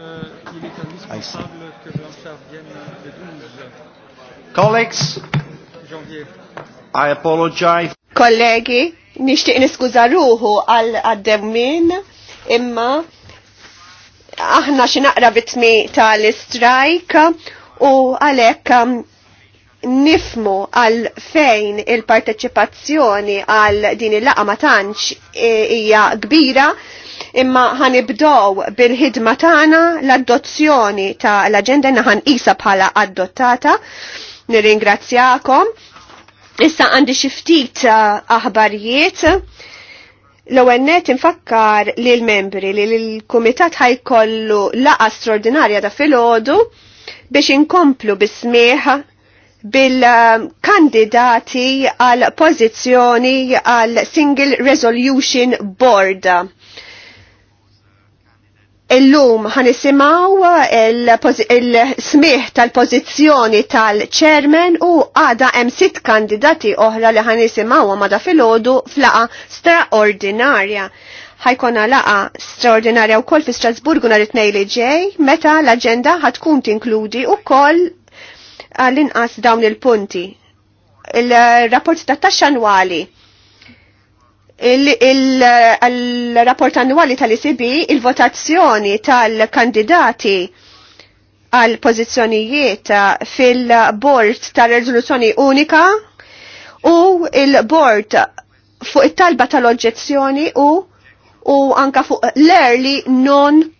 Euh, Colleagues, I apologize. Kollegi, nishti niskuza ruħu għal għaddemmin imma aħna xinaqra bitmi tal-strajk u għalek um, nifmu għal fejn il-parteċipazzjoni għal din il-laqa ma tantx e, hija kbira, imma ħanibdow bil-ħidma tagħna l-adozzjoni ta' l-aġenda naħan isa bħala adottata. Nirringrazzjakom. Issa għandi xi ftit e, aħbarijiet. L-ewwel net infakkar lil membri li l-kumitat ħajkollu laqa straordinarja ta' filgħodu biex inkomplu bismieħ bil-kandidati għal pozizjoni għal Single Resolution Board. Illum ħanisimaw il-smiħ il smiħ tal tal-ċermen u għada hemm sitt kandidati oħra li ħanisimaw għamada fil-ħodu flaqa straordinarja ħajkona laqa straordinarja u kol fi Strasburgu nar it li ġej, meta l-agenda ħatkun tinkludi u kol għall-inqas dawn il-punti. Il-rapport ta' taxxa annwali il-rapport annuali tal-ICB, il-votazzjoni tal-kandidati għal pozizjonijiet fil-bord tal-rezoluzzjoni unika u il-bord fuq it-talba tal-oġġezzjoni u u anka fuq l-early non-objection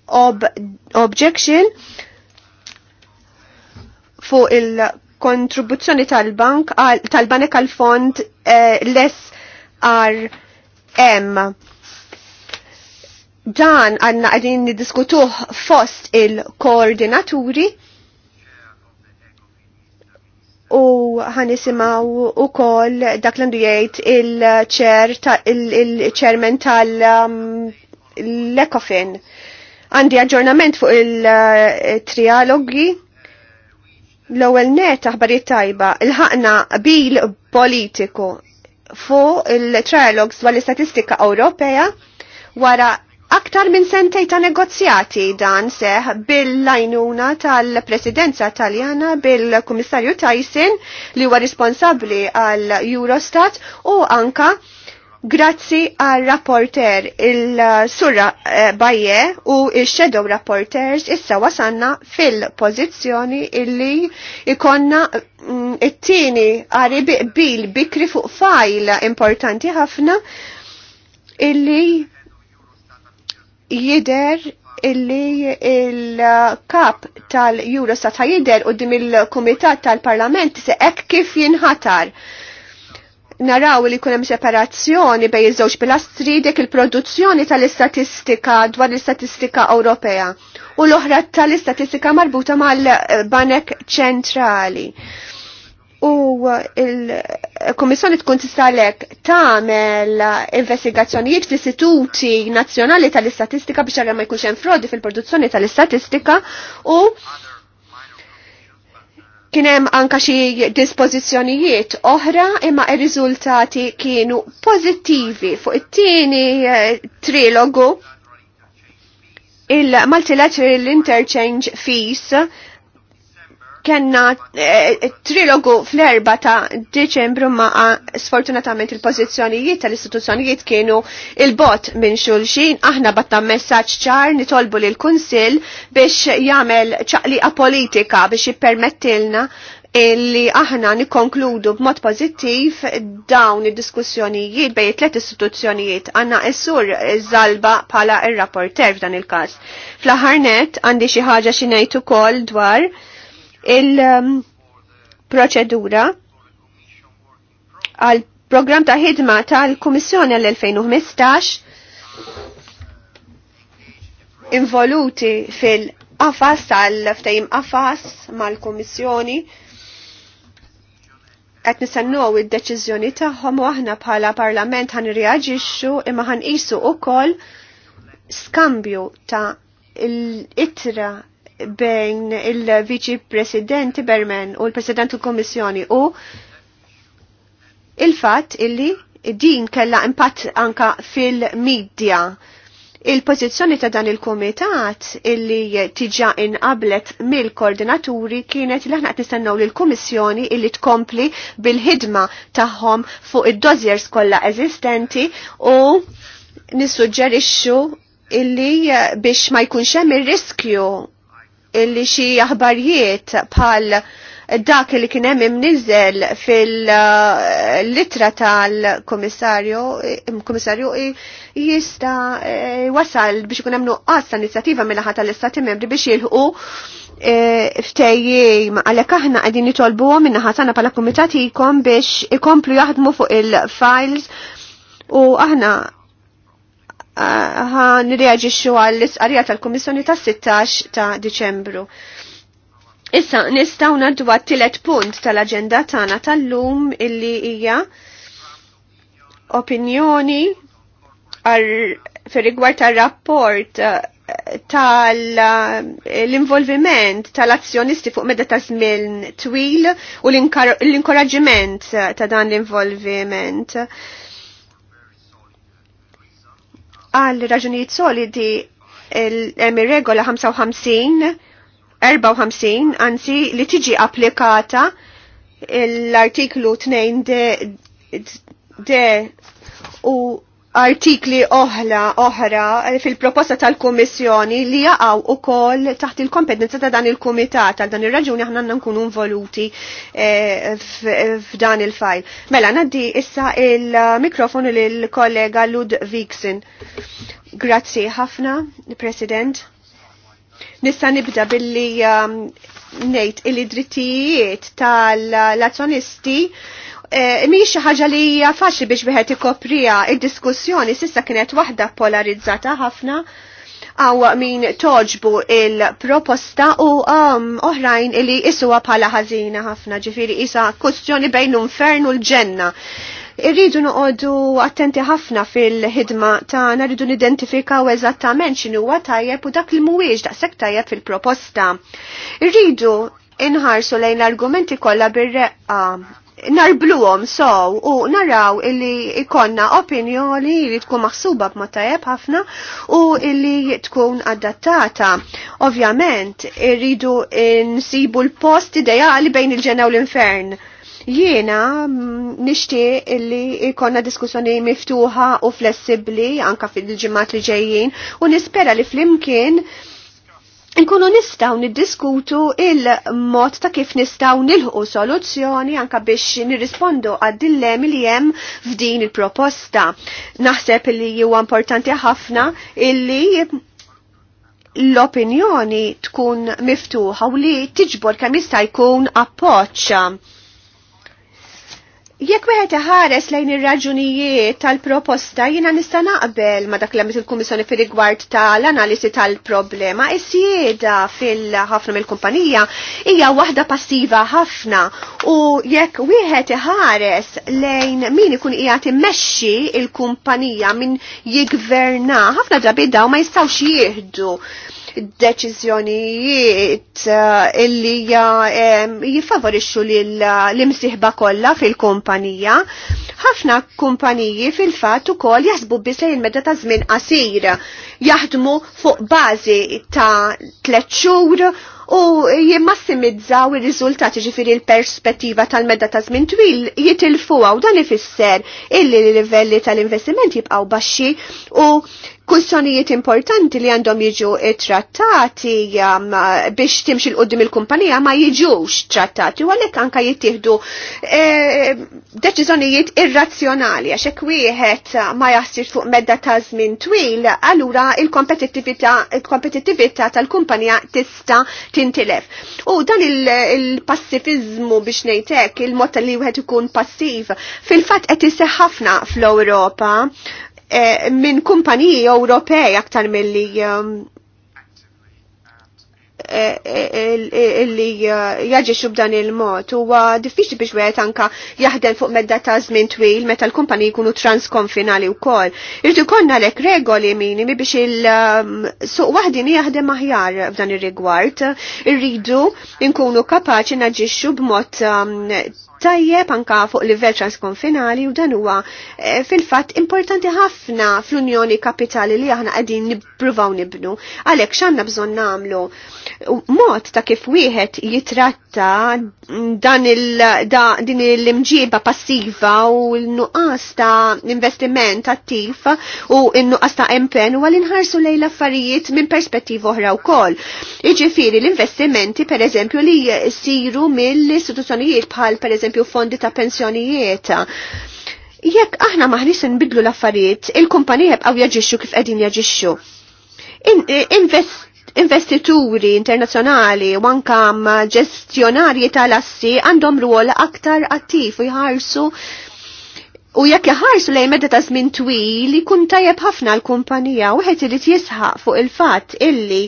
-ob fuq il-kontribuzzjoni tal-bank tal-banek għal fond eh, l-SRM. Dan għanna għadin diskutuħ fost il-koordinaturi u għanisimaw u kol dak l il-ċer il-ċermen tal-Lekofin. Għandi aġġornament fuq il-trialogi eh, L-ewwel net aħbarijiet tajba, il-ħaqna bil politiku fuq il-trialogs dwar l-istatistika Ewropea wara aktar minn sentej ta' negozjati dan seħ bil-lajnuna tal-presidenza taljana bil-komissarju Tyson li huwa responsabbli għal Eurostat u anka Grazzi għal rapporter il-surra eh, Baje u il-shadow rapporters issa wasanna fil-pozizjoni illi ikonna mm, it-tini għari bil bikri fuq fajl importanti ħafna illi jider illi il-kap tal-Eurostat ħajider u dim il-Komitat tal-Parlament se ek kif jinħatar naraw li kunem separazzjoni bej iż-żewġ pilastri dik il-produzzjoni tal-istatistika dwar l-istatistika Ewropea u l-oħra tal-istatistika marbuta mal-banek ċentrali. U il-Komissjoni tkun tistalek tagħmel investigazzjonijiet fl-Istituti Nazzjonali tal-Istatistika biex ma jkunx hemm frodi fil-produzzjoni tal-istatistika u Kienem anka xi dispożizzjonijiet oħra imma ir-riżultati kienu pożittivi fuq it-tieni eh, trilogu il-multilateral interchange fees Kenna eh, trilogu fl-erba ta' Deċembru ma' sfortunatament il-pozizjonijiet tal-istituzzjonijiet kienu il-bot minn xulxin, aħna batta messaċ ċar nitolbu l kunsil biex jagħmel ċaqliqa politika biex jippermettilna illi aħna nikonkludu b'mod pozittiv dawn id-diskussjonijiet bej tliet istituzzjonijiet għandna s-sur żalba bħala ir-rapporter f'dan il-każ. Fl-aħħar net għandi xi ħaġa xi ngħid ukoll dwar il-proċedura għal program ta' ħidma tal-Kummissjoni għal 2015 involuti fil-qafas tal-ftajim qafas mal-Kummissjoni qed nisannu id-deċiżjoni tagħhom u aħna bħala Parlament għan reaġixxu imma ħan qisu ukoll skambju ta' l-itra bejn il-Viċi President Berman u l-President tal Komissjoni u il-fatt illi din kella impatt anka fil-medja. Il-pozizjoni ta' dan il-komitat illi tiġa inqablet mill-koordinaturi kienet li aħna qed nistennew lil kummissjoni illi tkompli bil-ħidma tagħhom fuq id-dossiers kollha eżistenti u nissuġġerixxu illi biex ma jkunx hemm ir-riskju illi xi aħbarijiet bħal dak li kien hemm imniżel fil-litra eh, tal eh, kummissarju kummissarju jista eh, wasal biex ikun hemm nuqqas ta' inizjattiva mill-aħħar tal-istati membri biex jilħu ftejjim għalhekk aħna qegħdin nitolbuhom min-naħa tagħna bħala kumitat ikom biex ikomplu jaħdmu fuq il-files u aħna ħan reagġixxu għall-isqarija tal-Kummissjoni ta' 16 ta' Diċembru. Issa nistgħu naddu għat-tielet punt tal-aġenda tagħna tal-lum illi hija opinjoni fir-rigward eh, tal rapport eh, tal-involviment tal-azzjonisti fuq medda ta' żmien twil u l-inkoraġġiment ta' dan l-involviment. l inkoraġġiment ta' dan l involviment ta dan l involviment għal raġunijiet solidi hemm ir-regola 55 54 għanzi li tiġi applikata l-artiklu 2 d, d, d u artikli oħla oħra fil-proposta tal-Kummissjoni li jaqgħu ukoll taħt il-kompetenza ta' dan il-Kumitat għal dan ir-raġuni aħna nkunu involuti eh, f'dan il-fajl. Mela naddi issa il-mikrofonu lill kollega Lud Vixen. Grazzi ħafna, President. Nista' nibda billi eh, ngħid il-drittijiet tal-azzjonisti Eh, mhix xi ħaġa li hija faċli biex wieħed ikoprija id-diskussjoni s'issa kienet waħda polarizzata ħafna għaw min toġbu il-proposta u um, oħrajn li isuwa bħala ħażina ħafna ġifiri isa kustjoni bejn l-infern u l-ġenna. Irridu noqogħdu attenti ħafna fil-ħidma tagħna rridu nidentifikaw eżattament x'inhu huwa tajjeb u dak li mhuwiex daqshekk tajjeb fil-proposta. Irridu inħarsu lejn l-argumenti kollha bir-reqqa narbluhom sow u naraw illi ikonna opinjoni li tkun maħsuba b'ma tajjeb ħafna u illi tkun adattata. Ovvjament, irridu nsibu l-post ideali bejn il-ġena u l-infern. Jiena mm, nishti illi ikonna diskussjoni miftuħa u flessibli anka fil-ġimmat li ġejjin u nispera li flimkien nkunu nistaw niddiskutu il-mod ta' kif nistaw nilħu soluzzjoni anka biex nirrispondu għad dillemi li jem f'din il-proposta. Naħseb li huwa importanti ħafna illi l-opinjoni tkun miftuħa u li tiġbor kemm jista' jkun appoċċa Jekk wieħed ħares lejn ir-raġunijiet tal-proposta jiena nista' naqbel ma dak l-għamiet il-Kummissjoni fir-rigward tal-analisi tal-problema, is-sieda fil-ħafna mill-kumpanija hija waħda passiva ħafna u jekk wieħed iħares lejn min ikun qiegħed immexxi il-kumpanija min jiggverna, ħafna drabi daw ma jistgħux jieħdu deċiżjonijiet eh, illi eh, jifavorixxu l-imsieħba kollha fil-kumpanija. Ħafna kumpaniji fil-fatt ukoll jaħsbu biss lejn meta ta' żmien qasir jaħdmu fuq bażi ta' tliet xhur u jimmassimizzaw ir-riżultati ġifieri l-perspettiva tal-medda ta' żmien twil jitilfuha u dan ifisser illi l-livelli tal-investiment jibqgħu baxxi u kwistjonijiet importanti li għandhom jiġu eh, trattati um, biex timxil qoddim il-kumpanija ma jiġux trattati u għalhekk anka jittieħdu e, deċiżjonijiet irrazzjonali għax hekk wieħed ma jassir fuq medda ta' żmien twil, allura il-kompetittività tal-kumpanija tista' tintilef. U dan il-passifizmu il biex nejtek, il-mod li wieħed ikun passiv fil-fatt qed iseħħ ħafna fl-Ewropa Eh, minn kumpaniji Ewropej aktar milli um, eh, eh, li jaġixu b'dan il-mod. Huwa diffiċli biex wieħed anka jaħdem fuq medda ta' żmien twil meta l-kumpani jkunu transkonfinali wkoll. Irdu konna lek regoli minimi biex il-suq um, waħdin jaħdem aħjar f'dan ir-rigward. Irridu nkunu kapaċi naġixxu b'mod um, tajjeb anka fuq livell transkonfinali u dan huwa e, fil-fatt importanti ħafna fl-Unjoni Kapitali li aħna qegħdin nippruvaw nibnu. Għalhekk x'għandna bżonn nagħmlu mod ta' kif wieħed jitratta dan il, da, din l-imġiba passiva u l-nuqqas ta' investiment attiv u n-nuqqas ta' impen u għal-inħarsu lej l-affarijiet minn perspettiva oħra wkoll. Iġifiri l-investimenti per eżempju li jsiru mill-istituzzjonijiet bħal per eżempju fondi ta' pensjonijiet jekk aħna maħnis nbidlu l-affarijiet, il-kumpanija bqaw jaġixxu kif qegħdin jaġixxu. In eh, invest investituri internazzjonali u ankam ġestjonarji tal-assi għandhom ruol aktar attiv u jħarsu U jekk jħarsu lejn medda ta' żmien twil ikun tajjeb ħafna l-kumpanija wieħed irid jisħaq fuq il-fatt illi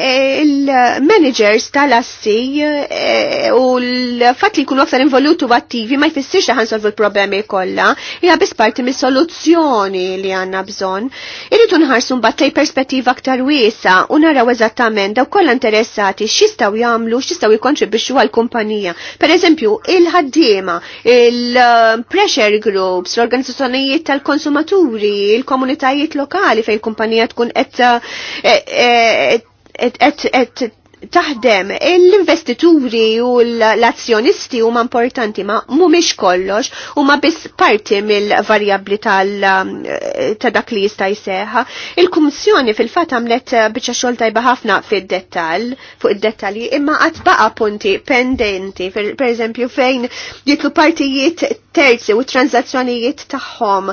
Eh, il-managers tal-assi eh, u l-fat li jkunu aktar involuti u attivi ma jfissirx li ħansolvu l-problemi kollha, hija biss parti mis-soluzzjoni li għandna bżonn. Irritu nħarsu mbagħad tej perspettiva aktar wiesa u naraw eżattament daw kolla interessati x'jistgħu jagħmlu, x'jistgħu jikkontribwixxu għall-kumpanija. Pereżempju, il-ħaddiema, il-pressure groups, l-organizzazzjonijiet tal-konsumaturi, il-komunitajiet lokali fejn il-kumpanija tkun qed eh, taħdem l-investituri u l-azzjonisti huma importanti ma mhumiex kollox huma biss parti mill-varjabbli um, ta' dak li jista' jseħħa. Il-Kummissjoni fil-fatt għamlet uh, biċċa xogħol tajba ħafna fid-dettall fuq id-dettalji imma qatt baqa' punti pendenti pereżempju fejn jitlu partijiet terzi u tranzazzjonijiet tagħhom.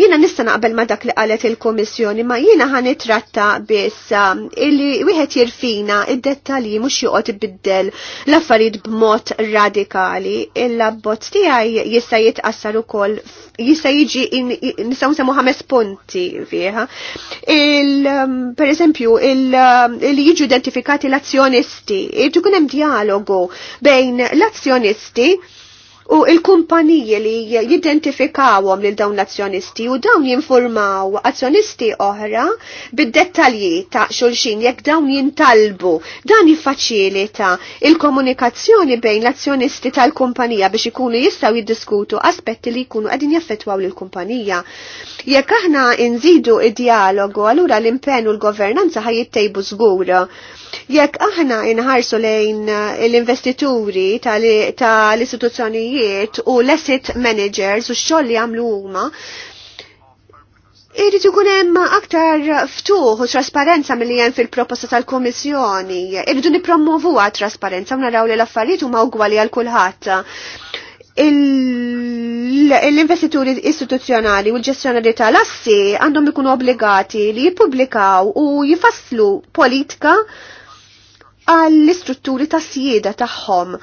Jiena nista' naqbel ma dak li qalet il-Kummissjoni ma jiena ħan nitratta biss um, illi wieħed jirfina id-dettalji mhux joqgħod ibiddel l-affarijiet b'mod radikali. Il-abbozz tiegħi jista' jitqassar ukoll jista' jiġi nistgħu nsemmu ħames punti fiha. Um, per eżempju, li um, jiġu identifikati l-azzjonisti, ikun hemm dialogu bejn l-azzjonisti u il-kumpaniji li jidentifikawhom lil dawn l-azzjonisti u dawn jinformaw azzjonisti oħra bid-dettalji ta' xulxin jekk dawn jintalbu dan jiffaċilita il-komunikazzjoni bejn l-azzjonisti tal-kumpanija biex ikunu jistgħu jiddiskutu aspetti li jkunu qegħdin jaffettwaw l kumpanija Jekk aħna nżidu id-dialogu allura l-impenn u l-governanza ħajjittejbu zgur. Jekk aħna inħarsu lejn eh, l-investituri tal-istituzzjonijiet u l-asset managers u x-xogħol li jagħmlu huma, Irrid ikun hemm aktar ftuħ u trasparenza milli hemm fil-proposta tal-Kummissjoni. Irridu nippromovuha trasparenza u naraw li l-affarijiet huma ugwali għal kulħadd l-investituri istituzzjonali u l-ġestjonari tal-assi għandhom ikunu obbligati li jippubblikaw u jifasslu politika għall-istrutturi ta' sjeda tagħhom.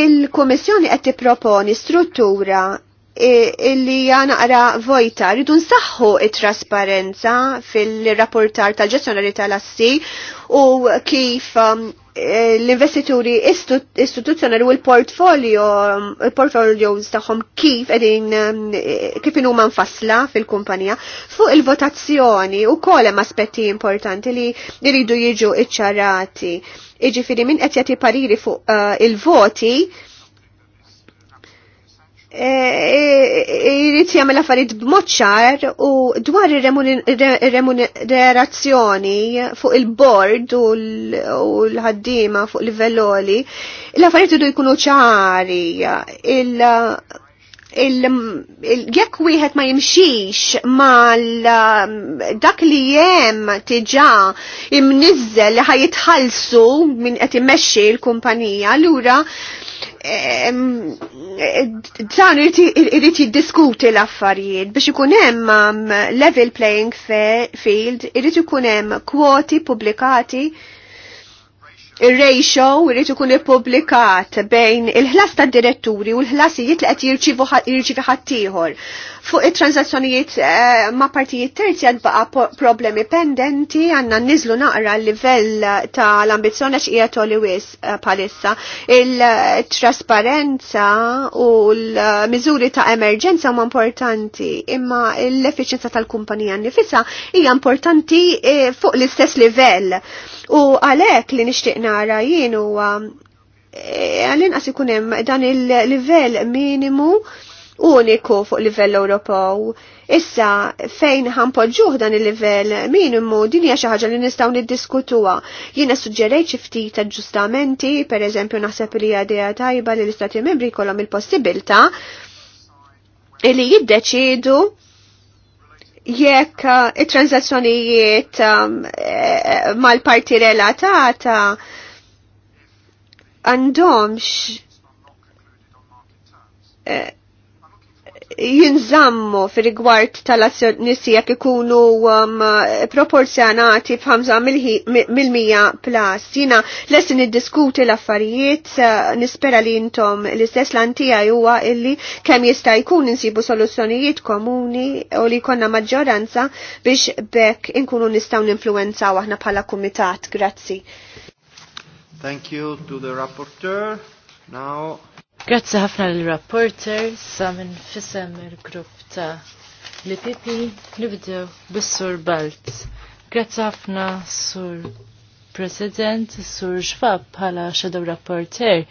Il-Kummissjoni qed tipproponi struttura illi naqra vojta rridu nsaħħu it-trasparenza fil-rapportar tal-ġestjonari tal-assi u kif um, Eh, l-investituri istituzzjonali u l-portfolio, portfolios tagħhom kif edin, eh, kif huma nfassla fil-kumpanija fuq il-votazzjoni u kolem aspetti importanti li jridu jiġu iċċarati. Iġifiri min qed jagħti pariri fuq eh, il-voti E, e, jrid jagħmel affarijiet b'mod ċar u dwar ir-remunerazzjoni fuq il-bord u l-ħaddiema fuq livelloli, l-affarijiet idu jkunu ċari. Jekk wieħed ma jimxix mal dak li hemm tiġa imnizzel li ħajitħalsu minn qed imexxi l-kumpanija, ura dan irrit jiddiskuti l-affarijiet biex ikun hemm um, level playing field, irrit ikun hemm kwoti publikati il-ratio irrit ikun ippubblikat bejn il-ħlas tad-diretturi u l-ħlasijiet li qed jirċivu ħaddieħor. Fuq it-transazzjonijiet eh, ma' partijiet terzi għad baqa problemi pendenti għanna nizlu naqra l-livell ta' l-ambizjoni x'qiegħed toli wis eh, palissa. Il-trasparenza u l-miżuri ta' emerġenza huma importanti imma l-effiċenza tal-kumpanija nifisa hija importanti eh, fuq l-istess livell. U għalhekk li nixtieq nara jienu għalin għas ikunem ikun hemm dan il-livell minimu uniku fuq livell Ewropew. Issa fejn ħanpoġġuh dan il-livell minimu din hija xi ħaġa li nistgħu niddiskutuha. Jiena suġġerejt xi ftit aġġustamenti, pereżempju naħseb li hija tajba li l-Istati Membri jkollhom il-possibilità li jiddeċidu jekk eh, it-transazzjonijiet um, eh, mal-parti relatata għandhomx eh, jinżammu fir rigward tal-azzjonisti jekk ikunu um, proporzjonati b'5 mil-mija plas. Jina lesti niddiskuti l-affarijiet, uh, nispera li intom l-istess lantija huwa illi kemm jista' jkun insibu soluzzjonijiet komuni u li konna maġġoranza biex bekk inkunu nistgħu ninfluwenzaw aħna bħala kumitat. Grazzi. Thank you to the rapporteur. Now Grazzi ħafna l-rapporter sa fissem il-grupp ta' l-PP nibdew bis-Sur Balt. Grazzi ħafna Sur President, Sur Xfab bħala Shadow Rapporter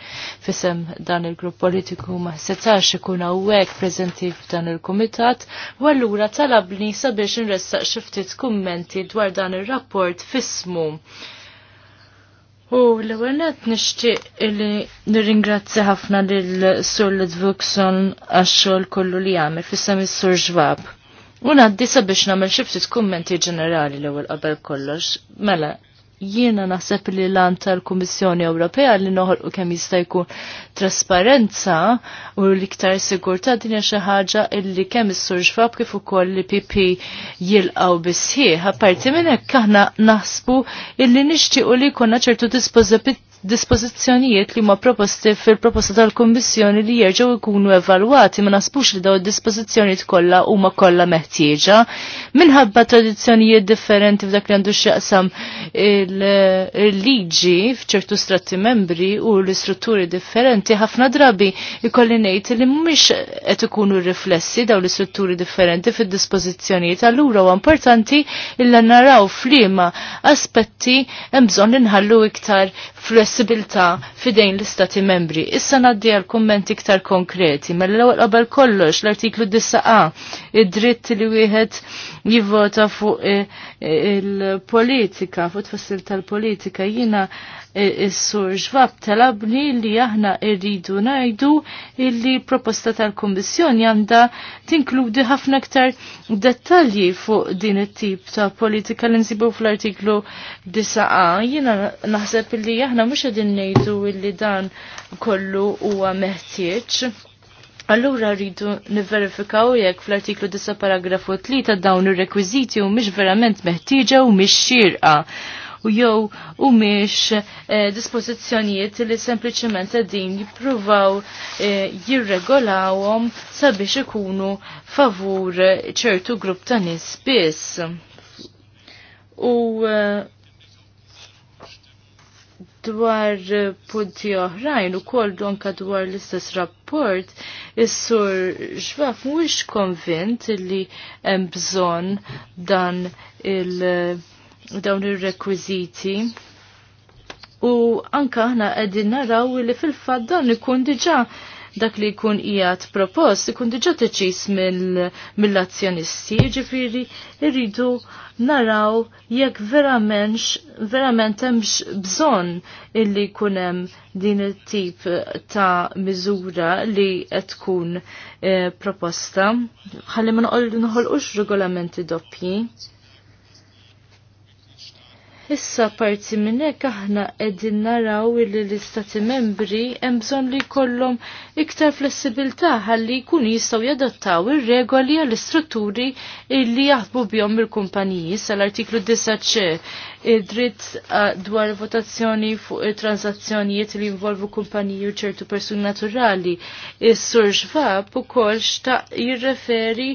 fissem dan il-grupp politiku ma setax ikun hawnhekk preżenti f'dan il-kumitat u allura talabni sabiex nressaq xi ftit kummenti dwar dan ir-rapport fissmu. U l qed nishtiq li nirringrazzja ħafna l-sur għax-xogħol kollu li jagħmel fissam il-sur ġvab. Unaddi sabiex namel ftit kummenti ġenerali l ewwel qabel kollox, mela, jiena naħseb li lan tal-Kummissjoni Ewropea li noħolqu kemm jista' jkun trasparenza u l-iktar sigurtà din hija xi ħaġa illi kemm is-sur xfab kif ukoll li PP jilqgħu bisħieħ. Apparti minn hekk aħna naħsbu illi nixtiequ li jkollna ċertu dispożizzjonijiet li huma proposti fil-proposta tal-Kummissjoni li jerġgħu jkunu evalwati ma nasbux li daw id-dispożizzjonijiet kollha huma kollha meħtieġa minħabba tradizzjonijiet differenti f'dak li għandu x'jaqsam il-liġi f'ċertu strati membri u l-istrutturi differenti ħafna drabi ikolli ngħid li mhumiex qed ikunu riflessi daw l-istrutturi differenti fid-dispożizzjonijiet allura huwa importanti illa naraw f'liema aspetti hemm bżonn inħallu iktar fl Possibilità fidejn l-istati membri. Issa naddi għal kummenti iktar konkreti. mill mela l-ewwel qabel kollox l-artiklu 9a id-dritt li wieħed jivvota fuq eh, eh, il-politika, fuq tfassil tal-politika jiena E, is-sur ġvab talabni li aħna irridu najdu illi proposta tal-Kommissjoni għandha tinkludi ħafna ktar dettalji fuq din it-tip ta' politika li nsibu fl-artiklu 9a. Jiena naħseb illi aħna mhux qegħdin ngħidu illi dan kollu huwa meħtieġ. Allura rridu niverifikaw jekk fl-artiklu 10 paragrafu 3 dawn ir-rekwiżiti u mhix verament meħtieġa u mhix xirqa u jew u miex eh, dispożizzjonijiet li sempliċement din jippruvaw eh, jirregolawhom sabiex ikunu favur ċertu grupp ta' nies biss. U eh, dwar punti oħrajn u kol donka dwar l-istess rapport, is-sur ġvaf mhuwiex konvint li hemm bżonn dan il- dawn ir-rekwiżiti. U anka ħna qegħdin naraw li fil-fatt dan ikun diġà dak li jkun ijat propost, ikun diġa teċis mill-azzjonisti, mil ġifiri irridu naraw jekk veramenx, verament hemmx bżon illi kunem din it-tip ta' miżura li qed tkun eh, proposta. Ħalli ma noħolqux regolamenti doppji. Issa parti minn hekk aħna qegħdin naraw li l-istati membri hemm bżonn li jkollhom iktar flessibilità ħalli jkunu jistgħu jadattaw ir-regoli għal istrutturi li jahbu bjom il-kumpaniji sal-artiklu 9c id-dritt dwar votazzjoni fuq it-transazzjonijiet li jinvolvu kumpaniji u ċertu persuni naturali. Is-sur Schwab ukoll xtaq jirreferi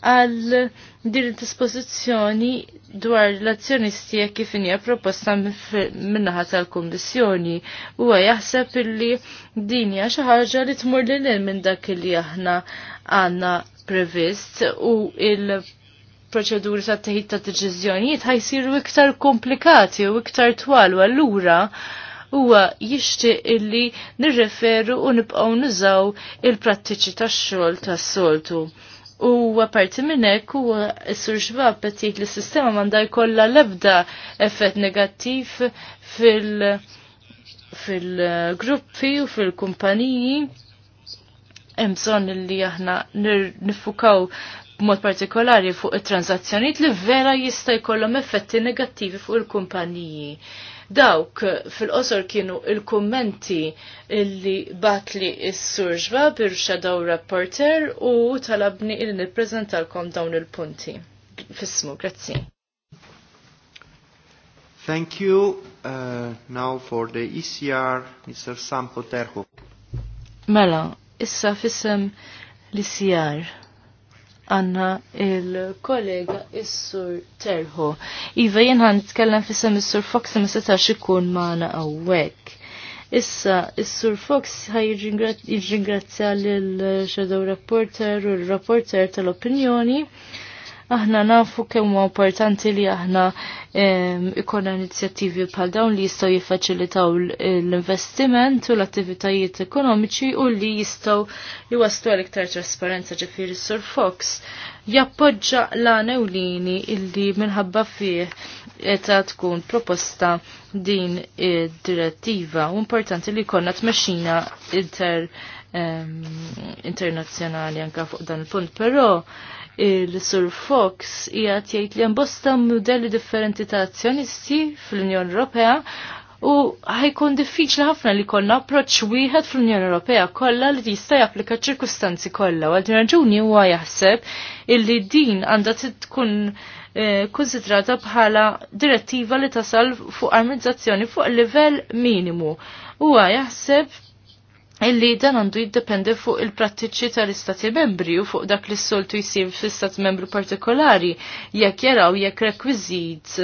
għal din dispożizzjoni dwar l-azzjonisti jekk kif inja proposta min-naħa tal-Kummissjoni huwa jaħseb illi din hija xi ħaġa li tmur lil minn dak li aħna għandna previst u il proċeduri ta' teħid ta' deċiżjonijiet ħajsiru iktar komplikati u iktar twal u allura huwa jixtieq illi nirreferu u nibqgħu nużaw il-prattiċi tax-xogħol tas-soltu. U għaparti minnek u s-sur xbab li s-sistema mandaj kolla lebda effett negattiv fil- gruppi u fil-kumpaniji. Imżon li aħna nifukaw b'mod partikolari fuq it-transazzjoniet li vera jista' jkollhom effetti negattivi fuq il-kumpaniji. il il kumpaniji Dawk fil-qosor kienu il-kommenti illi batli s surġba birxa ir-shadow rapporter u talabni illi nippreżentalkom dawn il-punti. Fissmu, grazzi. Thank you. Uh, now for the ECR, Mr. Sampo Terho. Mela, issa fissem l-ECR għanna il-kollega Is-Sur Terho. Iva jenħan nitkellem fissem Is-Sur Fox ma setax ikun maħna għawek. Issa, Is-Sur Fox ħaj ħajġingrazzja l-Shadow Reporter u l-Reporter tal-Opinjoni Aħna nafu kemm huwa importanti li aħna ikonna inizjattivi bħal dawn li jistgħu jiffaċilitaw l-investiment u l-attivitajiet ekonomiċi u li jistgħu jwaslu għal iktar trasparenza ġifieri Sur Fox jappoġġa l-għana illi minħabba fih qed tkun proposta din id-direttiva u importanti li jkollna tmexxina inter- internazzjonali anka fuq dan il-punt, però il-Sur Fox jgħat tgħid li bosta modelli differenti ta' azzjonisti fl-Unjoni Ewropea u ħajkun diffiċli ħafna li konna approċċ wieħed fl-Unjoni Ewropea kollha li jista' japplika ċirkustanzi kollha. Għal din raġuni huwa jaħseb illi din għandha tkun eh, konsidrata bħala direttiva li tasal fuq armizzazzjoni fuq livell minimu. Huwa jaħseb illi dan għandu jiddependi fuq il-prattiċi tal-istati membri u fuq dak li s-soltu jisir fl stat membru partikolari jekk jaraw jekk rekwizit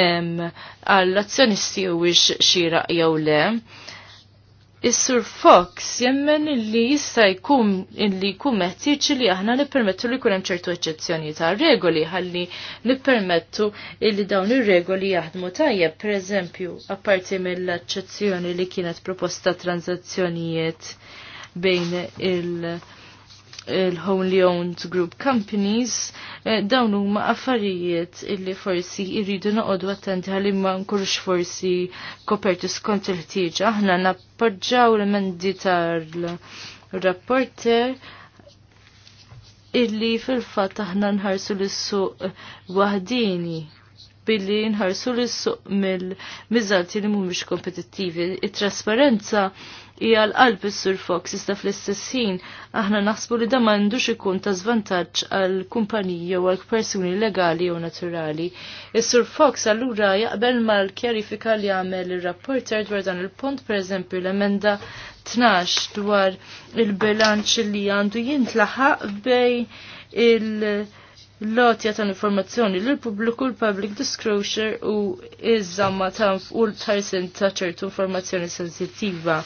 għall-azzjonisti u wix xira jew le. Is-Sur Fox jemmen li jista' jkun li jkun meħtieġ li aħna nippermettu li jkun hemm ċertu eċċezzjoni ta' regoli ħalli nippermettu li dawn ir-regoli jaħdmu tajjeb, pereżempju, apparti mill-eċċezzjoni li kienet proposta transazzjonijiet bejn il- il-wholly owned group companies, eh, dawn huma affarijiet illi forsi irridu noqogħdu attenti ħalli ma nkunux forsi koperti skont il-ħtieġa. Aħna nappoġġaw l-emendi tal-rapporter illi fil-fatt aħna nħarsu l-suq waħdini billi nħarsu l-suq mill miżalti li mhumiex kompetittivi. It-trasparenza hija l-qalb is-Sur Fox iżda fl-istess ħin aħna naħsbu li dan m'għandux ikun ta' żvantaġġ għal kumpanija u għal persuni legali u naturali. Is-Sur Fox allura jaqbel mal-kjarifika li għamel ir-rapporter dwar dan il-punt pereżempju l-emenda 12 dwar il-bilanċ li għandu jintlaħaq bej il- l tal informazzjoni l-pubbliku l-public disclosure u iż-żamma ta' u l-tarsin ta' ċertu informazzjoni sensittiva.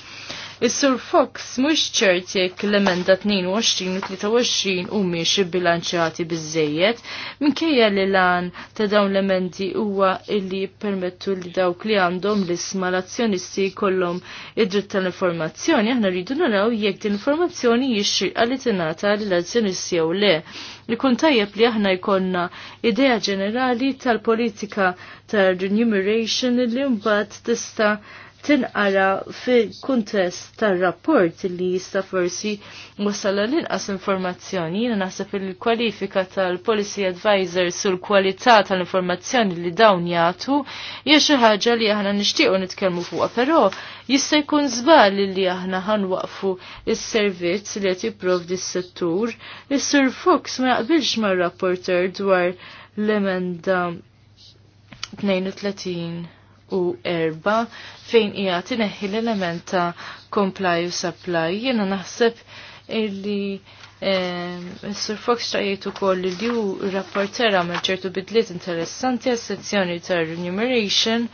Is-Sur Fox mhux ċert jekk l-emenda 22 u 23 humiex ibbilanċjati biżejjed minkejja li lan ta' dawn l-emendi huwa illi jippermettu li dawk li għandhom l-isma l-azzjonisti jkollhom id-dritt tal-informazzjoni aħna rridu naraw jekk din informazzjoni jixxirqa li tingħata lill-azzjonisti jew le. Ikun tajjeb li aħna jkollna idea ġenerali tal-politika tal-remuneration li mbagħad tista' tinqara fil-kuntest tar-rapport li jista' forsi wassal l-inqas informazzjoni. Jiena naħseb il-kwalifika tal-policy advisor sul kwalità tal-informazzjoni li dawn jagħtu hija xi ħaġa li aħna nixtiequ nitkellmu fuqha, però jista' jkun żball li aħna ħanwaqfu is-servizz li qed jipprovdi s-settur. is sir Fox ma jaqbilx mar-rapporter dwar l-emenda 32 u erba fejn hija tineħħi l-element ta' comply u supply. Jiena naħseb illi Mr. Eh, Fox ċajiet u koll li ju rapportera għamil ċertu bidliet interessanti għas sezzjoni ta' remuneration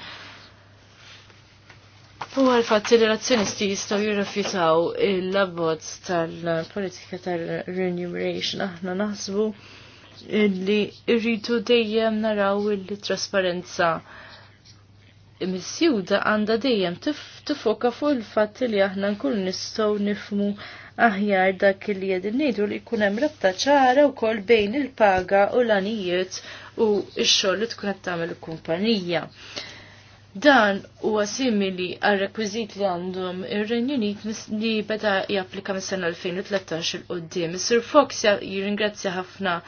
u għal-fat li l-azzjonisti jistaw jirrafjutaw il-labbozz tal-politika tal-remuneration aħna naħsbu illi rridu dejjem naraw il-trasparenza missjuda għanda dejjem tifoka fuq il-fatt li aħna nkun nistgħu nifmu aħjar dak li qegħdin ngħidu li jkun hemm rabta ċara wkoll bejn il-paga u l-anijiet u x-xogħol li tkun qed tagħmel il-kumpanija. Dan huwa simili għal rekwiżit li għandhom ir-Renju Unit li beda japplika mis-sena 2013 il qudiem Sir Fox jirringrazzja ħafna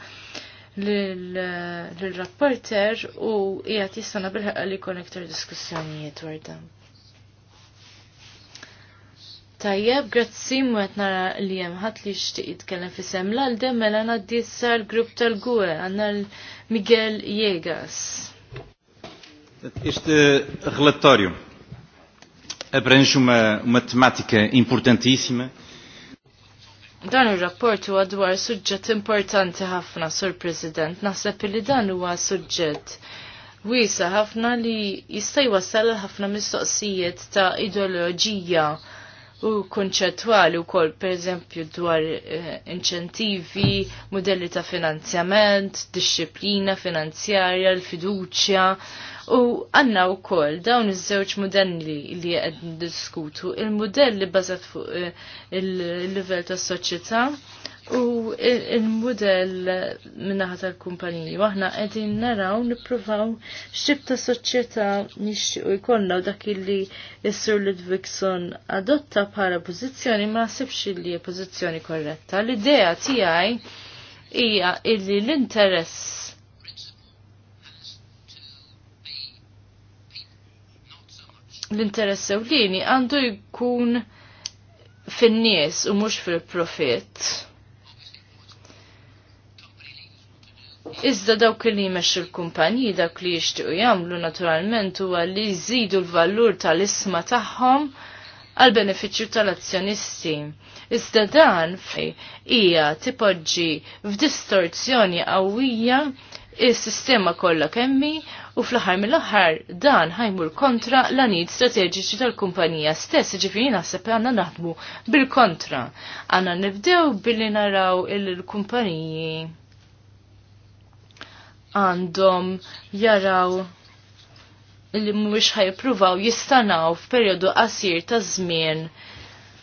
l-rapporter u jgħat jistana bil-ħaqqa li konnektor diskussjonijiet dwar dan. Tajjeb, grazzi mu nara li jemħat li xtiq jitkellem fi sem l-għalde mela naddi sar grupp tal-gwe għanna l-Miguel Jegas. Este relatório abrange uma, eh, tematika importantissima. Dan ir-rapport huwa dwar suġġett importanti ħafna, Sur President. Naħseb li dan huwa suġġett wiesa ħafna li jista' jwassal ħafna mistoqsijiet ta' ideoloġija u konċettwali wkoll pereżempju dwar eh, inċentivi, modelli ta' finanzjament, disċiplina finanzjarja, l-fiduċja u għanna wkoll dawn iż-żewġ modelli li qed diskutu il-modelli bazat fuq eh, il-livell tas-soċjetà U il-modell minnaħat tal-kumpaniji, waħna għedin naraw niprofaw xibta ta' soċieta nixtiqu jkollna u dak illi jessur Ludwigson adotta bħala pozizjoni ma' sibx li pozizjoni korretta. L-idea tijaj hija illi l-interess l-interess ewlieni għandu jkun fin-nies u mhux fil-profit Iżda dawk li jmexxu l-kumpaniji dawk li jixtiequ jagħmlu naturalment huwa li jżidu l-valur tal-isma tagħhom għal benefiċċju tal-azzjonisti. Iżda dan fej hija tipoġġi f'distorzjoni qawwija is-sistema kollha kemmi u fl-aħħar mill-aħħar dan ħajmur kontra l-anid strateġiċi tal-kumpanija stess, ġifieri naħseb għandna naħdmu bil-kontra. Għandna nibdew billi naraw il-kumpaniji għandhom jaraw li mhuwiex ħajpruvaw jistanaw f'perjodu qasir ta' żmien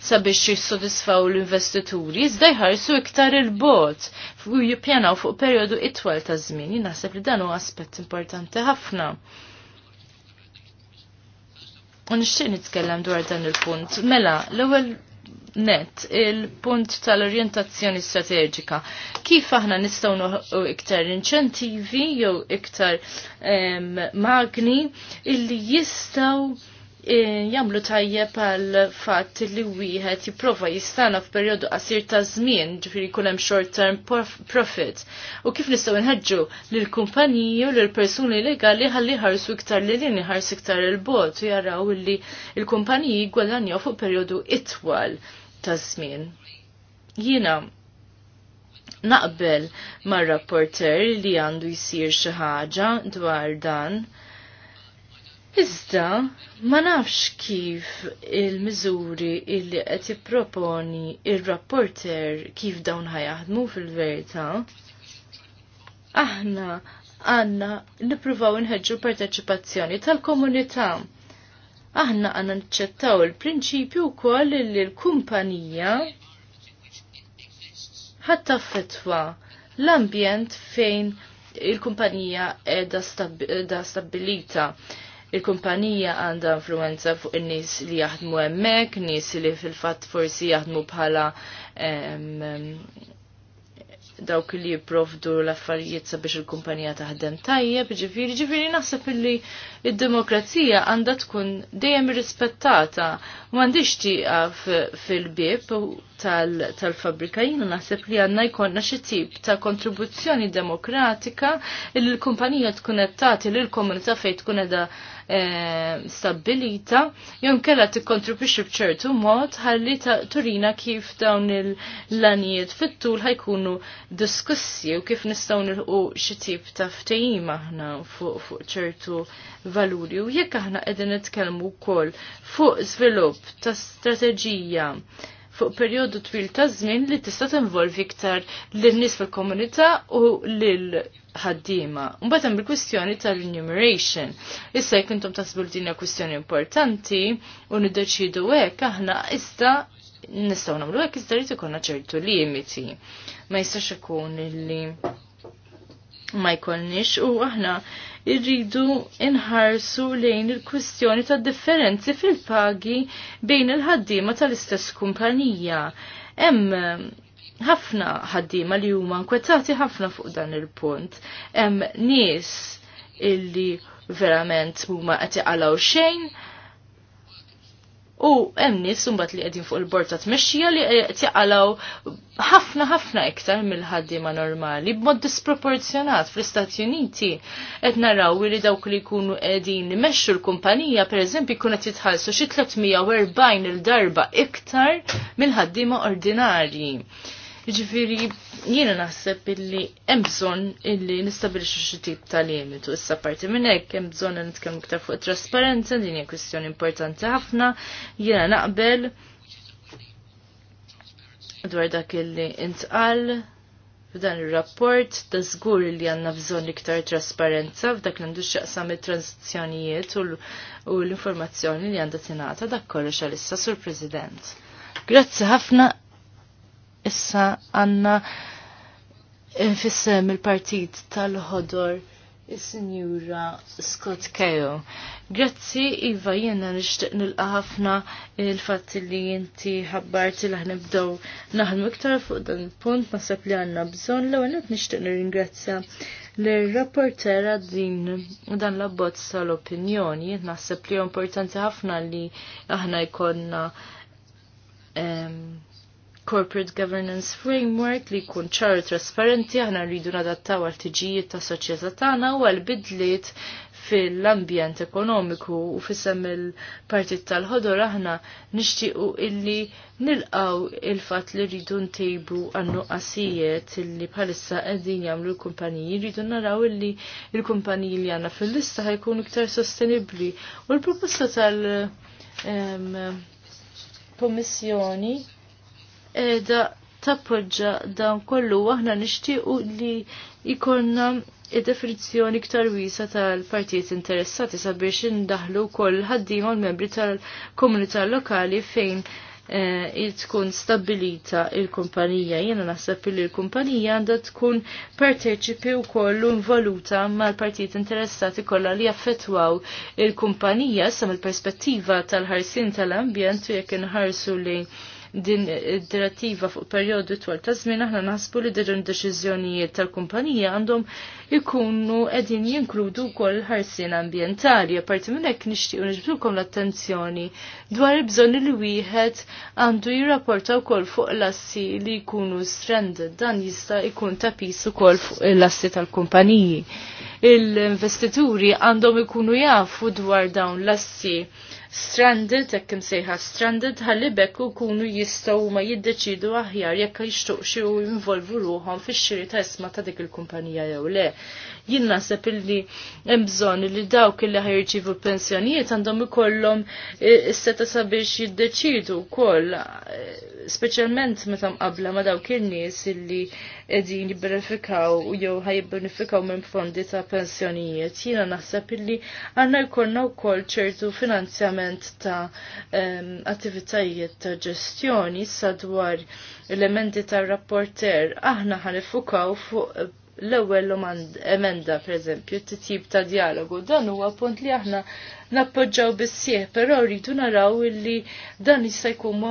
sabiex jissodisfaw l-investituri, iżda jħarsu iktar il-bot u jippjanaw fuq perjodu itwal ta' żmien. Jinaħseb li dan huwa aspett importanti ħafna. U nixtieq nitkellem dwar dan il-punt. Mela, l-ewwel net il-punt tal-orientazzjoni strateġika. Kif aħna nistgħu noħu iktar inċentivi jew iktar um, magni illi jistgħu eh, jamlu tajjeb għal fatt li wieħed jipprova jistana f'perjodu qasir ta' żmien, ġifieri jkun hemm short term profit. U kif nistgħu nħeġġu lil kumpaniji u lil persuni legali ħalli ħarsu iktar li lin ħarsu iktar il-bot u jaraw li l-kumpaniji gwadanjaw fuq perjodu itwal ta' żmien. Jiena naqbel mar-rapporter li għandu jisir xi ħaġa dwar dan. Iżda ma nafx kif il-miżuri illi qed jipproponi il rapporter kif dawn ħajaħdmu fil-verità. Aħna għanna nipruvaw nħedġu parteċipazzjoni tal-komunità aħna għanna nċettaw il-prinċipju wkoll li l-kumpanija ħatta fetwa l-ambjent fejn il-kumpanija edha stabilita. Il-kumpanija għandha influenza fuq in-nies li jaħdmu hemmhekk, nies li fil-fatt forsi jaħdmu bħala dawk li jipprovdu l-affarijiet sabiex il-kumpanija taħdem tajjeb, ġifiri, ġifiri naħseb illi id-demokrazija għandha tkun dejjem rispettata u m'għandix tieqa fil-bib tal-fabrika jiena naħseb li għandna jkollna xi tip ta' kontribuzzjoni demokratika li l-kumpanija tkun qed tagħti lil komunità fejn tkun qiegħda eh, stabilita jew kella tikkontribwixxi b'ċertu mod ħalli turina kif dawn il-lanijiet fit-tul ħajkunu diskussi u kif nistgħu nilqu xi tip ta' ftehim aħna fuq ċertu fu valuri. U jekk aħna qegħdin nitkellmu wkoll fuq żvilupp ta' strateġija fuq perjodu twil ta' żmien li tista' tinvolvi iktar lin-nies fil-komunità u lil ħaddiema. Mbagħad hemm il-kwistjoni tal-enumeration. Issa jekk intom tasbu dinja kwistjoni importanti u niddeċidu hekk aħna issa nistgħu nagħmlu hekk iżda jrid ikollna ċertu limiti. Ma jistax ikun li ma jkollniex u aħna irridu inħarsu lejn il-kwistjoni ta' differenzi fil-pagi bejn il-ħaddima tal-istess kumpanija. Hemm eh, ħafna ħaddima li huma nkwetati ħafna fuq dan il-punt. Hemm nies illi verament huma qed iqalgħu xejn U hemm sumbat li qegħdin fuq il-bord ta' tmexxija li qed jaqalaw ħafna ħafna iktar mill-ħaddiema normali b'mod disproporzjonat fl-Istati Uniti qed naraw li dawk li jkunu qegħdin imexxu l-kumpanija pereżempju jkun qed jitħallsu xi 340 il-darba iktar mill-ħaddiema ordinarji. Ġifiri, jiena naħseb illi emżon illi nistabilixu xi tip ta' limitu. Issa parti minn hekk hemm bżonn li nitkellmu iktar fuq trasparenza, din hija kwistjoni importanti ħafna, jiena naqbel dwar dak illi intqal f'dan ir-rapport ta' żgur li għandna bżonn iktar trasparenza f'dak li għandu x'jaqsam it-tranzizzjonijiet u l-informazzjoni li għandha tingħata dak kollox għalissa sur President. Grazzi ħafna issa għanna infissem il-partit tal-ħodor il-Sinjura Scott Keo. Grazzi, Iva, jena nishtiq nilqa ħafna il fat li jinti ħabbart li ħnibdow naħdmu iktar fuq dan il-punt nasab li għanna bżon l għanet nishtiq nirringrazzja l-rapportera din dan l-abbozz tal-opinjoni. Jena nasab li importanti ħafna li aħna jkonna corporate governance framework li jkun ċar trasparenti aħna rridu nadattaw għal tiġijiet ta' soċjetà tagħna u għal bidliet fil-ambjent ekonomiku u fissem il-partit tal-ħodor aħna nixtiequ illi nilqaw il-fat li rridu ntejbu għannu qasijiet illi bħalissa qegħdin jagħmlu l-kumpaniji rridu naraw illi l-kumpaniji li għandna fil-lista ħajkun iktar sostenibbli u l-proposta tal-Kommissjoni um, edha tappoġġa dan kollu aħna nixtiequ li jkollna id-definizzjoni iktar wiesa tal-partijiet interessati sabiex indaħlu wkoll ħaddiema l-membri tal-komunità lokali fejn eh, tkun stabilita il-kumpanija. Jena naħseb li l-kumpanija għandha tkun parteċipi u kollu involuta mal-partijiet interessati kollha li jaffetwaw il-kumpanija sa mill-perspettiva tal-ħarsin tal-ambjent u jekk inħarsu li din id-direttiva fuq periodu twal ta' żmien aħna naħsbu li dirun deċiżjonijiet tal-kumpanija għandhom ikunu qegħdin jinkludu wkoll ħarsien ambjentali. Apparti minn hekk nixtiequ niġbdulkom l-attenzjoni dwar il-bżonn li wieħed għandu jirrapporta wkoll fuq l-assi li jkunu stranded dan jista' jkun ta' pis ukoll fuq l-assi tal-kumpaniji. Il-investituri għandhom ikunu jafu dwar dawn l-assi stranded, hekk imsejħa stranded, ħalli bekku kunu jistgħu ma jiddeċidu aħjar jekk jixtuqxu u jinvolvu ruhom fix-xiri ta' isma ta' dik il-kumpanija jew le. Jien naħseb illi hemm bżonn li dawk illi ħajrċivu pensjonijiet għandhom ikollhom e, is-seta sabiex jiddeċidu wkoll e, speċjalment meta mqabla ma dawk in-nies illi qegħdin jibbenefikaw jew ħajibbenefikaw minn fondi ta' pensjonijiet. Jiena naħseb illi għandna jkollna wkoll ċertu finanzjament l-element ta' ehm, attivitajiet ta' ġestjoni sadwar elementi ta' rapporter aħna ħanifukaw fuq l-ewwel emenda pereżempju t-tip ta' dialogu dan huwa punt li aħna nappoġġaw bissieħ, però rridu naraw illi dan jista' jkun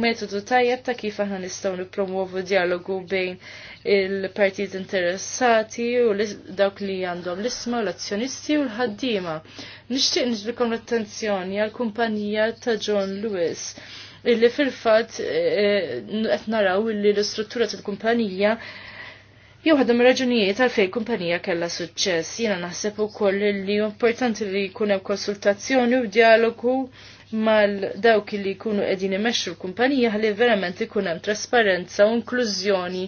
metodu tajjeb ta' kif aħna nistgħu nippromuovu dialogu bejn il partit interessati u dawk li għandhom l-isma, l-azzjonisti u l-ħaddiema. Nixtieq niġbikom l-attenzjoni għal-kumpanija ta' John Lewis illi fil-fat eh, eh, qed naraw illi l-istruttura tal-kumpanija jew raġunijiet għal kumpanija kellha suċċess. Jiena naħseb ukoll li importanti li jkun hemm konsultazzjoni u dialogu mal dawk li jkunu qegħdin imexxu l-kumpanija ħalli verament ikun hemm trasparenza u inklużjoni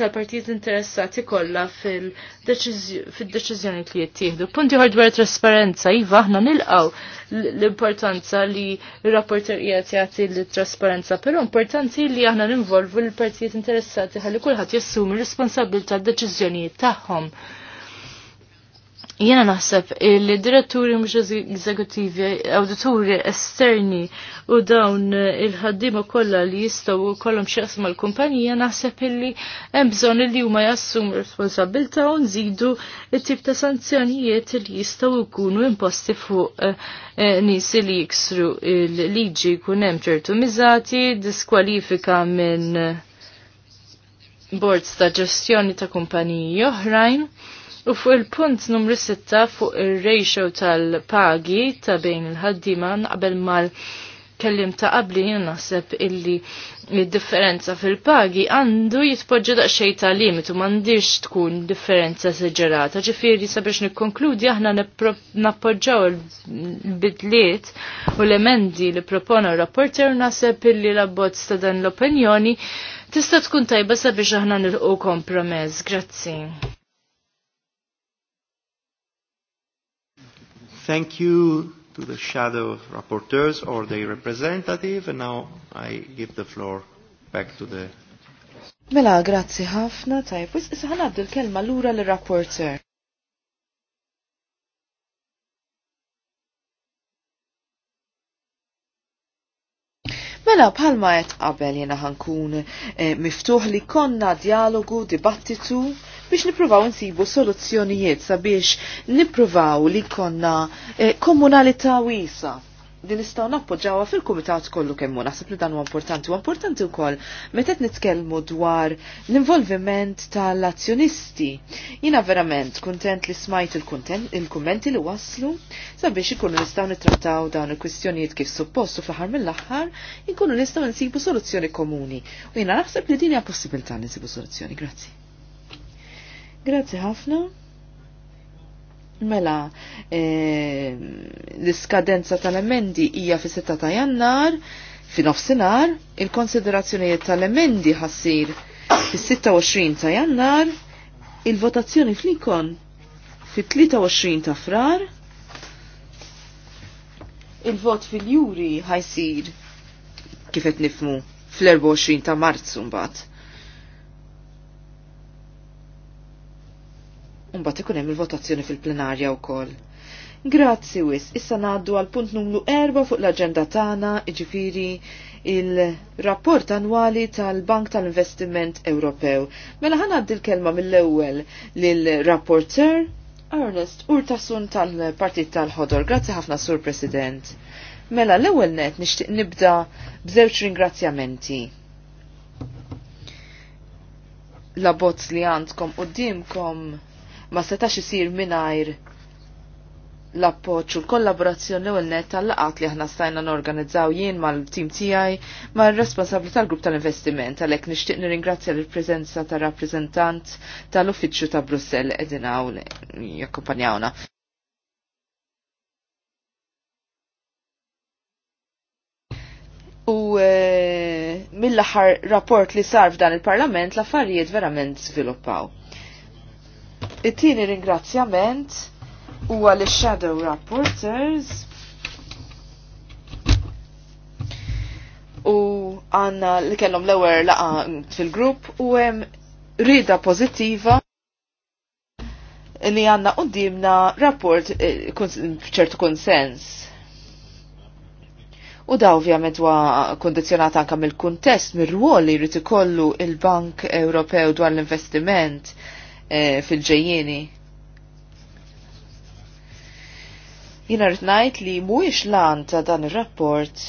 tal-partijiet interessati kollha fil-deċiżjoni li jittieħdu. Punti ieħor dwar trasparenza, iva aħna nilqaw l-importanza li r-rapporter qiegħed jagħti l-trasparenza, però importanti li aħna ninvolvu l-partijiet interessati ħalli kulħadd jassumi r-responsabilità d-deċiżjonijiet tagħhom. Jena naħseb il-diretturi mhux eżekutivi, awdituri esterni u dawn il-ħaddiema kollha li jistgħu kollhom x'jaqsma l-kumpanija naħseb illi hemm bżonn li huma jassum responsabilità u nżidu t-tip ta' sanzjonijiet li jistgħu jkunu imposti fuq eh, eh, nies li jiksru il-liġi jkun hemm ċertu miżati, diskwalifika minn boards ta' ġestjoni ta' kumpaniji oħrajn. U fuq il-punt numru 6 fuq il-ratio tal-pagi ta' bejn il-ħaddima naqbel mal- kellim ta' qabli jina naħseb illi differenza fil-pagi għandu jitpoġġa xej ta' limitu m'għandix tkun differenza seġerata. Ġifieri sabiex nikkonkludi aħna nappoġġaw il-bidliet u l-emendi li propona r-rapporter naħseb illi labbot ta' dan l-opinjoni tista' tkun tajba sabiex aħna nilqu kompromess. Grazzi. Thank you to the shadow rapporteurs or their representative, and now I give the floor back to the... Mela, grazzi ħafna, tajf, wis issa ħanaddu l-kelma l-ura l-rapporter. Mela bħalma qed qabel jiena ħankun eh, miftuħ li konna dialogu, dibattitu biex nipruvaw nsibu soluzzjonijiet sabiex nipruvaw li konna eh, komunalità wisa din nistgħu nappoġġawha fil-kumitat kollu kemmu naħseb li dan huwa importanti. Huwa importanti wkoll meta qed nitkellmu dwar l-involviment tal-azzjonisti. Jiena verament kuntent li smajt il-kummenti li waslu sabiex ikunu nistgħu nittrattaw dawn il-kwistjonijiet kif suppost u fl ħar mill-aħħar inkunu nistgħu nsibu soluzzjoni komuni. U jiena naħseb li din hija possibilità nsibu soluzzjoni. Grazzi. Grazzi ħafna. Mela, e, l-iskadenza tal-emendi hija fi 6 ta' jannar, fi nofsinhar, il-konsiderazzjonijiet tal-emendi ħassir fi 26 ta' jannar, il-votazzjoni flikon fit fi 23 ta' frar, il-vot fil-juri ħajsir kifet nifmu fl-24 ta' marzu mbagħad Umbat ikun hemm il-votazzjoni fil-plenarja wkoll. Grazzi wis, issa ngħaddu għal punt numru erba' fuq l-aġenda tagħna, jiġifieri il-rapport annwali tal-Bank tal-Investiment Ewropew. Mela ħana għaddi l-kelma mill-ewwel lill-rapporter Ernest Urtasun tal-Partit tal-Ħodor. Grazzi ħafna Sur President. Mela l-ewwel net nixtieq nibda b'żewġ ringrazzjamenti. La bozz li għandkom dimkom ma setax isir mingħajr l-appoċ u l-kollaborazzjoni u l-net tal-laqat li aħna stajna n-organizzaw jien mal-tim tijaj ma' responsabli tal-grupp tal-investiment għalek nishtiq nir-ingrazzja l-prezenza tal rappresentant tal-uffiċċju ta' Brussel edina u jakkompanjawna. Eh, u mill-aħħar rapport li sar f'dan il-parlament l-affarijiet verament sviluppaw It-tieni ringrazzjament huwa li shadow Rapporters u għanna li kellhom l-ewwel laqa fil-grupp u hemm rida pożittiva li għanna qoddimna rapport eh, ċertu konsens. U da ovvjament huwa kondizjonata anka mill-kuntest, mir-rwol li jrid ikollu il-Bank Ewropew dwar l-investiment E, fil-ġejjeni. Jina rritnajt li mhuwiex lan ta' dan ir-rapport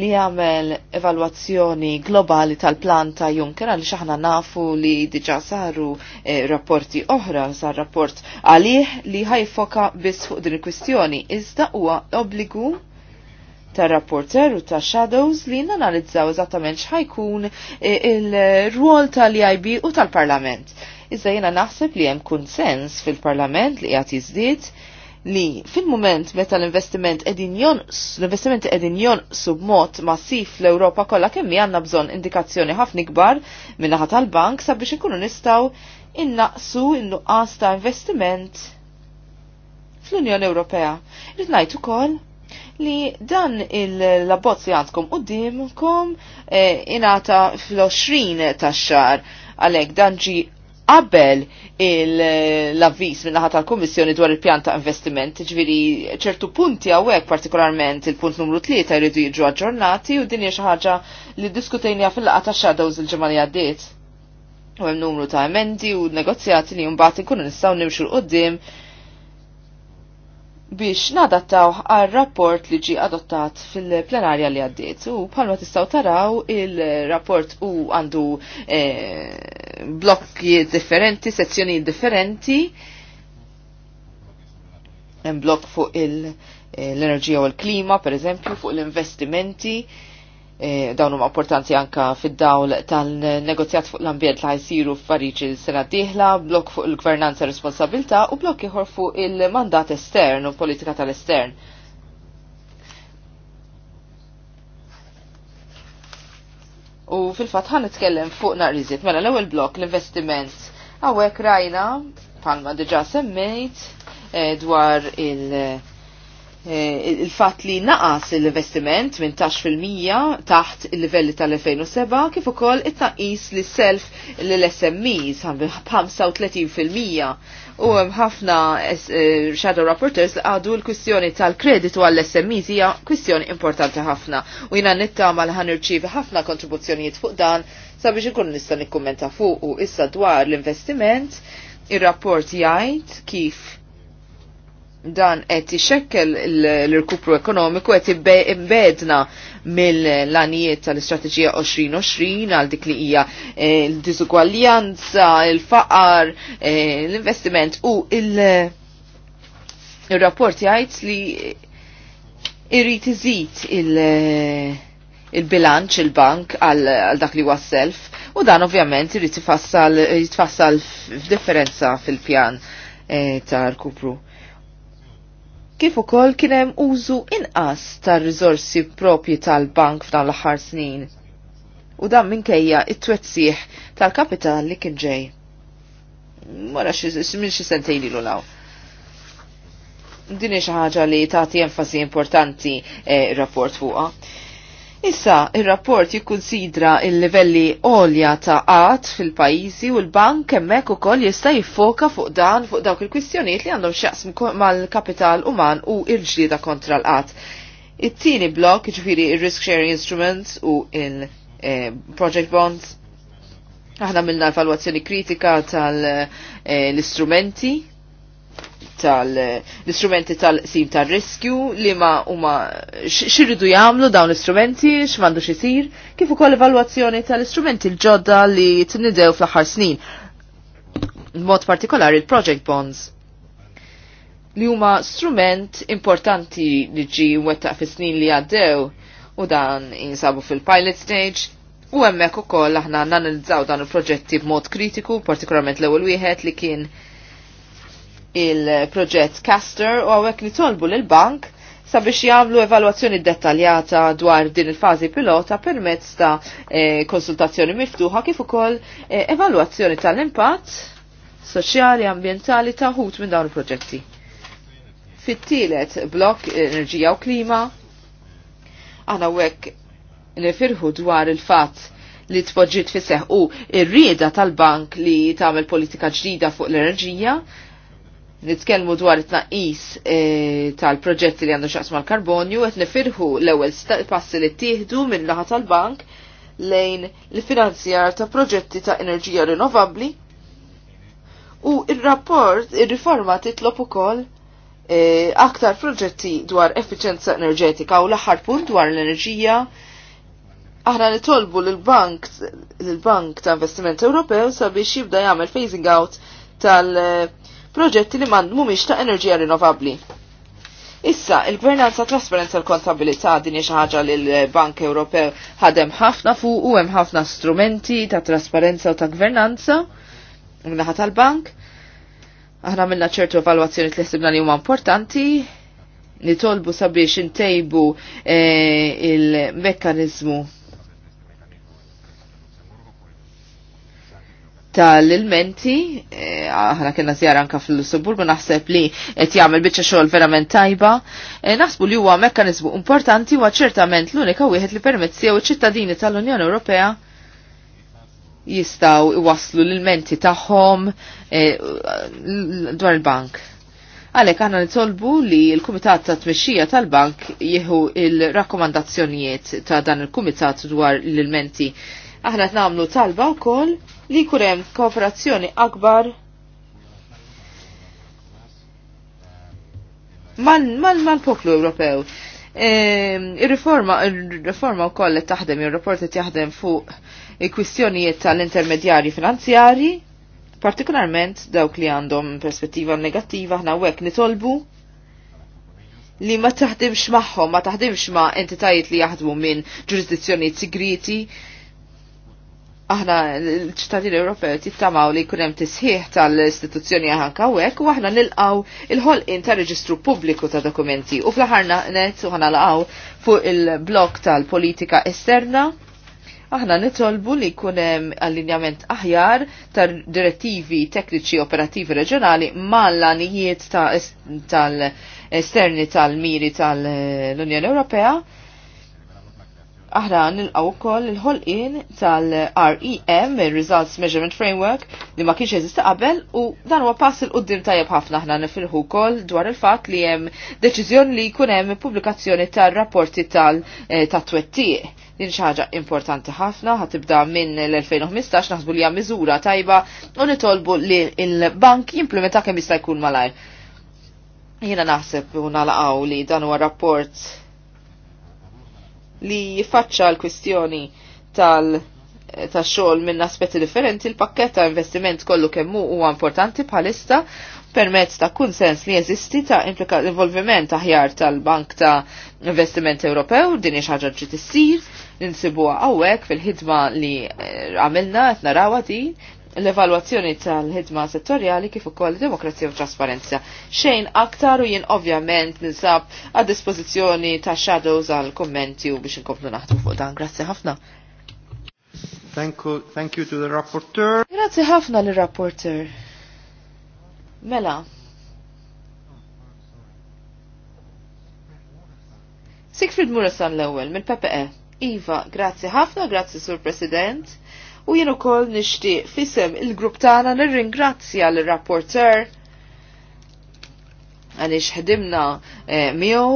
li għamel evalwazzjoni globali tal-plan ta' Junkera għal xaħna nafu li diġa saru e, rapporti oħra sar rapport għalih li ħajfoka biss fuq din il-kwistjoni. Iżda huwa obbligu ta' rapporter u ta' shadows li nanalizzaw eżattament x'ħajkun e, il-rwol tal-IB u tal-Parlament iżda jena naħseb li hemm konsens fil-Parlament li qed jiżdied li fil-moment meta l-investiment edinjon, l-investiment edinjon jonqs massif l-Ewropa kollha kemm għandna bżonn indikazzjoni ħafna minn minnaħa tal-bank sabiex inkunu nistgħu innaqsu n-nuqqas ta' investiment fl-Unjoni Ewropea. Rid ngħid ukoll li dan il-labbozz li għandkom qudiemkom e, ingħata fl-20 tax-xahar għalhekk dan ġi qabel l-avvis minn naħat tal-Kummissjoni dwar il-pjan ta' investiment, ġviri ċertu punti għawek partikolarment il-punt numru 3 jridu jiġu aġġornati u din hija xi ħaġa li diskutejnija fil-laqa ta' shadows il-ġimgħa li għaddiet. U hemm numru ta' emendi u negozjati li mbagħad inkunu nistgħu nimxu l qoddim biex nadattaw għal rapport li ġi adottat fil-plenarja li għaddiet. U bħalma tistaw taraw il-rapport u għandu e, blokki differenti, sezzjoni differenti, blok fuq eh, l-enerġija u l-klima, per eżempju, fuq l-investimenti, Eh, dawn huma importanti anka fid-dawl tal-negozjat fuq l-ambjent li ħajsiru f'Pariġi sena d-dieħla, blok fuq il-gvernanza responsabilta u blok ieħor fuq il-mandat estern u politika tal-estern. U fil-fatt ħan nitkellem fuq naqriżiet mela l-ewwel blok l-investiment. Hawnhekk rajna palma diġà semmejt eh, dwar il- Eh, il-fat li naqas l-investiment minn fil-mija taħt il-livelli tal-2007 kif ukoll it-taqis li self l-SMEs 35% u hemm ħafna eh, shadow rapporters li għadu l-kwistjoni tal-kreditu għall-SMEs hija kwistjoni importanti ħafna u jiena nittama li ħanirċievi ħafna kontribuzzjonijiet fuq dan sabiex ikun nista' nikkummenta fuq u issa dwar l-investiment ir-rapport jgħid kif dan qed ixekkel l-irkupru ekonomiku qed imbedna mill-lanijiet tal-istrateġija 2020 għal dik li hija eh, l-diżugwaljanza, il-faqar, eh, l-investiment u il-rapport jgħid li irrid iżid il-bilanċ il-bank għal dak li wasself, u dan ovvjament irrid jitfassal f'differenza fil-pjan eh, tal-kupru kif ukoll kien hemm użu inqas tar-riżorsi propji tal-bank f'dan l-aħħar snin. U dan minkejja it-twetzieħ tal-kapital li kien ġej. Mara minn xi sentejn ilu law. Din xi ħaġa li tagħti enfasi importanti r eh, rapport fuqha. Issa, il-rapport jikkunsidra il-livelli olja ta' għat fil-pajizi u l-bank kemmek u koll jista' jiffoka fuq dan fuq dawk il-kwistjoniet li għandhom xaqsm mal-kapital uman u il-ġlida kontra l għat It-tieni blok, ġifiri il-risk sharing instruments u il-project eh, bonds, aħna milna evalwazzjoni kritika tal-istrumenti eh, tal-istrumenti tal-sim tal-rescue li ma huma xirridu jagħmlu dawn l-istrumenti x'mandu xisir kif ukoll evalwazzjoni tal-istrumenti l-ġodda li tnidew fl-aħħar snin. Mod partikolari il-project bonds li huma strument importanti li ġi wettaq fis snin li għaddew u dan jinsabu fil-pilot stage u hemmhekk ukoll aħna nanalizzaw dan il-proġetti b'mod kritiku, partikolarment l-ewwel wieħed li kien il-proġett Caster u għawek nitolbu l-bank sabiex jagħmlu evalwazzjoni dettaljata dwar din il-fażi pilota permezz ta' eh, konsultazzjoni miftuħa kif ukoll eh, evalwazzjoni tal-impatt soċjali ambjentali ta' ħut minn dawn il-proġetti. Fit-tielet blok enerġija u klima aħna hekk nifirħu dwar il-fatt li tpoġġiet fiseħ u ir-rieda tal-bank li tagħmel politika ġdida fuq l-enerġija nitkellmu dwar it-naqis e, tal-proġetti li għandu xaqs mal-karbonju, qed nifirħu l-ewwel passi li ttieħdu minn laħat tal-bank lejn l-finanzjar ta' proġetti ta' enerġija rinnovabli. U il rapport ir-riforma titlob ukoll e, aktar proġetti dwar effiċenza enerġetika u l-aħħar punt dwar l-enerġija aħna nitolbu l-Bank l-Bank ta' Investiment Ewropew sabiex jibda jagħmel phasing out tal- uh, proġetti li mand mumiex ta' enerġija rinnovabli. Issa, il-gvernanza trasparenza l-kontabilità din xi ħaġa li l-Bank Ewropew ħadem ħafna fuq u hemm ħafna strumenti ta' trasparenza u ta' gvernanza minnaħa tal-bank. Aħna minna ċertu evalwazzjoni li ħsibna li huma importanti, nitolbu sabiex intejbu eh, il-mekkanizmu tal-ilmenti, eh, aħna kena zjara anka fil-Lussemburgu, naħseb li qed jagħmel biċċa xogħol verament tajba. Eh, naħsbu li huwa mekkaniżmu importanti u ċertament l-unika wieħed li permetzi jew iċ-ċittadini tal-Unjoni Ewropea jistaw waslu l-menti tagħhom eh, dwar il-bank. Għalek għanna nitolbu li l-Kumitat ta' Tmexxija tal-Bank jieħu il-rakkomandazzjonijiet ta' dan il-Kumitat dwar l-menti. Aħna t-namlu talba u koll li kurem kooperazzjoni akbar mal-poplu Ewropew. Ehm, ir-riforma ir-riforma wkoll qed taħdem ir reporti taħdem fuq il-kwistjonijiet tal-intermedjarji finanzjari, partikolarment dawk li għandhom perspettiva negattiva aħna hekk nitolbu li ma taħdimx magħhom, ma taħdimx ma' entitajiet li jaħdmu minn ġurisdizzjonijiet sigriti, aħna l-ċittadini Ewropew tittamaw li jkun hemm tisħiħ tal-istituzzjoni ħanka hekk u aħna nilqgħu il-ħolqien ta' reġistru pubbliku ta' dokumenti u fl-aħħar net u ħanalqgħu fuq il-blok tal-politika esterna aħna nitolbu li jkun hemm allinjament aħjar tar direttivi tekniċi operativi reġjonali mal-lanijiet tal-esterni tal-miri tal-Unjoni Ewropea aħna nilqaw ukoll il-ħolqien tal-REM, il-Results Measurement Framework, li ma kienx eżista qabel u dan huwa pass il qudiem tajjeb ħafna aħna nifilħu wkoll dwar il-fatt li hemm deċiżjoni li jkun hemm pubblikazzjoni tar-rapporti tal-twettieq. Eh, Din xi ħaġa importanti ħafna ħad tibda minn l-2015 naħsbu li hija miżura tajba u nitolbu li l-bank jimplementa kemm jista' jkun malajr. Jiena naħseb u nalaqgħu li dan huwa rapport li jiffaċċa l-kwistjoni tal- ta' xogħol minn aspetti differenti, il-pakket ta' investiment kollu kemmu huwa importanti bħalista permezz ta' kunsens li jeżisti ta' implika involviment aħjar tal-Bank ta' Investiment Ewropew, din hi ħaġa ġi tissir, ninsibuha hawnhekk fil-ħidma li eh, għamilna qed narawha din l-evalwazzjoni tal-ħidma settorjali kif ukoll demokrazija u trasparenza. Xejn aktar u jien ovvjament ninsab għad dispożizzjoni ta' shadows għal kommenti u biex inkomplu naħdmu fuq dan. Grazzi ħafna. Thank you, thank you to the rapporteur. Grazzi ħafna l rapporteur Mela. Sigfrid Murasan l-ewwel mill-PPE. Iva, grazzi ħafna, grazzi Sur President u jien ukoll nixtieq fisem il-grupp tagħna nirringrazzja l-rapporter għaliex ħdimna eh, miegħu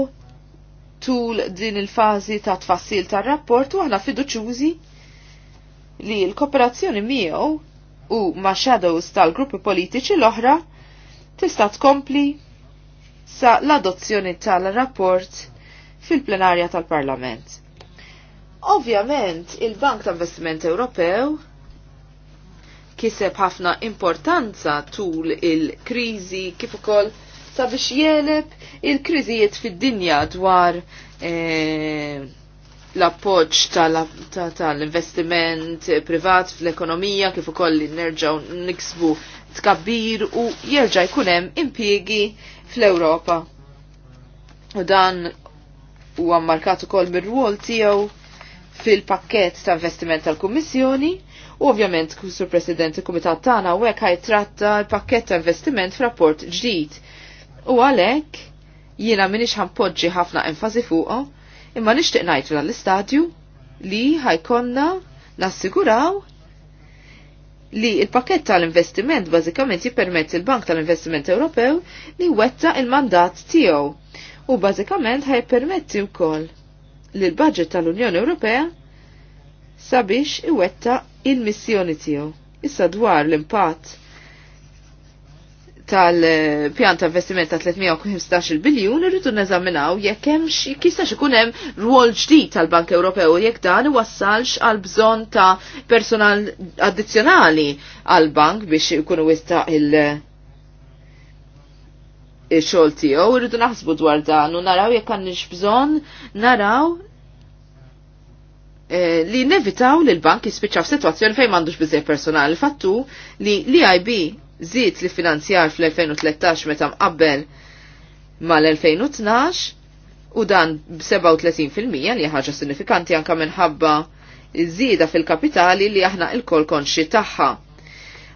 tul din il-fażi ta' tfassil tar-rapport u aħna fiduċjużi li l-kooperazzjoni miegħu u ma' shadows tal-gruppi politiċi l-oħra tista' tkompli sa l-adozzjoni tal-rapport fil-plenarja tal-Parlament. Ovvjament, il-Bank ta' Investiment Ewropew kiseb ħafna importanza tul il-krizi kif ukoll sabiex jeleb il-kriżijiet fid-dinja dwar eh, l-appoġġ tal-investiment ta ta privat fl-ekonomija kif ukoll nerġgħu niksbu tkabbir u jerġa' jkun hemm impjiegi fl-Ewropa. U dan huwa mmarkat ukoll mir-rwol tiegħu fil-pakket ta' investiment tal-Kummissjoni u ovvjament Sur President il-Kumitat tagħna u hekk tratta l-pakket ta' investiment f'rapport ġdid. U għalhekk jiena minix ħampoġġi ħafna enfasi fuqo, imma nixtieq ngħidu l istadju li ħajkonna nassiguraw li il-pakket tal-investiment bażikament jippermetti il-Bank tal-Investiment Ewropew li wetta il-mandat tiegħu u bażikament ħajpermetti wkoll l-budget tal-Unjoni Ewropea sabiex iwetta il-missjoni tiegħu. Issa dwar l-impatt tal-pjan ta' investiment ta' 315 biljun irridu neżaminaw jekk hemm jistax ikun hemm rwol ġdid tal-Bank Ewropew jekk dan iwassalx għal bżonn ta' personal addizzjonali għall bank biex ikunu wista il- xogħol tiegħu, irridu naħsbu dwar dan u naraw jekk għandniex bżonn naraw eh, li nevitaw li l-bank jispiċċaw f'sitwazzjoni fejn m'għandux biżej personali. Fattu li l-IB żied li finanzjar fl-2013 meta mqabbel mal-2012 u dan b-37% li ħaġa sinifikanti anka minħabba żieda fil-kapitali li aħna il-kol konxi tagħha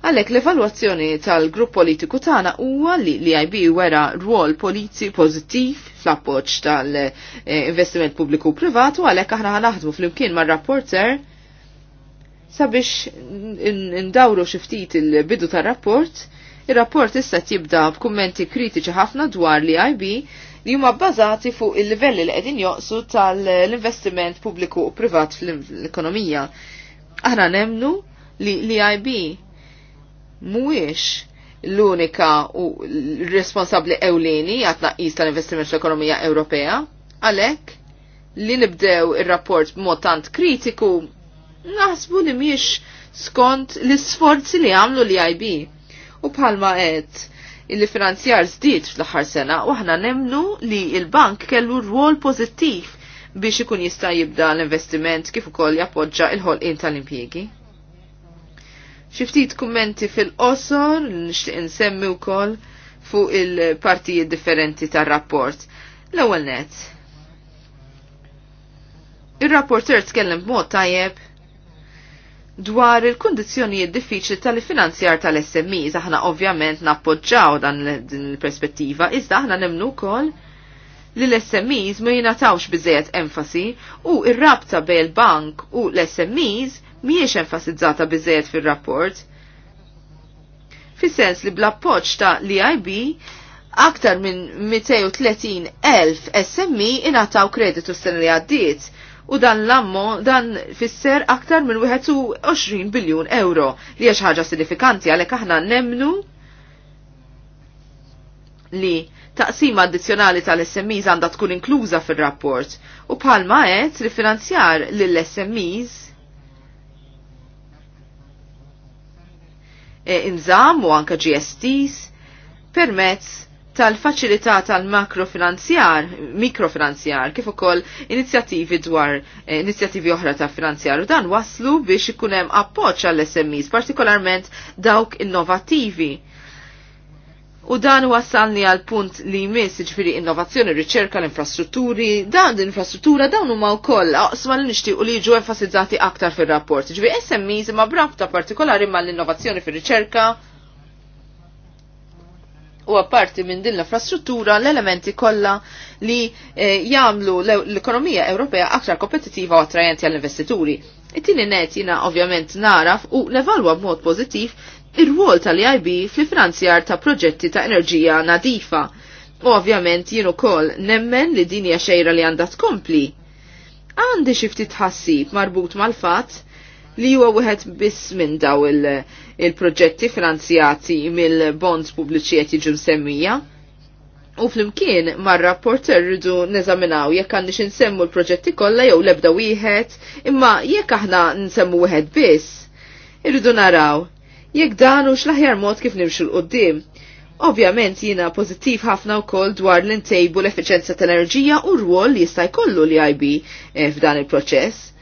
Għalhekk l-evalwazzjoni tal-grupp politiku tagħna huwa li l-IB wera rwol politi pożittiv fl-appoġġ tal-investiment pubbliku u privatu għalhekk aħna ħanaħdmu flimkien mar-rapporter sabiex ndawru xi ftit il-bidu tar-rapport. Ir-rapport issa tibda b'kummenti kritiċi ħafna dwar li IB li huma bbażati fuq il-livelli li qegħdin joqsu tal-investiment pubbliku u privat fl-ekonomija. Aħna nemnu li l-IB mhuwiex l-unika u responsabli ewleni għatna jista tal-investiment l ekonomija Ewropea, għalek li nibdew il-rapport mod tant kritiku, naħsbu li miex skont l-sforzi li għamlu li IB. U bħalma għed il finanzjar zdiet fl-ħar sena u ħna nemnu li il-bank kellu rwol pozittiv biex ikun jista' jibda l-investiment kif ukoll jappoġġa il-ħolqien tal-impjiegi. Xiftit kummenti fil-qosor, nixtieq insemmi wkoll fuq il-partijiet differenti tar-rapport. L-ewwel net. Ir-rapporter tkellem b'mod tajjeb dwar il-kondizjonijiet diffiċli tal-finanzjar tal smi aħna ovvjament nappoġġaw dan il-perspettiva, iżda aħna nemnu kol li l-SMEs ma jinatawx bizzejet enfasi u ir-rabta bej il-bank u l-SMEs miex enfasizzata bizzejet fir-rapport. Fis-sens li bl-appoġġ ta' l-IB aktar minn 230 elf SMI e inataw kreditu s-sena li għaddiet u dan l-ammo dan fisser aktar minn 21 biljun euro li għax ħaġa sinifikanti għalek aħna nemnu li taqsima addizjonali tal-SMEs għandha tkun inkluża fil-rapport u bħalma li finanzjar lill-SMEs E, imżam u anka GSTs permezz tal-faċilità tal-makrofinanzjar, mikrofinanzjar, kif ukoll inizjattivi dwar e, inizjattivi oħra ta' finanzjar u dan waslu biex ikun hemm appoġġ għall smis partikolarment dawk innovattivi. U dan wasalni għal punt li jmiss ġifiri innovazzjoni, riċerka l-infrastrutturi, dan l-infrastruttura dawn huma wkoll oqsma li nixtiequ li jiġu enfasizzati aktar fir-rapport. Ġifieri SMEs ma brabta partikolari mal innovazzjoni fir-riċerka u apparti minn din l-infrastruttura l-elementi kollha li eh, jagħmlu l-ekonomija Ewropea aktar kompetittiva u attrajenti għall-investituri. It-tieni net jina ovvjament naraf u nevalwa b'mod pożittiv ir wol tal-IB fi finanzjar ta' proġetti ta' enerġija nadifa. U ovvjament jienu kol nemmen li dinja xejra li għandha tkompli. Għandi xifti tħassib marbut mal-fat li huwa wieħed biss minn daw il-proġetti il finanzjati mill-bonds pubbliċi qed jiġu msemmija. U flimkien mar-rapporter rridu neżaminaw jekk għandix insemmu l-proġetti kollha jew lebda wieħed, imma jekk aħna nsemmu wieħed biss, irridu naraw jekk dan xlaħjar aħjar mod kif nimxu l-qoddim. Ovvjament jina pozittiv ħafna wkoll dwar l-intejbu l-efficienza tal-enerġija u r-rwol li jista' jkollu li IB eh, f'dan il-proċess.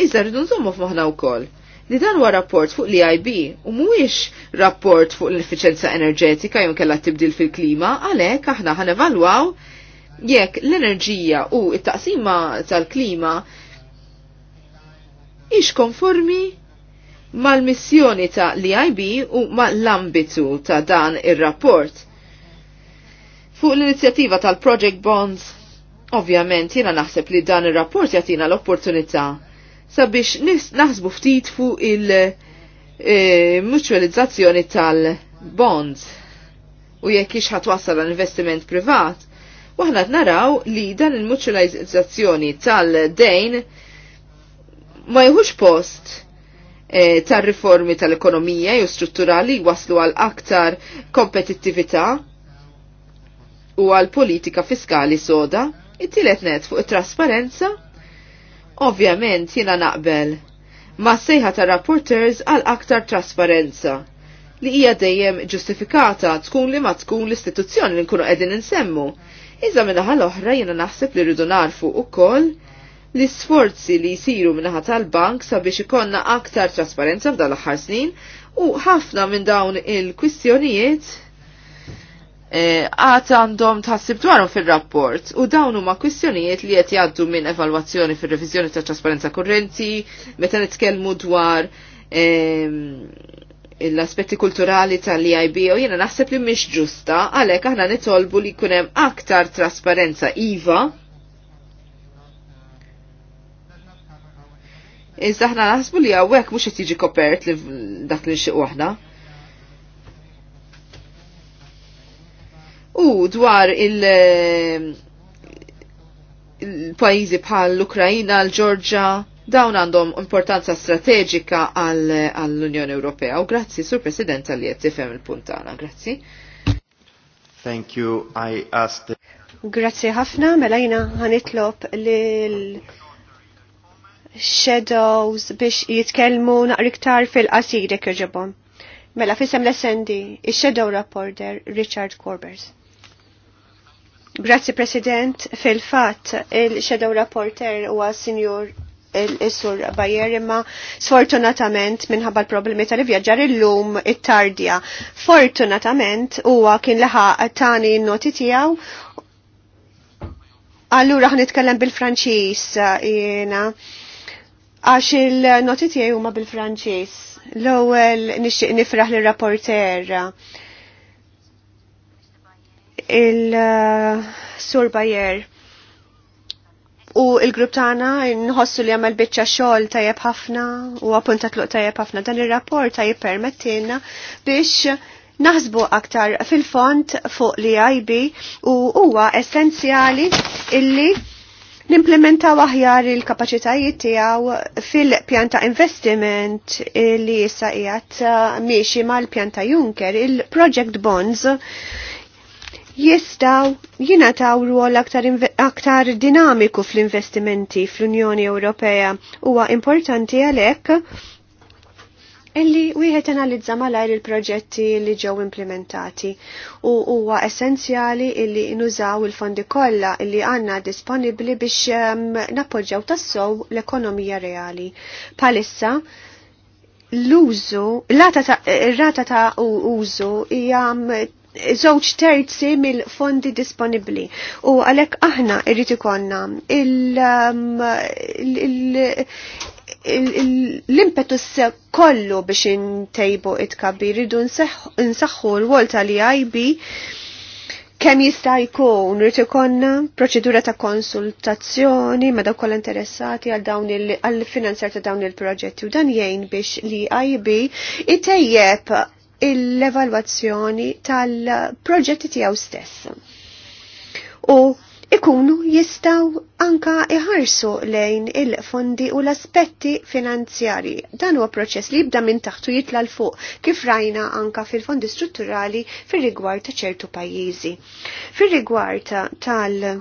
Iżda rridu nżommu f'moħħna wkoll li dan huwa rapport fuq l-IB u mhuwiex rapport fuq l-efficienza enerġetika jew kellha tibdil fil-klima għalhekk aħna ħanevalwaw jekk l-enerġija u t taqsima tal-klima ix konformi mal-missjoni ta' l-IB u mal-ambitu ta' dan ir-rapport. Fuq l-inizjattiva tal-Project Bonds, ovvjament jena naħseb li dan ir-rapport jatina l-opportunità sabiex naħsbu ftit fuq il-mutualizzazzjoni e tal-bonds u jekk ix ħatwassal l-investiment privat, waħna naraw li dan il-mutualizzazzjoni tal-dejn ma jħux post E, tar-riformi tal-ekonomija jew strutturali waslu għal aktar kompetittività u għal politika fiskali soda. It-tielet net fuq it-trasparenza, ovvjament jiena naqbel ma sejħa ta' rapporters għal aktar trasparenza li hija dejjem ġustifikata tkun li ma tkun l-istituzzjoni li nkunu qegħdin insemmu. Iżda minna l-oħra jiena naħseb li rridu narfu ukoll l-isforzi li jisiru minnaħat tal-bank sabiex ikonna aktar trasparenza f'dan l-aħħar snin u ħafna minn dawn il-kwistjonijiet eh, għat e, għandhom tħassib dwarhom fil-rapport u dawn huma kwistjonijiet li qed jgħaddu minn evalwazzjoni fir-reviżjoni ta' trasparenza kurrenti, meta nitkellmu dwar e, l-aspetti kulturali tal-EIB u jiena naħseb li mhix ġusta għalhekk aħna nitolbu li jkun hemm aktar trasparenza iva Iżda naħsbu li hawnhekk mhux qed jiġi kopert li dak li nxiequ uħna. U dwar il- eh, il-pajizi bħal l-Ukrajina, l-Ġorġa, dawn għandhom importanza strateġika għall-Unjoni Ewropea. U grazzi, Sur President, għalli qed tifhem il-puntana. Grazzi. Thank you. I asked. Grazzi ħafna, mela jina li lil shadows biex jitkellmu naqriktar fil-qasir jekk Mela fisem l-essendi, il-shadow rapporter Richard Corbers. Grazzi President, fil-fat il-shadow rapporter huwa Sinjur il sur Bajer imma sfortunatament minħabba l-problemi tal-vjaġġar illum it-tardja. Fortunatament huwa kien laħa tani noti tiegħu Allura ħnitkellem bil-Franċis jiena. Għax il-noti tiegħi huma bil-Franċiż. L-ewwel nixtieq nifraħ lir-rapporter il-Sur eh, Bayer u il-grupp tagħna nħossu li għamel biċċa xogħol tajjeb ħafna u appunta tluq tajjeb ħafna dan ir-rapport tajjeb permettilna biex naħsbu aktar fil-font fuq li għajbi u huwa essenzjali illi nimplementaw aħjar il-kapacitajiet tiegħu fil-pjanta investiment li jissa qiegħed uh, miexi mal-pjanta Juncker, il-project bonds jistaw jinataw ruol aktar, aktar dinamiku fl-investimenti fl-Unjoni Ewropea. Huwa importanti għalhekk illi wieħed analizza malajr il-proġetti li ġew implementati u huwa essenzjali illi nużaw il-fondi kollha illi għandna disponibbli biex ehm, nappoġġjaw tassow l-ekonomija reali. Palissa l-użu, rata ta' użu hija ehm, żewġ terzi mill-fondi disponibbli u għalhekk aħna irrid ikollna il ehm, l-impetus kollu biex intejbu it-kabbi rridu nsaħħu l-wol tal-IB kem jista' jkun rrid ikonna proċedura ta' konsultazzjoni ma' dawk kollha interessati għal dawn għall-finanzjar ta' dawn il-proġetti u dan jgħin biex li IB itejjeb l-evalwazzjoni tal-proġetti tiegħu stess. U ikunu jistaw anka iħarsu lejn il-fondi u l-aspetti finanzjari. Dan huwa proċess li jibda minn taħtu jitla l-fuq kif rajna anka fil-fondi strutturali fir-rigward ta' ċertu pajjiżi. Fir-rigward tal-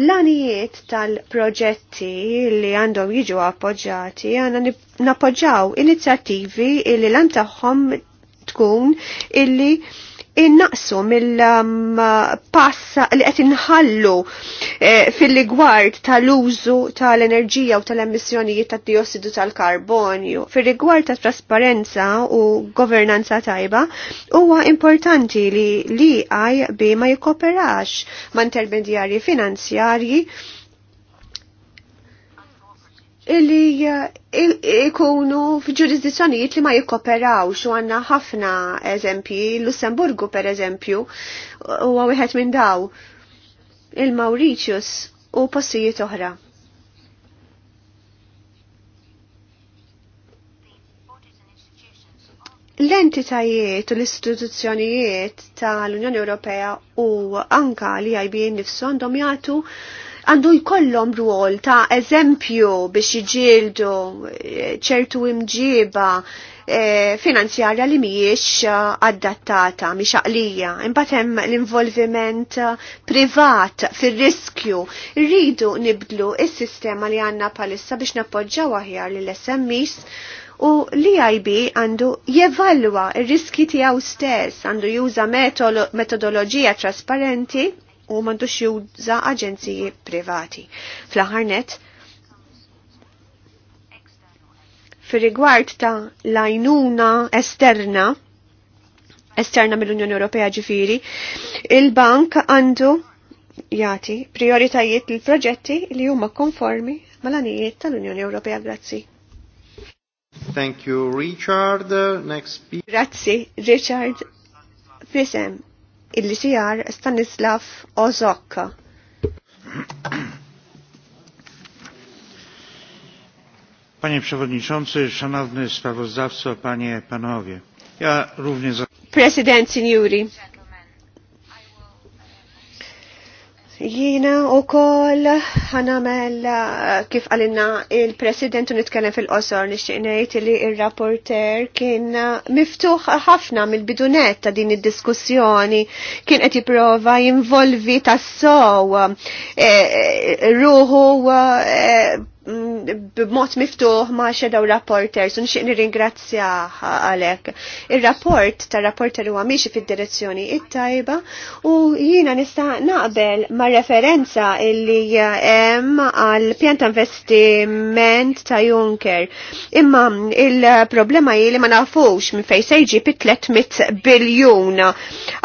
L-anijiet tal-proġetti li għandhom jiġu appoġġati għanna nappoġġaw inizjattivi li l-an tagħhom tkun illi innaqsu mill-passa um, li qed inħallu eh, fil-rigward tal-użu tal-enerġija u tal-emissjonijiet tad-diossidu tal-karbonju. Fil-rigward ta' trasparenza u governanza tajba, huwa importanti li li għaj bi ma jikoperax ma' intermedjarji finanzjarji illi eh, ikunu f'ġurisdizzjonijiet li ma jikkoperaw xo għanna ħafna eżempji, Lussemburgu per eżempju, u għawihet minn daw, il-Mauritius u postijiet oħra. L-entitajiet u l-istituzzjonijiet tal-Unjoni Ewropea u anka li għajbien nifsu għandhom jagħtu għandu jkollhom rwol ta' eżempju biex jiġildu eh, ċertu imġiba e, finanzjarja li mhijiex eh, adattata, miex għaqlija. Imbatem hemm l-involviment privat fir-riskju. Rridu nibdlu is-sistema li għandna palissa biex nappoġġaw aħjar lill smis u l-IB għandu jevalwa r-riski tiegħu stess, għandu juża metodoloġija trasparenti u mandux juża aġenziji privati. Fl-aħħar net, fir-rigward ta' lajnuna esterna, esterna mill-Unjoni Ewropea ġifiri, il-bank għandu jati prioritajiet il proġetti li huma konformi mal-anijiet tal-Unjoni Ewropea. Grazzi. Thank you, Richard. Next speaker. Grazzi, Richard. Fisem, illi xijar Stanislav Ozokka. Panie Przewodniczący, Szanowny Sprawozdawco, Panie, Panowie. Ja również... Prezydent, Signori. Jina u koll ħanamel kif għalina il-president u nitkellem fil-qosor nixtiqnejt li il-rapporter kien miftuħ ħafna mill-bidunet ta' din id-diskussjoni kien qed jipprova jinvolvi tas-sow eh, ruħu eh, Mm, b'mod miftuħ ma' xedaw rapporters u nixtieq ingrazzja għalhekk. Ir-rapport tar-rapporter huwa miexi fid-direzzjoni it-tajba u jiena nista' naqbel ma' referenza illi hemm għal pjan ta' investiment ta' Juncker. Imma il-problema hi li ma nafux minn fejn se pi 300 biljuna.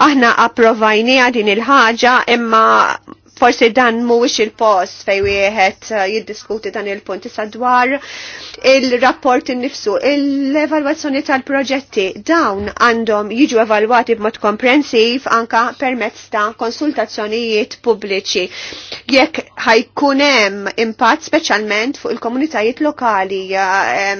Aħna approvajnija din il-ħaġa imma forsi dan mhuwiex il-post fej wieħed eh, jiddiskuti dan il-punt issa dwar il-rapport innifsu. l evalwazzjoni tal-proġetti dawn għandhom jiġu evalwati b'mod komprensiv anka permezz ta' konsultazzjonijiet pubbliċi. Jekk ħajkun hemm impatt speċjalment fuq il-komunitajiet lokali eh,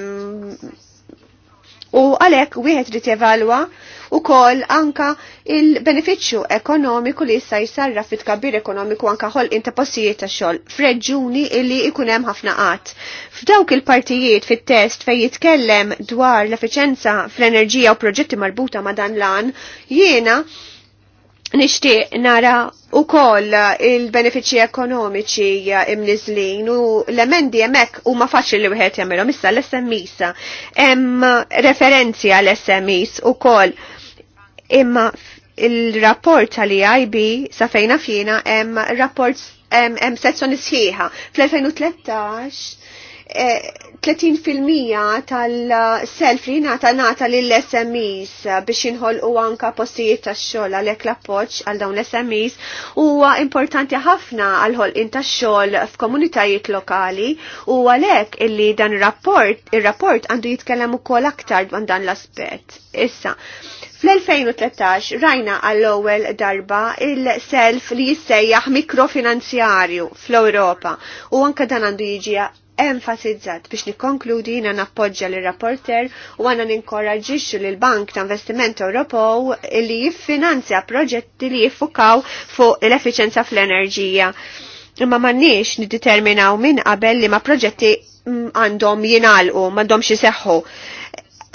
u għalhekk wieħed rid jevalwa u kol anka il-beneficju ekonomiku li jissa jisarra fit kabir ekonomiku anka ħol inta possijiet ta' xol f'reġuni illi ikunem ħafna qatt. F'dawk il-partijiet fit-test fej jitkellem dwar l-efficienza fl-enerġija u proġetti marbuta ma' dan lan, jiena nishtiq nara u koll il-benefiċi ekonomiċi imnizlin u l-emendi jemek u ma faċli li wieħed jagħmilhom issa l-SMIs. Hemm referenzi għal smis u koll imma il-rapport tal-EIB sa fejna fjena hemm rapport hemm sezzjoni sħiħa. Fl-2013 30% tal-self li nata nata lill-SMEs biex jinħol u anka postijiet ta' xogħol għalhekk l-appoġġ għal dawn l-SMEs huwa importanti ħafna għal ħolqien ta' xogħol f'komunitajiet lokali u għalhekk illi dan ir-rapport ir-rapport għandu jitkellem ukoll aktar dan l-aspett. Issa, Fl-2013 rajna għall-ewwel darba il-self li jissejjaħ mikrofinanzjarju fl-Ewropa u anka dan għandu jiġi enfasizzat biex nikkonkludi jina nappoġġa l-rapporter u għana ninkoraġġixxu lil bank ta' Investiment Ewropew li jiffinanzja proġetti li jiffukaw fuq l-efficienza fl-enerġija. Imma m'għandniex niddeterminaw minn qabel li ma' proġetti mm, għandhom jinalqu, m'għandhomx iseħħu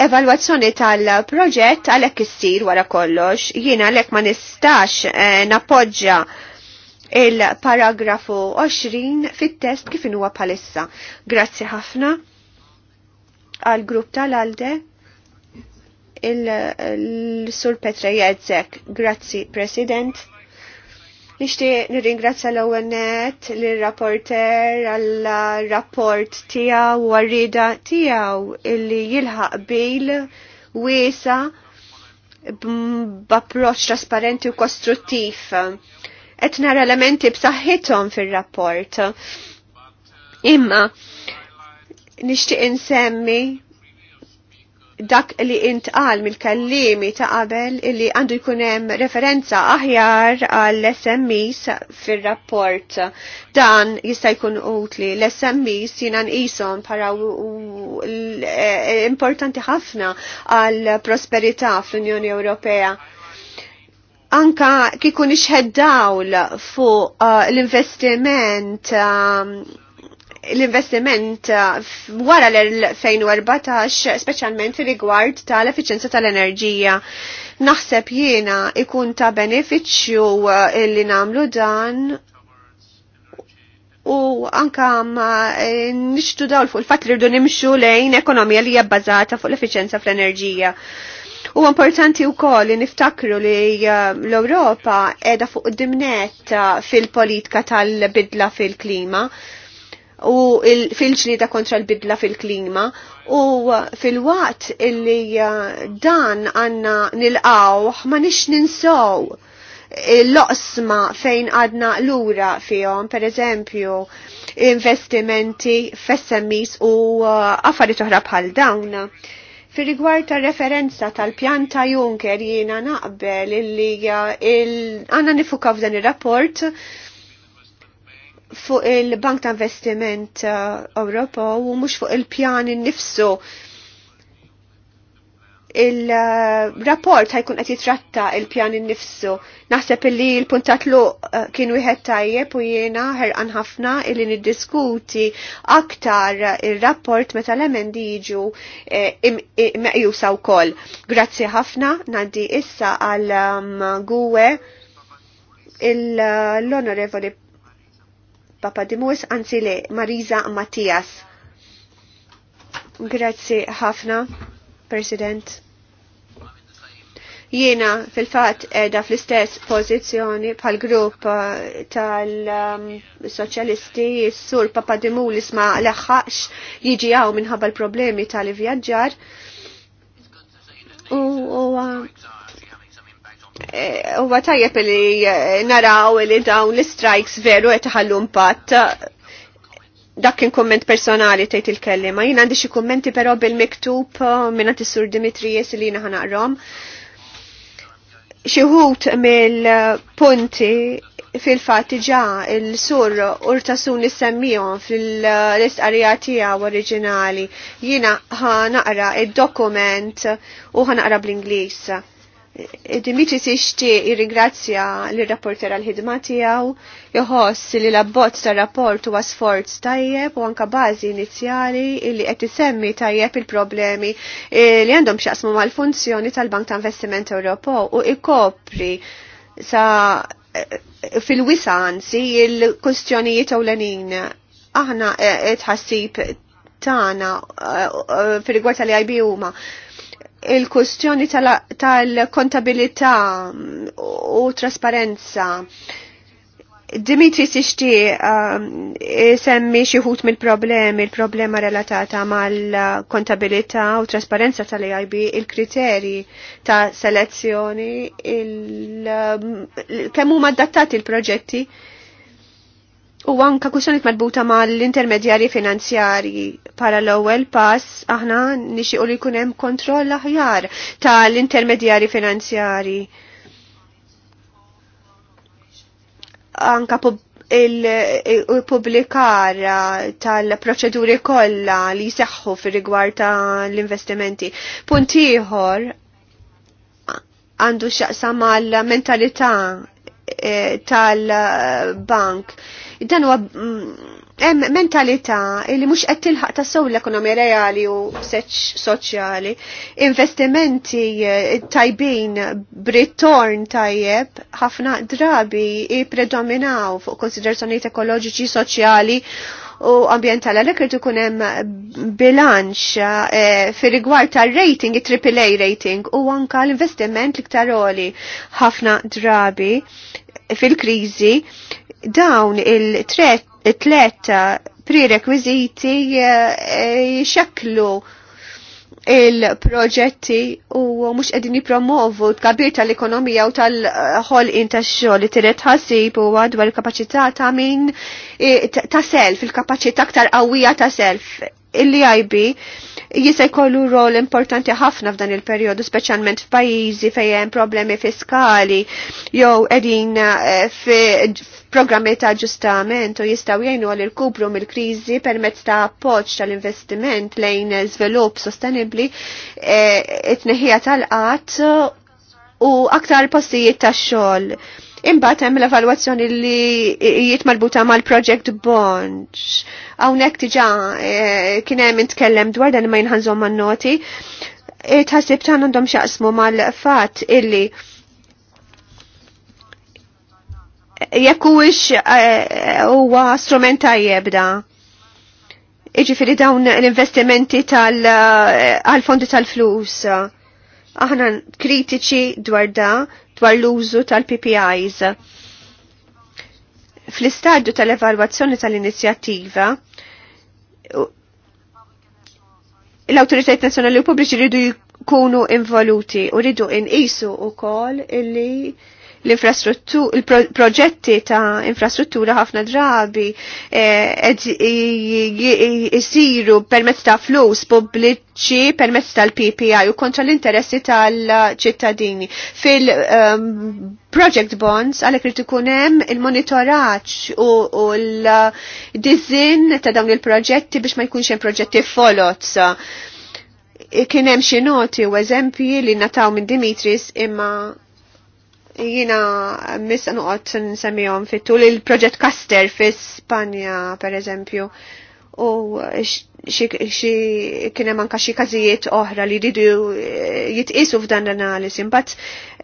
evalwazzjoni tal-proġett għalhekk issir wara kollox, jiena għalek ma nistax eh, napoġġa il-paragrafu 20 fit-test kif huwa bħalissa. Grazzi ħafna għal grupp tal-Alde il-Sur Petra Jedzek. Grazzi, President. Nishti nirringrazzja l-ewwel net lir-rapporter għall-rapport tiegħu u għarrida tiegħu illi jilħaq bil wiesa b'approċċ trasparenti u kostruttiv. Qed nara elementi b'saħħithom fir-rapport. Imma nixtieq insemmi dak li intqal mill-kallimi ta' qabel li għandu jkunem referenza aħjar għall sms fil-rapport. Dan jista' jkun utli. l sms jiena nqishom para e, e, importanti ħafna għall-prosperità fl-Unjoni Ewropea anka kikun ixħed dawl fuq uh, l-investiment uh, l-investiment uh, wara l-2014, speċjalment fi rigward tal-efficienza tal-enerġija. Naħseb jiena ikun ta' beneficju uh, li namlu dan u anka eh, nixtu daw fuq il-fat li rridu nimxu lejn ekonomija li hija bbażata fuq l-efficienza fl-enerġija. U importanti u koll li niftakru li eh, l-Europa edha fuq dimnet eh, fil-politika tal-bidla fil-klima. fil politika tal bidla fil klima u fil-ġlida kontra l-bidla fil-klima u fil-waqt illi uh, dan għanna nil-qawħ ma nix ninsow l-oqsma fejn għadna l-ura fihom, per eżempju, investimenti fessemis u uh, affarijiet oħra bħal dawna. Fi rigward ta' referenza tal-pjanta Juncker jiena naqbel illi uh, għanna nifuka f'dan ir-rapport fuq il-Bank ta' Investiment uh, Ewropa u mhux fuq il-pjan innifsu. Il-rapport ħajkun qed jitratta il-pjan innifsu. Naħseb illi l-puntat lu uh, kien wieħed tajjeb u jiena ħerqan ħafna illi niddiskuti aktar il-rapport meta l-emendi jiġu uh, meqjusa wkoll. Grazzi ħafna ngħaddi issa għal um, Gwe l-Onorevoli Papa Dimus, anzi le Marisa Mattias. Grazzi ħafna, President. Jiena fil-fat edha fl-istess pozizjoni pal grupp eh, tal-soċjalisti s-sur Dimulis ma leħħax jiġi għaw minħabba l-problemi tal vjagġar U Eh, huwa tajjeb li eh, naraw li dawn l-strikes veru qed ħallu impatt dak kien komment personali tgħid il-kellima. Jina għandi xi kummenti però bil-miktub eh, minna t sur Dimitri li jiena ħanaqrom. Xi wħud mill-punti fil-fatt ġa il-sur urtasun li semmijom fil-istqarija tiegħu oriġinali jiena ħanaqra id-dokument u ħanaqra bl-Ingliż Dimitris ixti irrigrazzja li rapporter għal-ħidma tijaw, joħos li l-abbozz ta' rapport huwa sforz tajjeb u anka bażi inizjali li qed isemmi tajjeb il-problemi eh, li għandhom x'jaqsmu mal-funzjoni tal-Bank ta' Investiment Ewropew u ikopri sa eh, fil-wisa anzi il-kustjonijiet ewlenin. Aħna eh, tħassib tagħna fir-rigward tal għajbi huma il-kustjoni tal-kontabilità u trasparenza. Dimitri sixti um, semmi xieħut mill-problemi, il-problema relatata mal-kontabilità u trasparenza tal ib il-kriteri ta' selezzjoni, il-kemmu um, ma' dattati il-proġetti, il U anka kuxanet marbuta ma l-intermedjari finanzjari para l-ewwel pass aħna u li jkun hemm kontroll aħjar tal-intermedjari finanzjari. Anka il-publikar tal-proċeduri kollha li jseħħu fir-rigward ta l investimenti Punt ieħor għandu x'aqsam mal-mentalità eh, tal-bank dan huwa mm, hemm mentalità li mhux qed tilħaq tassew l-ekonomija reali u soċjali. Investimenti eh, tajbin b'ritorn tajjeb ħafna drabi ippredominaw fuq konsiderazzjonijiet ekoloġiċi, soċjali u ambientali għalhekk irid ikun hemm bilanċ eh, fir-rigward tar-rating, it-AAA rating u anka l-investiment l oli ħafna drabi fil kriżi dawn il-tlet prerequisiti jxaklu eh, eh, il-proġetti u mux edin jipromovu tkabir tal-ekonomija u tal-ħol inta xogħol tiret ħassib u għadwar il-kapacità ta' min eh, ta' self, il-kapacità aktar qawwija ta' self. il għajbi. Jisa jkollu rol importanti ħafna f'dan il periodu speċjalment f'pajjiżi fejn hemm problemi fiskali jew qegħdin eh, f'programmi ta' ġustament u jistgħu jgħinu għal irkubru mill-kriżi permezz ta' appoġġ tal-investiment lejn żvilupp sostenibbli eh, it-tneħija tal qat u aktar postijiet tax-xogħol Imbagħad hemm l-evalwazzjoni li jiet malbuta mal-project bond. Hawnhekk diġà eh, kien hemm intkellem dwar dan ma jinħanżhom man-noti. E, tħassib ta' għandhom xaqsmu mal-fatt illi jekk huwiex eh, huwa strument tajjeb da. Iġifieri dawn l-investimenti tal-fondi eh, tal-flus. Aħna kritiċi dwar da, dwar l-użu tal-PPIs. Fl-istadju tal-evalwazzjoni tal-inizjattiva, l-autoritajt nazjonali u pubbliċi rridu jkunu involuti u rridu inqisu u kol illi l-proġetti ta' infrastruttura ħafna drabi jisiru eh, permezz ta' flus pubbliċi permezz tal-PPI u kontra l-interessi tal-ċittadini. Fil-project ehm, bonds għalek li tikunem il-monitoraċ u l-dizin ta' dawn il-proġetti biex ma jkunx hemm proġetti folots. kien hemm xi noti u eżempji li nataw minn Dimitris imma jina missa nuqot semijom fit-tul il-proġett Caster fi Spanja per eżempju u kienem anka xi każijiet oħra li ridu eh, jitqisu f'dan l-analisi. Mbagħad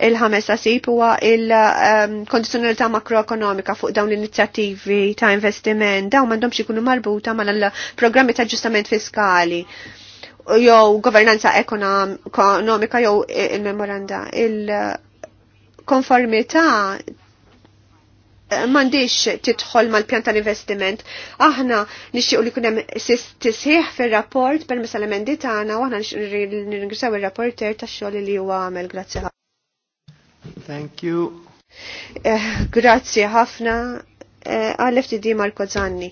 il-ħames tasib huwa il kondizjonalità makroekonomika fuq dawn l-inizjattivi ta' investiment dawn m'għandhomx ikunu marbuta l programmi ta' ġustament fiskali jew governanza ekonomika jew il-memoranda. il konformità eh, mandiċ titħol mal-pjan tal-investiment. Aħna nixtiequ li kunem tisħiħ fil-rapport per mis emendi tagħna u aħna nirringraw ir-rapporter tax-xogħol li huwa għamel. Grazzi ħafna. Thank you. Eh, grazzi ħafna eh, għal-FTD Marko Zanni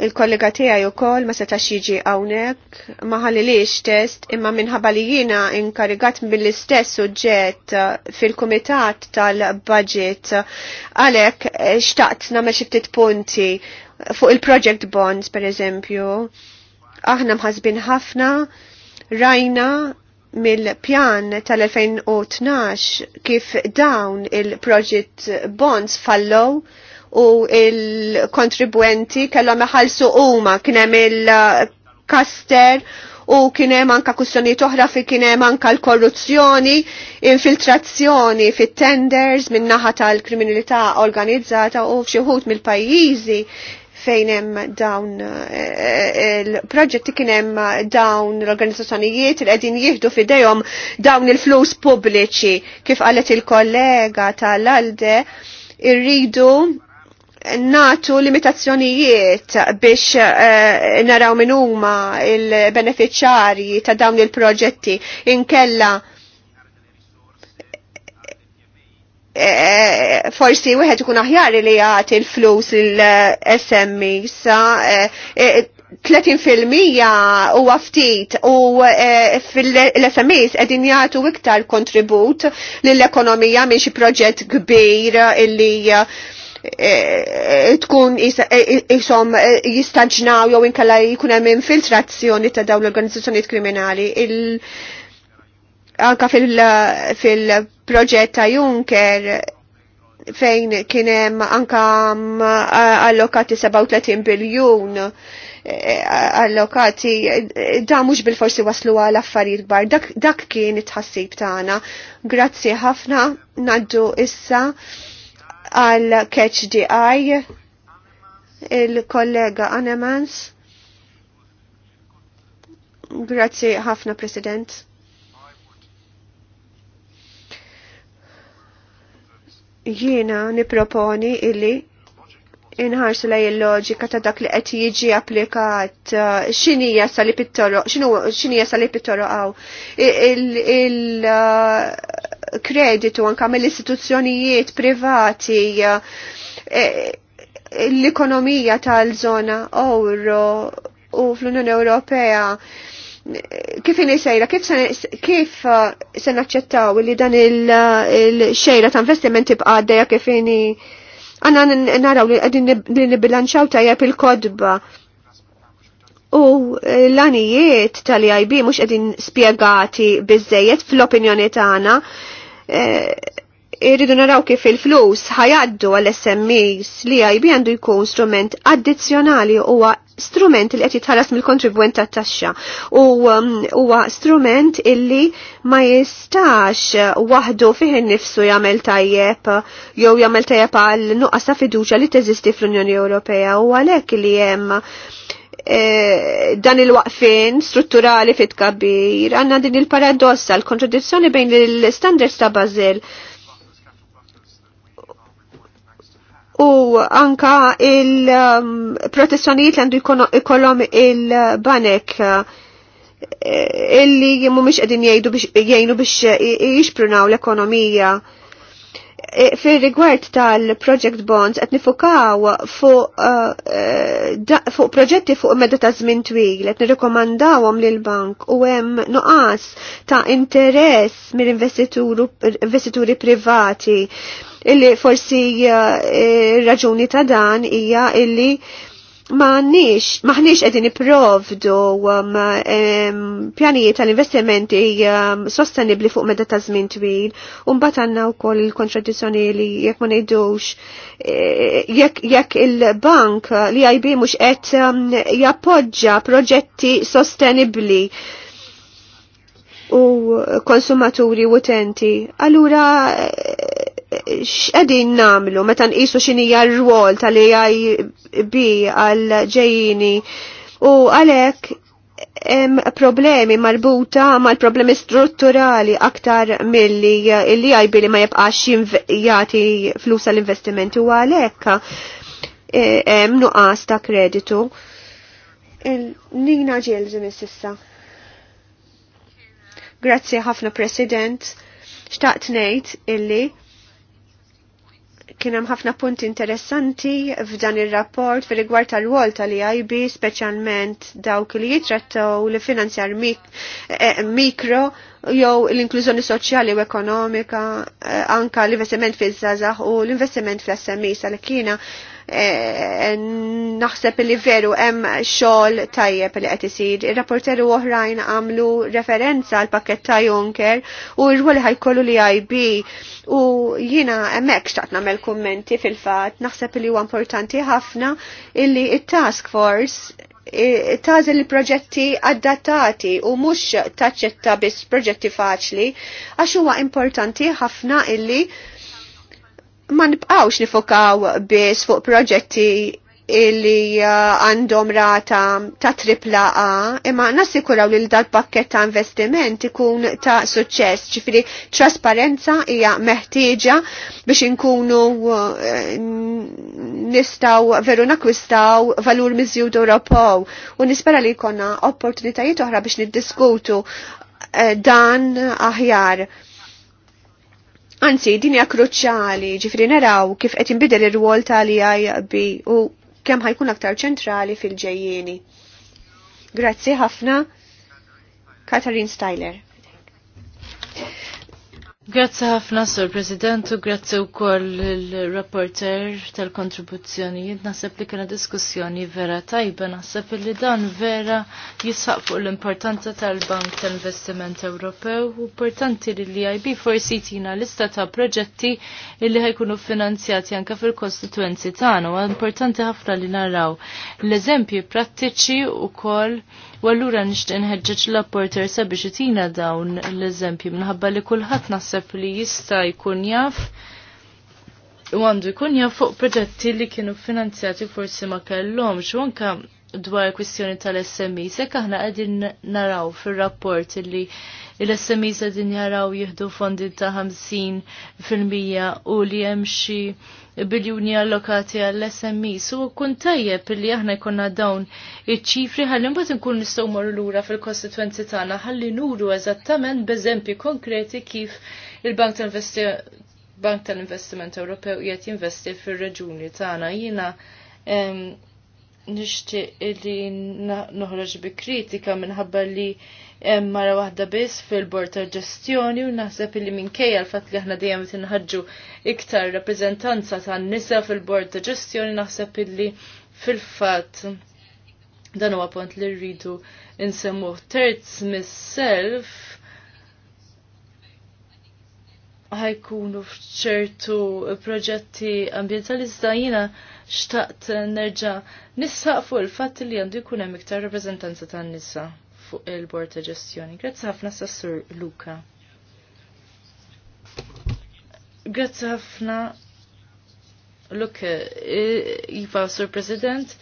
il-kollega tiegħi wkoll ma setax jiġi hawnhekk ma ħallilix test imma minħabba li jiena inkarigat mill-istess suġġett uh, fil-kumitat tal-budget uh, għalhekk uh, xtaqt nagħmel xi ftit punti fuq il-project bonds pereżempju. Aħna mħasbin ħafna rajna mill-pjan tal-2012 kif dawn il-project bonds fallow u il-kontribwenti kellhom iħallsu huma kien hemm il-kaster u kien hemm anke kussjonijiet oħra fi kien hemm anke l-korruzzjoni, infiltrazzjoni fit-tenders min naħa tal-kriminalità organizzata u f'xi wħud mill-pajjiżi fejn hemm dawn eh, eh, il-proġetti kien hemm dawn l-organizzazzjonijiet li qegħdin jieħdu f'idejhom dawn il-flus pubbliċi kif qalet il-kollega tal-Alde irridu natu limitazzjonijiet biex uh, naraw minn huma il-beneficjarji ta' dawn il-proġetti inkella eh, forsi wieħed ikun aħjar li jagħti l-flus il-SMI eh, sa fil 30% huwa ftit u fil-SMEs qegħdin jagħtu iktar kontribut lill-ekonomija minn xi proġett kbir illi E, e, tkun jisom e, jistanġnaw jew inkella jkun hemm infiltrazzjoni ta' dawn l organizzazzjoniet kriminali. Anka fil-proġett ta' Juncker fejn kien hemm anka mm, allokati 37 biljun allokati da mhux bil-forsi waslu għal affarijiet kbar. Dak, dak kien it-ħassib tagħna. Grazzi ħafna naddu issa għal Catch Eye, il-kollega Anemans. Grazzi ħafna President. Jiena niproponi illi inħarsu lej il-loġika ta' dak li qed jiġi applikat uh, x'inija sali pittoro, x'inija sali pittoro għaw. il uh, kreditu anka mill-istituzzjonijiet privati eh, eh, l-ekonomija tal-żona euro u fl-Unjoni Ewropea kif sejra, kif eh, se naċċettaw li dan il-xejra ta' investiment tibqa' għaddejja kif ini għanna naraw li għadin nibilanċaw tajjeb il-kodba. U l-anijiet tal-IB mux għadin spiegati bizzejiet fl-opinjoni tagħna Eh, irridu naraw kif il-flus ħajaddu għall-SMEs li għajbi għandu jkun strument addizzjonali huwa strument li qed jitħalas mill-kontribwent ta' taxxa u um, huwa strument illi ma jistax waħdu fih innifsu jagħmel tajjeb jew jagħmel tajjeb għal nuqqas ta' fiduċja li teżisti fl-Unjoni Ewropea u għalhekk li hemm Eh, dan il-waqfin strutturali fit kabir għanna din il-paradossa, l-kontradizzjoni bejn il-standards ta' Bazil u anka il-protezzjonijiet um, għandu jkollhom il-banek eh, illi mhumiex qegħdin jgħidu biex jgħinu biex jixprunaw l-ekonomija. Eh, fil rigward tal-project bonds qed nifukaw fuq uh, eh, eh, fu proġetti fuq medda ta' żmien twil qed nirrikomandawhom lil bank u hemm nuqas ta' interess mill-investituri privati illi forsi uh, raġuni ta' dan hija illi uh, maħniex, maħniex edin iprovdu um, um, pjanijiet tal-investimenti um, sostenibli fuq medda ta' żmien twil, un bat għanna u koll il-kontradizzjoni li jekk ma nejdux, e, jekk jek il-bank li għajbi mux qed um, jappoġġa proġetti sostenibli u konsumaturi u utenti. Allura x'qegħdin namlu meta nqisu x'inhija r-rwol tal bi għal ġejjini u għalhekk hemm problemi marbuta mal-problemi strutturali aktar milli li għajbi li ma jibqax jagħti flus għall-investimenti u għalhekk eh, hemm nuqqas ta' kreditu. Nina ġilżi mis-sissa. Grazzi ħafna President. Xtaqt ngħid illi Kien hemm ħafna punti interessanti f'dan ir-rapport fi rigward tal-wol tal-IB, speċjalment dawk li jitrattaw li finanzjar mik eh, eh, mikro jew l-inklużjoni soċjali u ekonomika, eh, anka l-investiment fiż żazax u l-investiment fl-SMI sal kiena Eh, naħseb li veru hemm xogħol tajjeb li qed isir. Ir-rapporteru oħrajn għamlu referenza għal pakket ta' Juncker u rwoli rwol ħajkollu li IB u jiena hemmhekk xtaqt nagħmel kummenti fil-fatt naħseb li huwa importanti ħafna illi it-task force tażel il-proġetti adattati u mhux taċċetta biss proġetti faċli għax huwa importanti ħafna illi ma nibqawx nifokaw biss fuq proġetti illi uh, għandhom uh, rata ta' tripla A imma nassikuraw li dal pakket ta' investiment ikun ta' suċċess, ċifri trasparenza hija meħtieġa biex inkunu uh, nistaw veru nakwistaw valur miżjud Ewropew u nispera li jkollna opportunitajiet oħra biex niddiskutu uh, dan aħjar. Anzi, din hija kruċjali, ġifri naraw kif qed inbidel ir-rwol tal-IIB u kemm ħajkun aktar ċentrali fil-ġejjieni. Grazzi ħafna, Katharine Styler. Grazzi ħafna, Sur President, u grazzi u koll il-rapporter tal-kontribuzzjonijiet. Naseb li kena diskussjoni vera tajba, naseb li dan vera jisħaq fuq l-importanza tal-Bank tal-Investiment Ewropew. U importanti li li IB forsi tina lista ta' proġetti li ħajkunu finanzjati anka fil-kostituenzi tagħna. U importanti ħafna li naraw l-eżempji prattiċi u koll U allura nixtieq inħeġġeġ l-apporter sabiex itina dawn l eżempju minħabba li kulħadd naħseb li jista' jkun jaf u għandu jkun jaf fuq proġetti li kienu finanzjati forsi ma kellhomx u anke dwar kwistjoni tal-SMI, se aħna qegħdin naraw fir-rapport li l-SMI se din jaraw jieħdu fondi ta' 50% u li hemm xi biljuni allokati għall-SMI. So kun tajjeb li aħna jkunna dawn iċ-ċifri ħalli mbagħad inkun nistgħu marru lura fil kostitwenzi tagħna ħalli nuru eżattament b'eżempji konkreti kif il-Bank tal-Bank tal-Investiment Ewropew qiegħed jinvesti fir-reġuni tagħna. Jiena nixtieq li noħroġ bi kritika minħabba li hemm mara waħda biss fil-bord ta' ġestjoni u naħseb li minkejja l-fatt li aħna dejjem inħaġġu iktar rappreżentanza tan-nisa fil-bord ta' ġestjoni naħseb illi fil-fatt dan huwa punt li rridu insemmu terz mis-self ħajkunu fċertu proġetti ambientalista jina xtaqt nerġa' nissaq fuq il-fatt li għandu jkun hemm iktar rappreżentanza tan-nisa fuq il-Bord ta' Ġestjoni. Grazzi ħafna Sassur Luka. Grazzi ħafna Luka, Iva, Sur President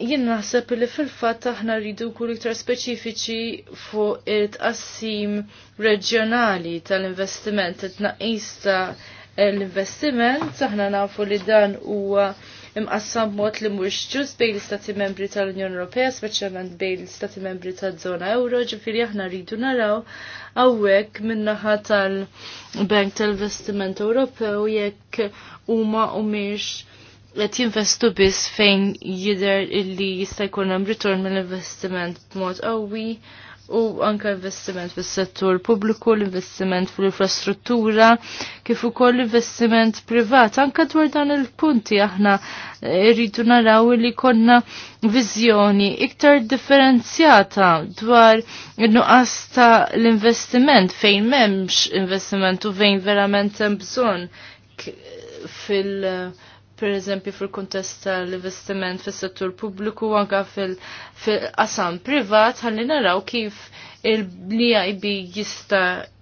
jien naħseb li fil-fatt aħna rridu nkunu iktar speċifiċi fuq it-qassim reġjonali tal-investiment, it-tnaqqis ta' l-investiment, aħna nafu li dan huwa imqassam mod li mhux ġust bejn l-Istati Membri tal-Unjoni Ewropea, speċjalment bejn l-Istati Membri taż-żona Ewro, ġifieri aħna rridu naraw hawnhekk min-naħa tal-Bank tal-Investiment Ewropew jekk huma u mhix qed jinvestu biss fejn jidher illi jista' jkun hemm ritorn mill-investiment b'mod qawwi u anka investiment fis-settur pubbliku, l-investiment fl-infrastruttura, kif ukoll l-investiment privat. Anka dwar dan il-punti aħna rridu naraw li konna viżjoni iktar differenzjata dwar in-nuqqas ta' l-investiment fejn m'hemmx investiment u fejn verament hemm bżonn fil- uh, per eżempju fil-kontest tal-investiment fis-settur pubbliku u anka fil-qasam privat ħalli naraw kif il-BIB jista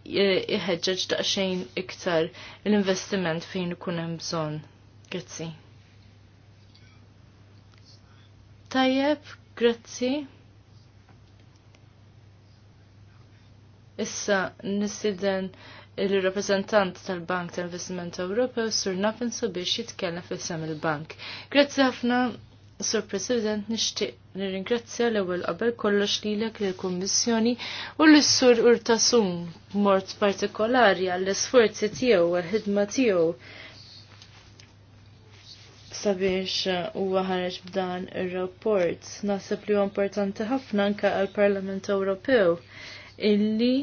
iħeġġeġ daqsxejn iktar l-investiment fejn ikun hemm bżonn. Grazzi. Tajjeb, grazzi. Issa nisiden il-reprezentant tal-Bank tal-Investiment Ewropew Sur Napinso biex jitkellem fil-sem il-bank. Grazzi ħafna, Sur President, nixtieq nirringrazzja l-ewwel qabel kollox lilek lill-Kummissjoni u l-Sur Urtasum b'mod partikolari għall-isforzi tiegħu għall-ħidma tiegħu sabiex huwa uh, ħareġ b'dan ir-rapport. Naħseb li huwa importanti ħafna anke għall-Parlament Ewropew illi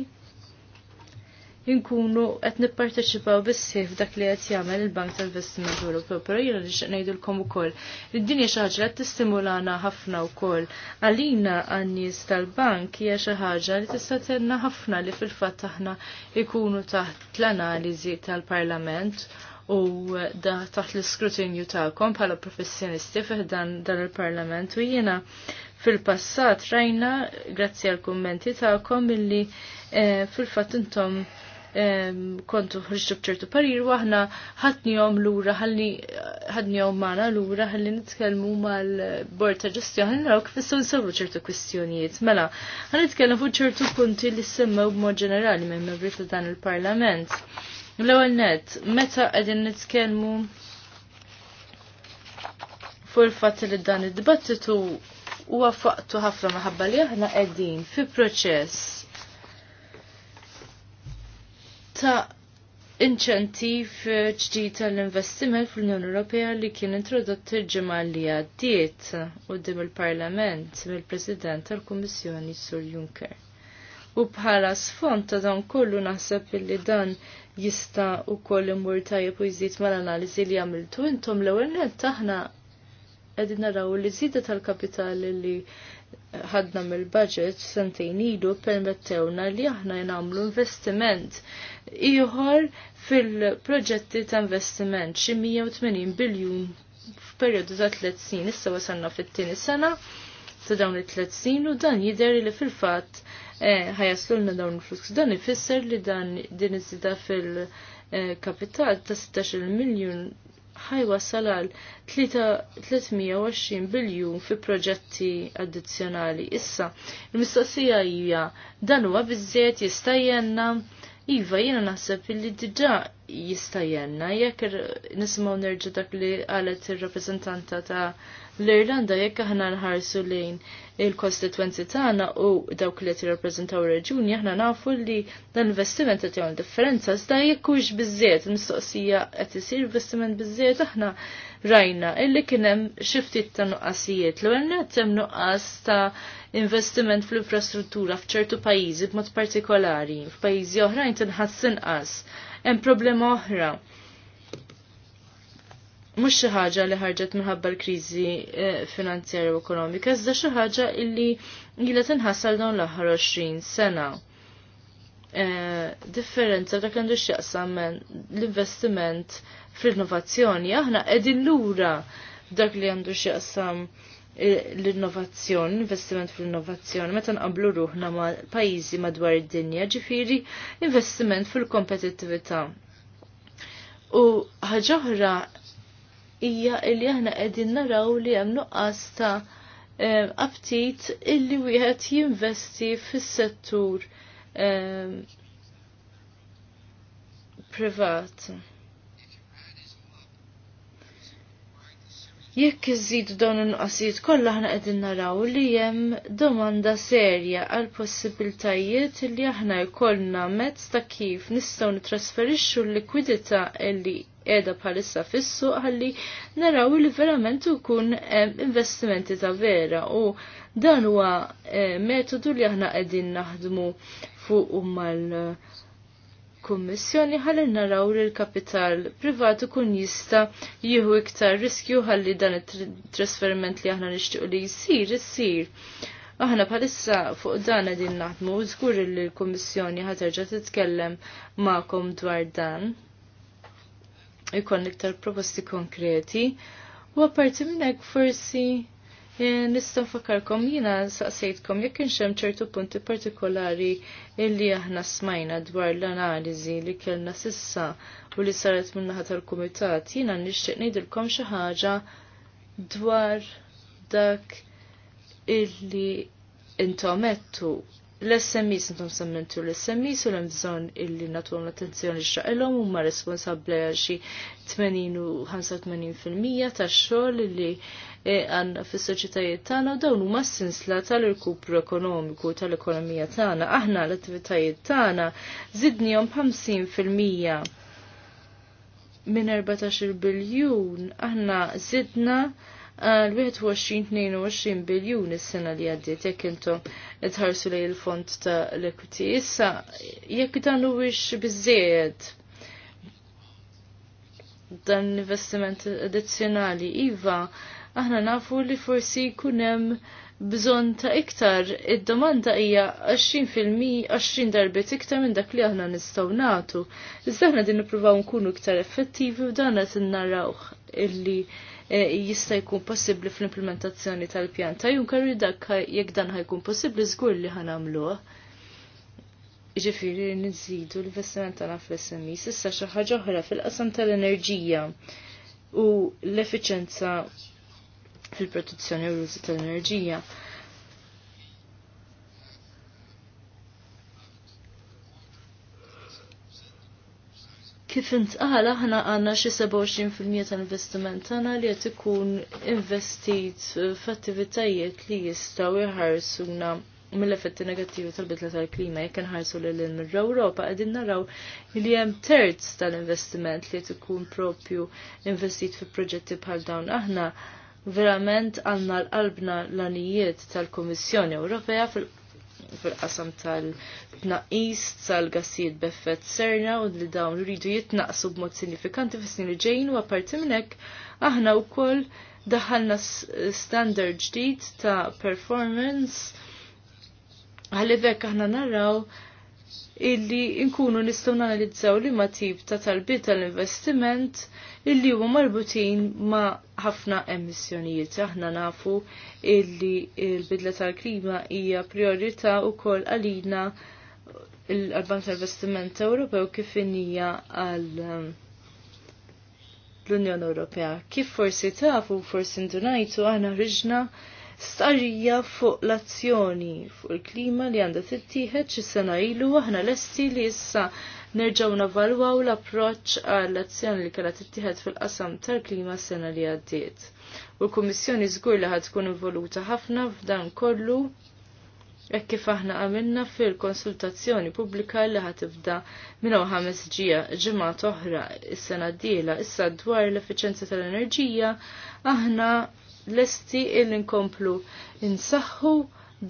inkunu qed nipparteċipaw bis-sejf dak li qed jagħmel il-Bank tal-Investiment Ewropew, però jiena nixtieq ngħidulkom ukoll li d-dinja xi ħaġa qed tistimulana ħafna wkoll. Għalina għan-nies tal-bank hija xi ħaġa li tista' tenna ħafna li fil-fatt aħna ikunu taħt l-analiżi tal-Parlament u da taħt l-iskrutinju tagħkom bħala professjonisti fih dan il-Parlament u jiena fil-passat rajna, grazzi għal kummenti tagħkom illi eh, fil-fat intom kontu ħriġtu bċertu parir waħna ħadnihom lura ħalli maħna magħna lura ħalli nitkellmu mal-bord ta' ġestjoni naraw kif issa nsewru ċertu kwistjonijiet. Mela, nitkelmu fuq ċertu punti li semmew b'mod ġenerali minn membri ta' dan il-Parlament. L-ewwel net, meta qegħdin nitkellmu fuq il fat li dan id-dibattitu huwa faqtu ħafna maħabba li aħna qegħdin fi proċess ta' inċentiv ġdid tal-investiment fl-Unjoni Ewropea li kien introdott il-ġimgħa li għaddiet quddiem il-Parlament mill-President tal-Kummissjoni Sur Juncker. U bħala sfond ta' dan kollu naħseb li dan jista' ukoll imur tajjeb u jżid mal-analiżi li għamiltu intom l-ewwel net aħna qegħdin naraw li żieda tal-kapitali li ħadna mill-budget sentejn ilu permettewna li aħna jnamlu investiment ieħor fil-proġetti ta' investiment xi 180 biljun f'perjodu ta' tliet snin issa wasalna fit-tieni sena ta' dawn it-tliet snin u dan jidher li fil-fatt eh, ħajaslulna dawn il-flus. Dan ifisser li dan din iżida fil- eh, kapital ta' 16 miljun ħajwassal għal 320 biljun fi proġetti addizzjonali. Issa, il-mistoqsija hija dan huwa biżżejjed jista' jenna Iva, jiena naħseb li diġà jista' jekk er- nisimgħu nerġa' dak li qalet ir-rappreżentanta ta' l-Irlanda jekk aħna nħarsu lejn il-kostituenzi tagħna u dawk li jirrappreżentaw ir-reġuni aħna nafu li dan investiment qed jagħmel differenza iżda jekk hux biżżejjed mistoqsija qed isir investiment biżżejjed aħna rajna illi kien hemm xi ftit ta' nuqqasijiet l qed hemm nuqqas ta' investiment fl-infrastruttura f'ċertu pajjiżi b'mod partikolari f'pajjiżi oħrajn tinħass inqas hemm problema oħra mhux xi ħaġa li ħarġet minħabba l-kriżi eh, finanzjarja u ekonomika, iżda xi ħaġa illi jilla tinħassal dawn l-aħħar 20 sena. Eh, differenza dak għandu x'jaqsam l-investiment fl-innovazzjoni, aħna qegħdin lura dak li għandu x'jaqsam eh, l-innovazzjoni, investiment fil-innovazzjoni, meta nqablu ruħna ma' pajjiżi madwar id-dinja, ġifiri investiment fil-kompetittività. U oħra hija li aħna qegħdin naraw li hemm nuqqas ta' aptit illi wieħed jinvesti fis-settur privat. Jekk iżidu dawn il-nuqqasijiet kollha aħna qegħdin naraw li hemm domanda serja għal possibiltajiet li aħna jkollna mezz ta' kif nistgħu nitrasferixxu l-likwidità li edha bħalissa fissu għalli naraw li verament kun investimenti ta' vera u dan huwa metodu li aħna qegħdin naħdmu fuq mal kummissjoni ħalli naraw li l-kapital privatu kun jista' jieħu iktar riskju ħalli dan it-trasferiment li aħna nixtiequ li jsir issir. Aħna bħalissa fuq dan qegħdin naħdmu u żgur li l-Kummissjoni ħaterġa' titkellem magħkom dwar dan jkun iktar proposti konkreti. U apparti minn hekk forsi eh, Nista nfakarkom jina saqsejtkom jekk inxem ċertu punti partikolari illi aħna smajna dwar l-analizi li kellna sissa u li saret minn naħa tal-kumitat jina nixtieq ngħidilkom xi ħaġa dwar dak illi intomettu l-SMIs intom semmentu l smes u l bżonn illi natu l-attenzjoni xaqilom u ma responsabli għal xi 80-85% tax xogħol illi e, għanna fis soċjetajiet tagħna u dawn huma sinsla tal-irkupru ekonomiku tal-ekonomija tagħna. Aħna l-attivitajiet tagħna żidnihom 50% minn 14 biljun aħna zidna għal 21-22 biljun is-sena li għaddiet jekk intom tħarsu li il-fond ta' l ekwiti Issa, jekk dan huwiex biżejjed dan l-investiment addizzjonali iva, aħna nafu li forsi kunem bżon ta' iktar, id-domanda hija 20% 20 darbit iktar minn dak li aħna nistgħu nagħtu. Iżda aħna din nipruvaw nkunu iktar effettivi u dan qed narrawh illi Eh, jista' jkun possibbli fl-implementazzjoni tal-pjan ta' Juncker dak jekk dan ħajkun possibbli żgur li ħanamluh. Ġifieri nżidu l-investiment tagħna fl-SMI e. issa xi ħaġa oħra fil-qasam tal-enerġija u l-effiċenza fil-produzzjoni u l-użu tal-enerġija. Kif intqal aħna għandna xi 27% tal-investiment tagħna li qed ikun investit f'attivitajiet li jistgħu jħarsuna mill-effetti negattivi tal-bidla tal-klima jekk inħarsu lil l-Ewropa qegħdin naraw li hemm terz tal-investiment li qed ikun propju investit fi proġetti bħal dawn aħna verament għandna l-qalbna l-anijiet tal-Kummissjoni Ewropea fil fil-qasam tal-tnaqis tal-gassijiet beffet serna u li dawn rridu jitnaqsu b'mod sinifikanti fis-snin li u apparti minn hekk aħna wkoll daħalna standard ġdid ta' performance għalli vekk aħna narraw illi nkunu nistgħu nanalizzaw li ma tip ta' talbiet tal-investiment illi huwa marbutin ma' ħafna emissjonijiet. Aħna nafu illi l-bidla tal-klima hija priorità wkoll għalina l arban tal-Investiment Ewropew kif inija għal um, l-Unjoni Ewropea. Kif forsi tafu forsi ndunajtu aħna riġna starija fuq l-azzjoni fuq il-klima li għandha tittieħed xi sena ilu aħna lesti li issa nerġgħu navalwaw l-approċċ għall-azzjoni li kellha tittieħed fil-qasam tal-klima s-sena li għaddiet. U l-Kummissjoni żgur li ħad tkun involuta ħafna f'dan kollu E kif aħna għamilna fil-konsultazzjoni pubblika li ħad tibda minn ħames ġija ġimgħa oħra is-sena d-dieħla issa dwar l-effiċenza tal-enerġija aħna lesti illi nkomplu insaħħu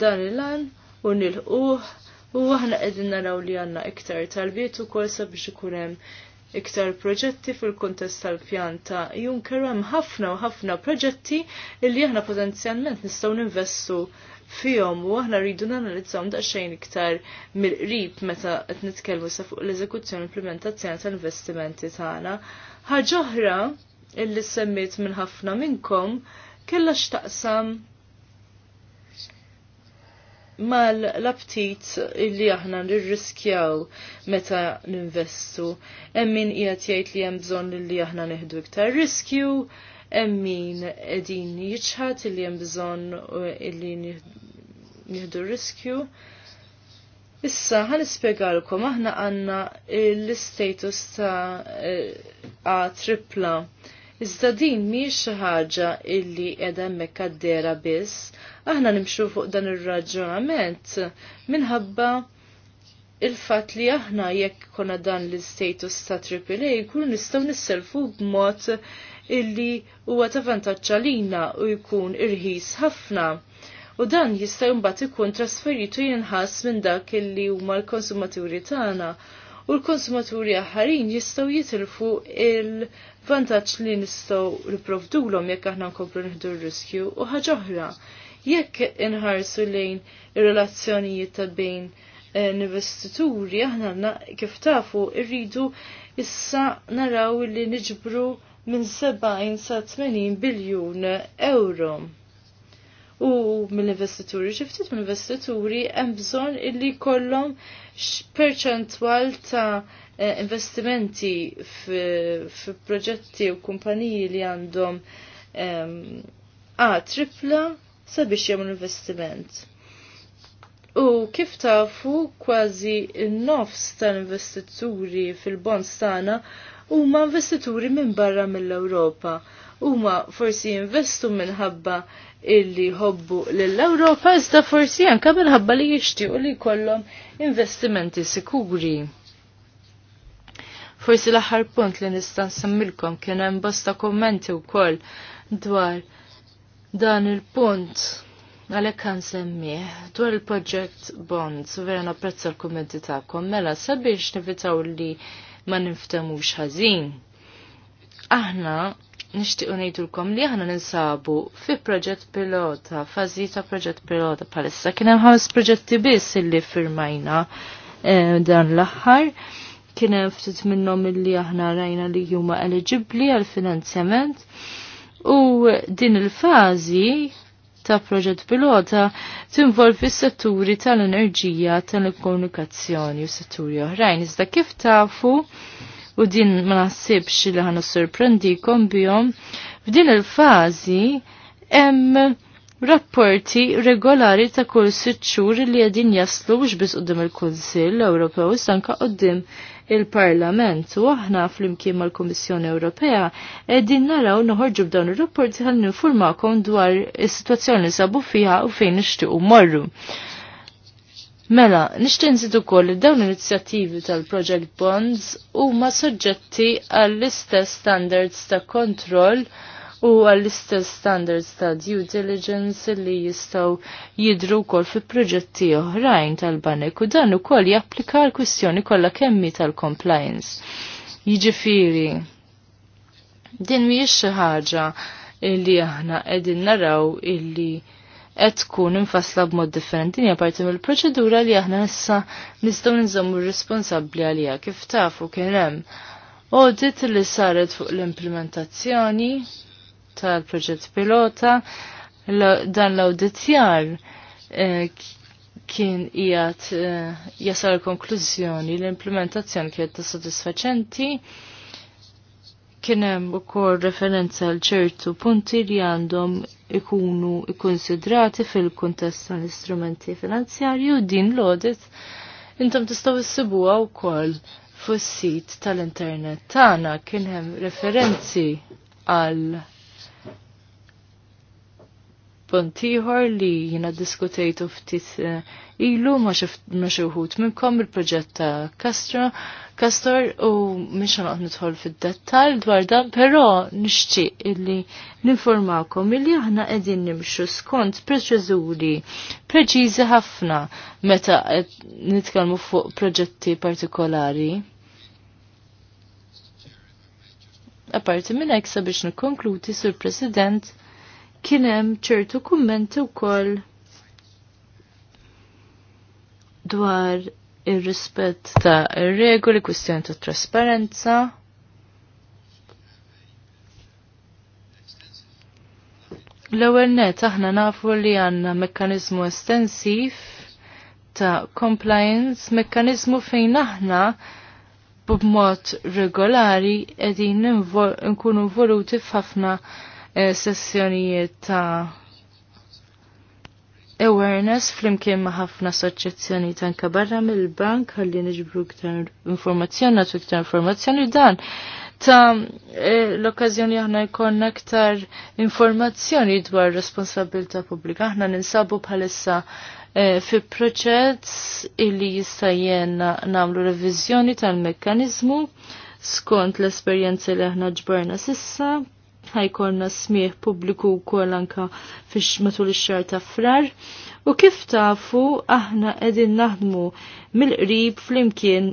dan il an u nil-uħ u aħna qegħdin naraw li għandna iktar talbiet ukoll sabiex ikun hemm iktar proġetti fil-kuntest tal pjanta ta' hemm ħafna u ħafna proġetti illi aħna potenzjalment nistgħu ninvestu fihom u aħna rridu nanalizzahom daqsxejn iktar mill-qrib meta qed nitkellmu sa fuq l-eżekuzzjoni implementazzjoni tal-investimenti tagħna. Ħaġa oħra illi semmiet minn ħafna minnkom Kella x'taqsam mal-aptit illi aħna nirriskjaw meta ninvestu. Emmin qiegħed jgħid li hemm bżonn illi aħna neħdu iktar riskju, emmin qegħdin jiċħat illi hemm bżonn illi nieħdu riskju. Issa, għan ispiegalkom, aħna għanna l-status ta' A tripla Iżda din mhix xi ħaġa illi qiegħda hemmhekk għaddera biss, aħna nimxu fuq dan ir-raġunament minħabba il-fatt li aħna jekk konna dan l-status ta' AAA jkun nistgħu nisselfu b'mod illi huwa ta' vantaġġ u jkun irħis ħafna. U dan jista' mbagħad ikun trasferitu jinħass minn dak illi huma l-konsumaturi tagħna u l-konsumaturi aħħarin jistgħu jitilfu il- vantaġġ li nistgħu nipprovdulhom jekk aħna nkomplu nieħdu r-riskju u ħaġa oħra. Jekk inħarsu lejn ir-relazzjonijiet ta' bejn eh, investituri aħna kif tafu rridu issa naraw li niġbru minn 70 sa 80 biljun euro. U mill-investituri, ġiftit mill-investituri, hemm bżonn illi kollhom perċentwal ta' Eh, investimenti fi proġetti u kumpaniji li għandhom A tripla sabiex jagħmlu investiment. U kif tafu kważi n-nofs tal-investituri fil-bonds tagħna huma investituri minn barra mill-Ewropa. Huma forsi jinvestu minħabba illi hobbu lill-Ewropa iżda forsi anke minħabba li jixtiequ li jkollhom investimenti sikuri. Forsi l-aħħar punt li nista' nsemmilkom kien hemm bosta kommenti wkoll dwar dan il-punt għalhekk kan semmih dwar il-project bonds vera napprezza l-kummenti tagħkom mela sabiex nivitaw li ma niftemux ħażin. Aħna nishtiq ngħidulkom li aħna ninsabu fi proġett pilota, fażi ta' proġett pilota palissa. Kien hemm ħames proġetti biss illi firmajna eh, dan l-aħħar kien hemm ftit minnhom illi aħna rajna li huma eligibbli għal finanzjament u din il-fażi ta' proġett pilota tinvolvi s-setturi tal-enerġija, tal-komunikazzjoni u s setturi oħrajn. Iżda kif tafu u din ma naħsibx li ħanu sorprendikom bihom, f'din il-fażi hemm rapporti regolari ta' kull sitt xhur li qegħdin jaslu mhux biss qudiem il-Kunsill Ewropew Sanka anke qudiem il-Parlament u aħna fl-imkien mal-Kummissjoni Ewropea qegħdin naraw noħorġu b'dawn ir-rapporti ħalli ninfurmakom dwar is situazzjoni li sabu fiha u fejn nixtiequ morru. Mela, nishtin nżidu koll li dawn l-inizjattivi tal-Project Bonds huma soġġetti għall-istess standards ta' kontroll u għall-istess standards ta' due diligence li jistaw jidru kol fi proġetti oħrajn tal-banek u dan u kol japplika l-kwistjoni kollha kemmi tal-compliance. Jiġifieri, din mhijiex xi ħaġa illi aħna qegħdin naraw illi qed tkun infasla b'mod differenti hija parti mill-proċedura li aħna issa nistgħu nżommu responsabbli għalija kif tafu kien hemm audit li saret fuq l-implementazzjoni tal-proġett pilota dan l-auditjar eh, kien ijat eh, jasal konklużjoni l-implementazzjoni kienet ta' sodisfaċenti kien hemm ukoll referenza għal ċertu punti li għandhom ikunu ikonsidrati fil-kuntest tal-istrumenti finanzjarji u din l-audit intom tistgħu issibuha wkoll fuq is-sit tal-internet tagħna kien hemm referenzi għal punt ieħor li jina diskutejtu ftit eh, ilu ma xi wħud minnkom il-proġett ta' Castro Castor u mhix noqgħod nidħol fid-dettall dwar dan, però nixtieq illi ninformawkom illi aħna qegħdin nimxu skont preċeżuri preċiżi ħafna meta nitkellmu fuq proġetti partikolari. Apparti minn eksa biex nikkonkludi sur President kienem ċertu kummenti wkoll dwar ir-rispett ta' regoli, kwistjoni ta' trasparenza. L-ewwel net aħna nafu li għandna mekkaniżmu estensiv ta' compliance, mekkaniżmu fejn aħna b'mod regolari qegħdin nkunu involuti f'ħafna Eh, sessjonijiet ta' awareness flimkien ma' ħafna soċċezzjoni tanka barra mill-bank ħalli niġbru ktar informazzjoni, natu ktar informazzjoni dan. Ta' eh, l-okkazjoni aħna jkollna iktar informazzjoni dwar responsabilta pubblika. Aħna ninsabu bħalissa eh, fi proċess illi jista' jenna nagħmlu revizjoni tal mekkanizmu skont l-esperjenzi li aħna ġbarna sissa ħajkonna smieħ pubbliku wkoll anka fiex matul ix xar ta' frar. U kif tafu aħna qegħdin naħdmu mill-qrib flimkien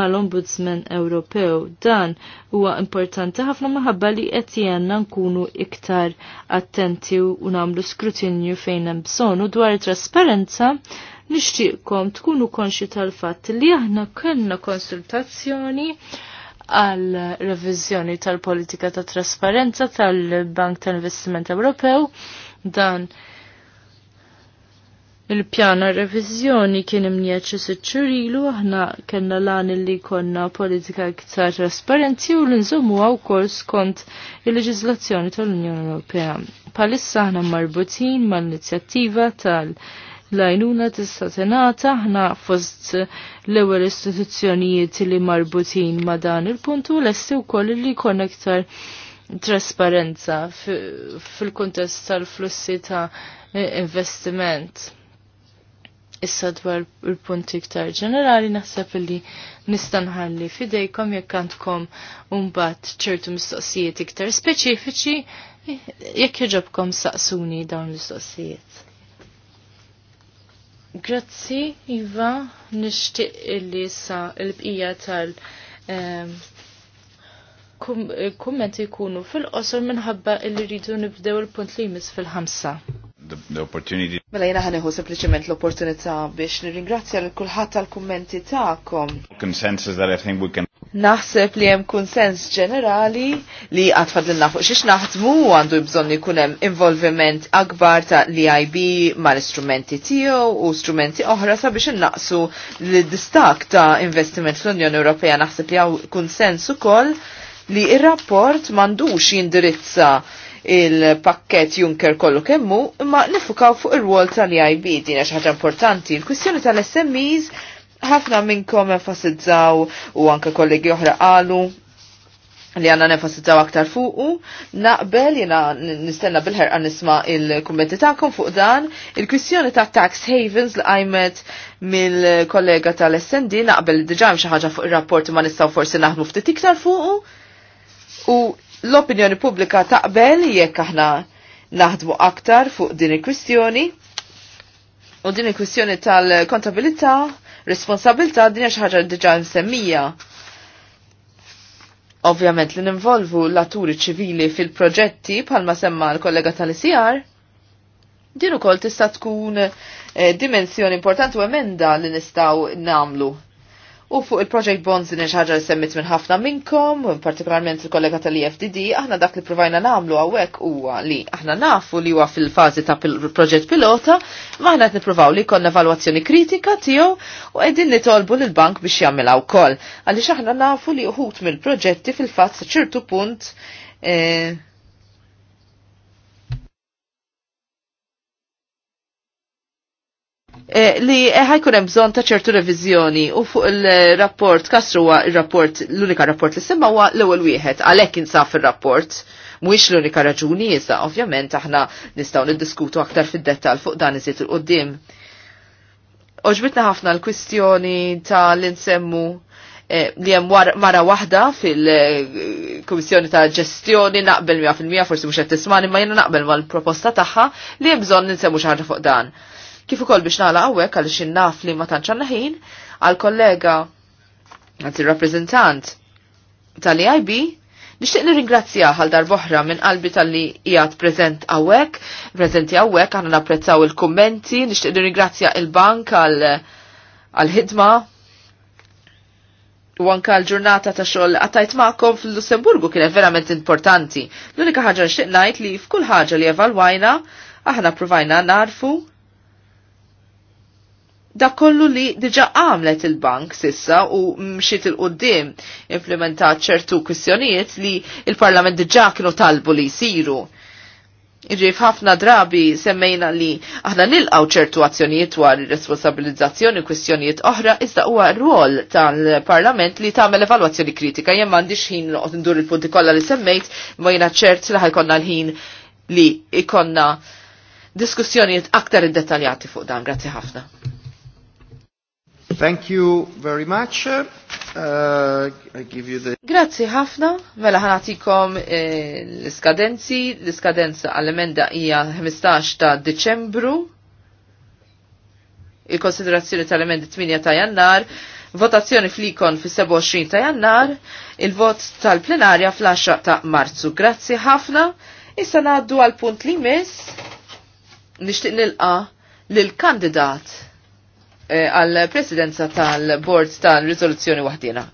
mal-Ombudsman Ewropew. Dan huwa importanti ħafna maħabba li qed jenna nkunu iktar attenti u nagħmlu skrutinju fejn hemm bżonn u dwar trasparenza nixtieqkom tkunu konxi tal-fatt li aħna kellna konsultazzjoni għal revizjoni tal-politika ta' trasparenza tal-Bank tal-Investiment Ewropew dan Il-pjana revizjoni kien imnieċ s-ċurilu aħna kena lan li konna politika iktar trasparenti u l-inżommu għaw kors skont il-leġizlazzjoni tal-Unjoni Ewropea. Palissa aħna marbutin mal-inizjattiva tal-Unjoni l-għajnuna tista' tingħata aħna fost l-ewwel istituzzjonijiet li marbutin ma' dan il puntu u lesti wkoll li konnektar trasparenza fil-kuntest tal-flussi ta' investiment issa dwar il-punti iktar ġenerali naħseb li nistanħalli fidejkom jekk għandkom mbagħad ċertu mistoqsijiet iktar speċifiċi jekk jġobkom saqsuni dawn l-istoqsijiet. Grazzi, Iva, nishtiq li sa il-bqija tal- ehm, kummenti jkunu fil-qosor minħabba illi rridu nibdew il-punt li jmiss fil-ħamsa. Mela jena ħaneħu sempliciment l-opportunità biex nirringrazzja l kulħadd tal-kummenti ta'kom. Consensus that I think we can Naħseb li hemm kunsens ġenerali li għatfadlilna fuq xiex naħdmu għandu jibżon li kunem involviment akbar ta' l-IB mal-istrumenti tiegħu u strumenti oħra sabiex innaqsu l-distak ta' investiment fl-Unjoni Ewropea naħseb li għaw kunsens ukoll li ir-rapport mandux jindirizza il-pakket Juncker kollu kemmu, imma nifukaw fuq ir-rwol tal-IB din ħaġa importanti. Il-kwistjoni tal-SMEs ħafna minnkom enfasizzaw u anka kollegi oħra qalu li għanna nefasizzaw aktar fuqu, naqbel jena nistenna bil-ħerqa nisma il-kummenti ta'kom fuq dan, il-kwissjoni ta' tax havens li għajmet mill-kollega tal-SND, naqbel diġa xi ħaġa fuq il-rapport ma nistaw forsi naħmu ftit iktar fuqu, u l-opinjoni pubblika taqbel jekk aħna naħdmu aktar fuq din il-kwistjoni, u din il-kwistjoni tal-kontabilità responsabilta dinja xaħġa diġa nsemmija. Ovvjament li ninvolvu l-atturi ċivili fil-proġetti palma semma l-kollega tal-ICR, din ukoll tista' tkun eh, dimensjoni importanti u emenda li nistgħu namlu U fuq il-Project Bonds din ħaġa li semmit minn ħafna minnkom, partikolarment il-kollega tal-EFDD, aħna dak li provajna namlu għawek huwa li aħna nafu li huwa fil-fazi ta' proġett pilota, ma aħna qed nippruvaw li jkollna evalwazzjoni kritika tiegħu u qegħdin nitolbu lill bank biex jagħmilha wkoll. Għaliex aħna nafu li uħut mill-proġetti fil-fatt ċertu punt eh, Eh, li eh, ħajkun hemm bżonn ta' ċertu reviżjoni u fuq il-rapport Kastru huwa rapport l-unika rapport li semma huwa l-ewwel wieħed għalhekk insaf ir-rapport mhuwiex l-unika raġuni iżda ovvjament aħna nistgħu niddiskutu aktar fid-dettall fuq dan iżjed il-qudiem. Oġbitna ħafna l-kwistjoni ta' l-insemmu eh, li hemm mara waħda fil-Kummissjoni ta' Ġestjoni naqbel 100% forsi mhux qed tismani ma jiena naqbel mal-proposta tagħha li hemm bżonn ninsemmu xi ħaġa fuq dan. Kif ukoll biex nagħlaq hawnhekk għaliex innaf li ma tantx għandna ħin għal kollega għanzi rappreżentant tal ib Nishtiq nirringrazzja għal darboħra minn qalbi tal-li jgħat prezent għawek, prezenti għawek, għanna napprezzaw il-kommenti, nishtiq nirringrazzja il-bank għal-ħidma u anka l-ġurnata ta' xogħol għattajt magħkom fil-Lussemburgu kienet verament importanti. L-unika ħaġa nixtieq ngħid li f'kull ħaġa li evalwajna aħna provajna narfu da kollu li diġa għamlet il-bank sissa u mxiet il-qoddim implementat ċertu kwistjonijiet li il-parlament diġa kienu talbu li jisiru. Irrif ħafna drabi semmejna li aħna nilqaw ċertu azzjonijiet dwar responsabilizzazzjoni kwistjonijiet oħra iżda huwa r-rwol tal-Parlament li tagħmel evalwazzjoni kritika jien m'għandix ħin noqgħod ndur il-punti kollha li semmejt ma jiena ċert li ħajkonna l-ħin li ikonna diskussjonijiet aktar iddettaljati fuq dan. Grazzi ħafna. Thank you very much. Uh, I give you the... Grazzi ħafna, mela ħanatikom eh, l-iskadenzi, l-iskadenza għall-emenda hija 15 ta' Deċembru, il-konsiderazzjoni tal-emendi 8 ta' jannar, votazzjoni fl-ikon fis-27 ta' jannar, il-vot tal-plenarja fl-10 ta' marzu. Grazzi ħafna, issa naddu għal punt li mis, nishtiq nilqa lil-kandidat Eh, għal-presidenza tal-board tal-rizoluzzjoni wahdina.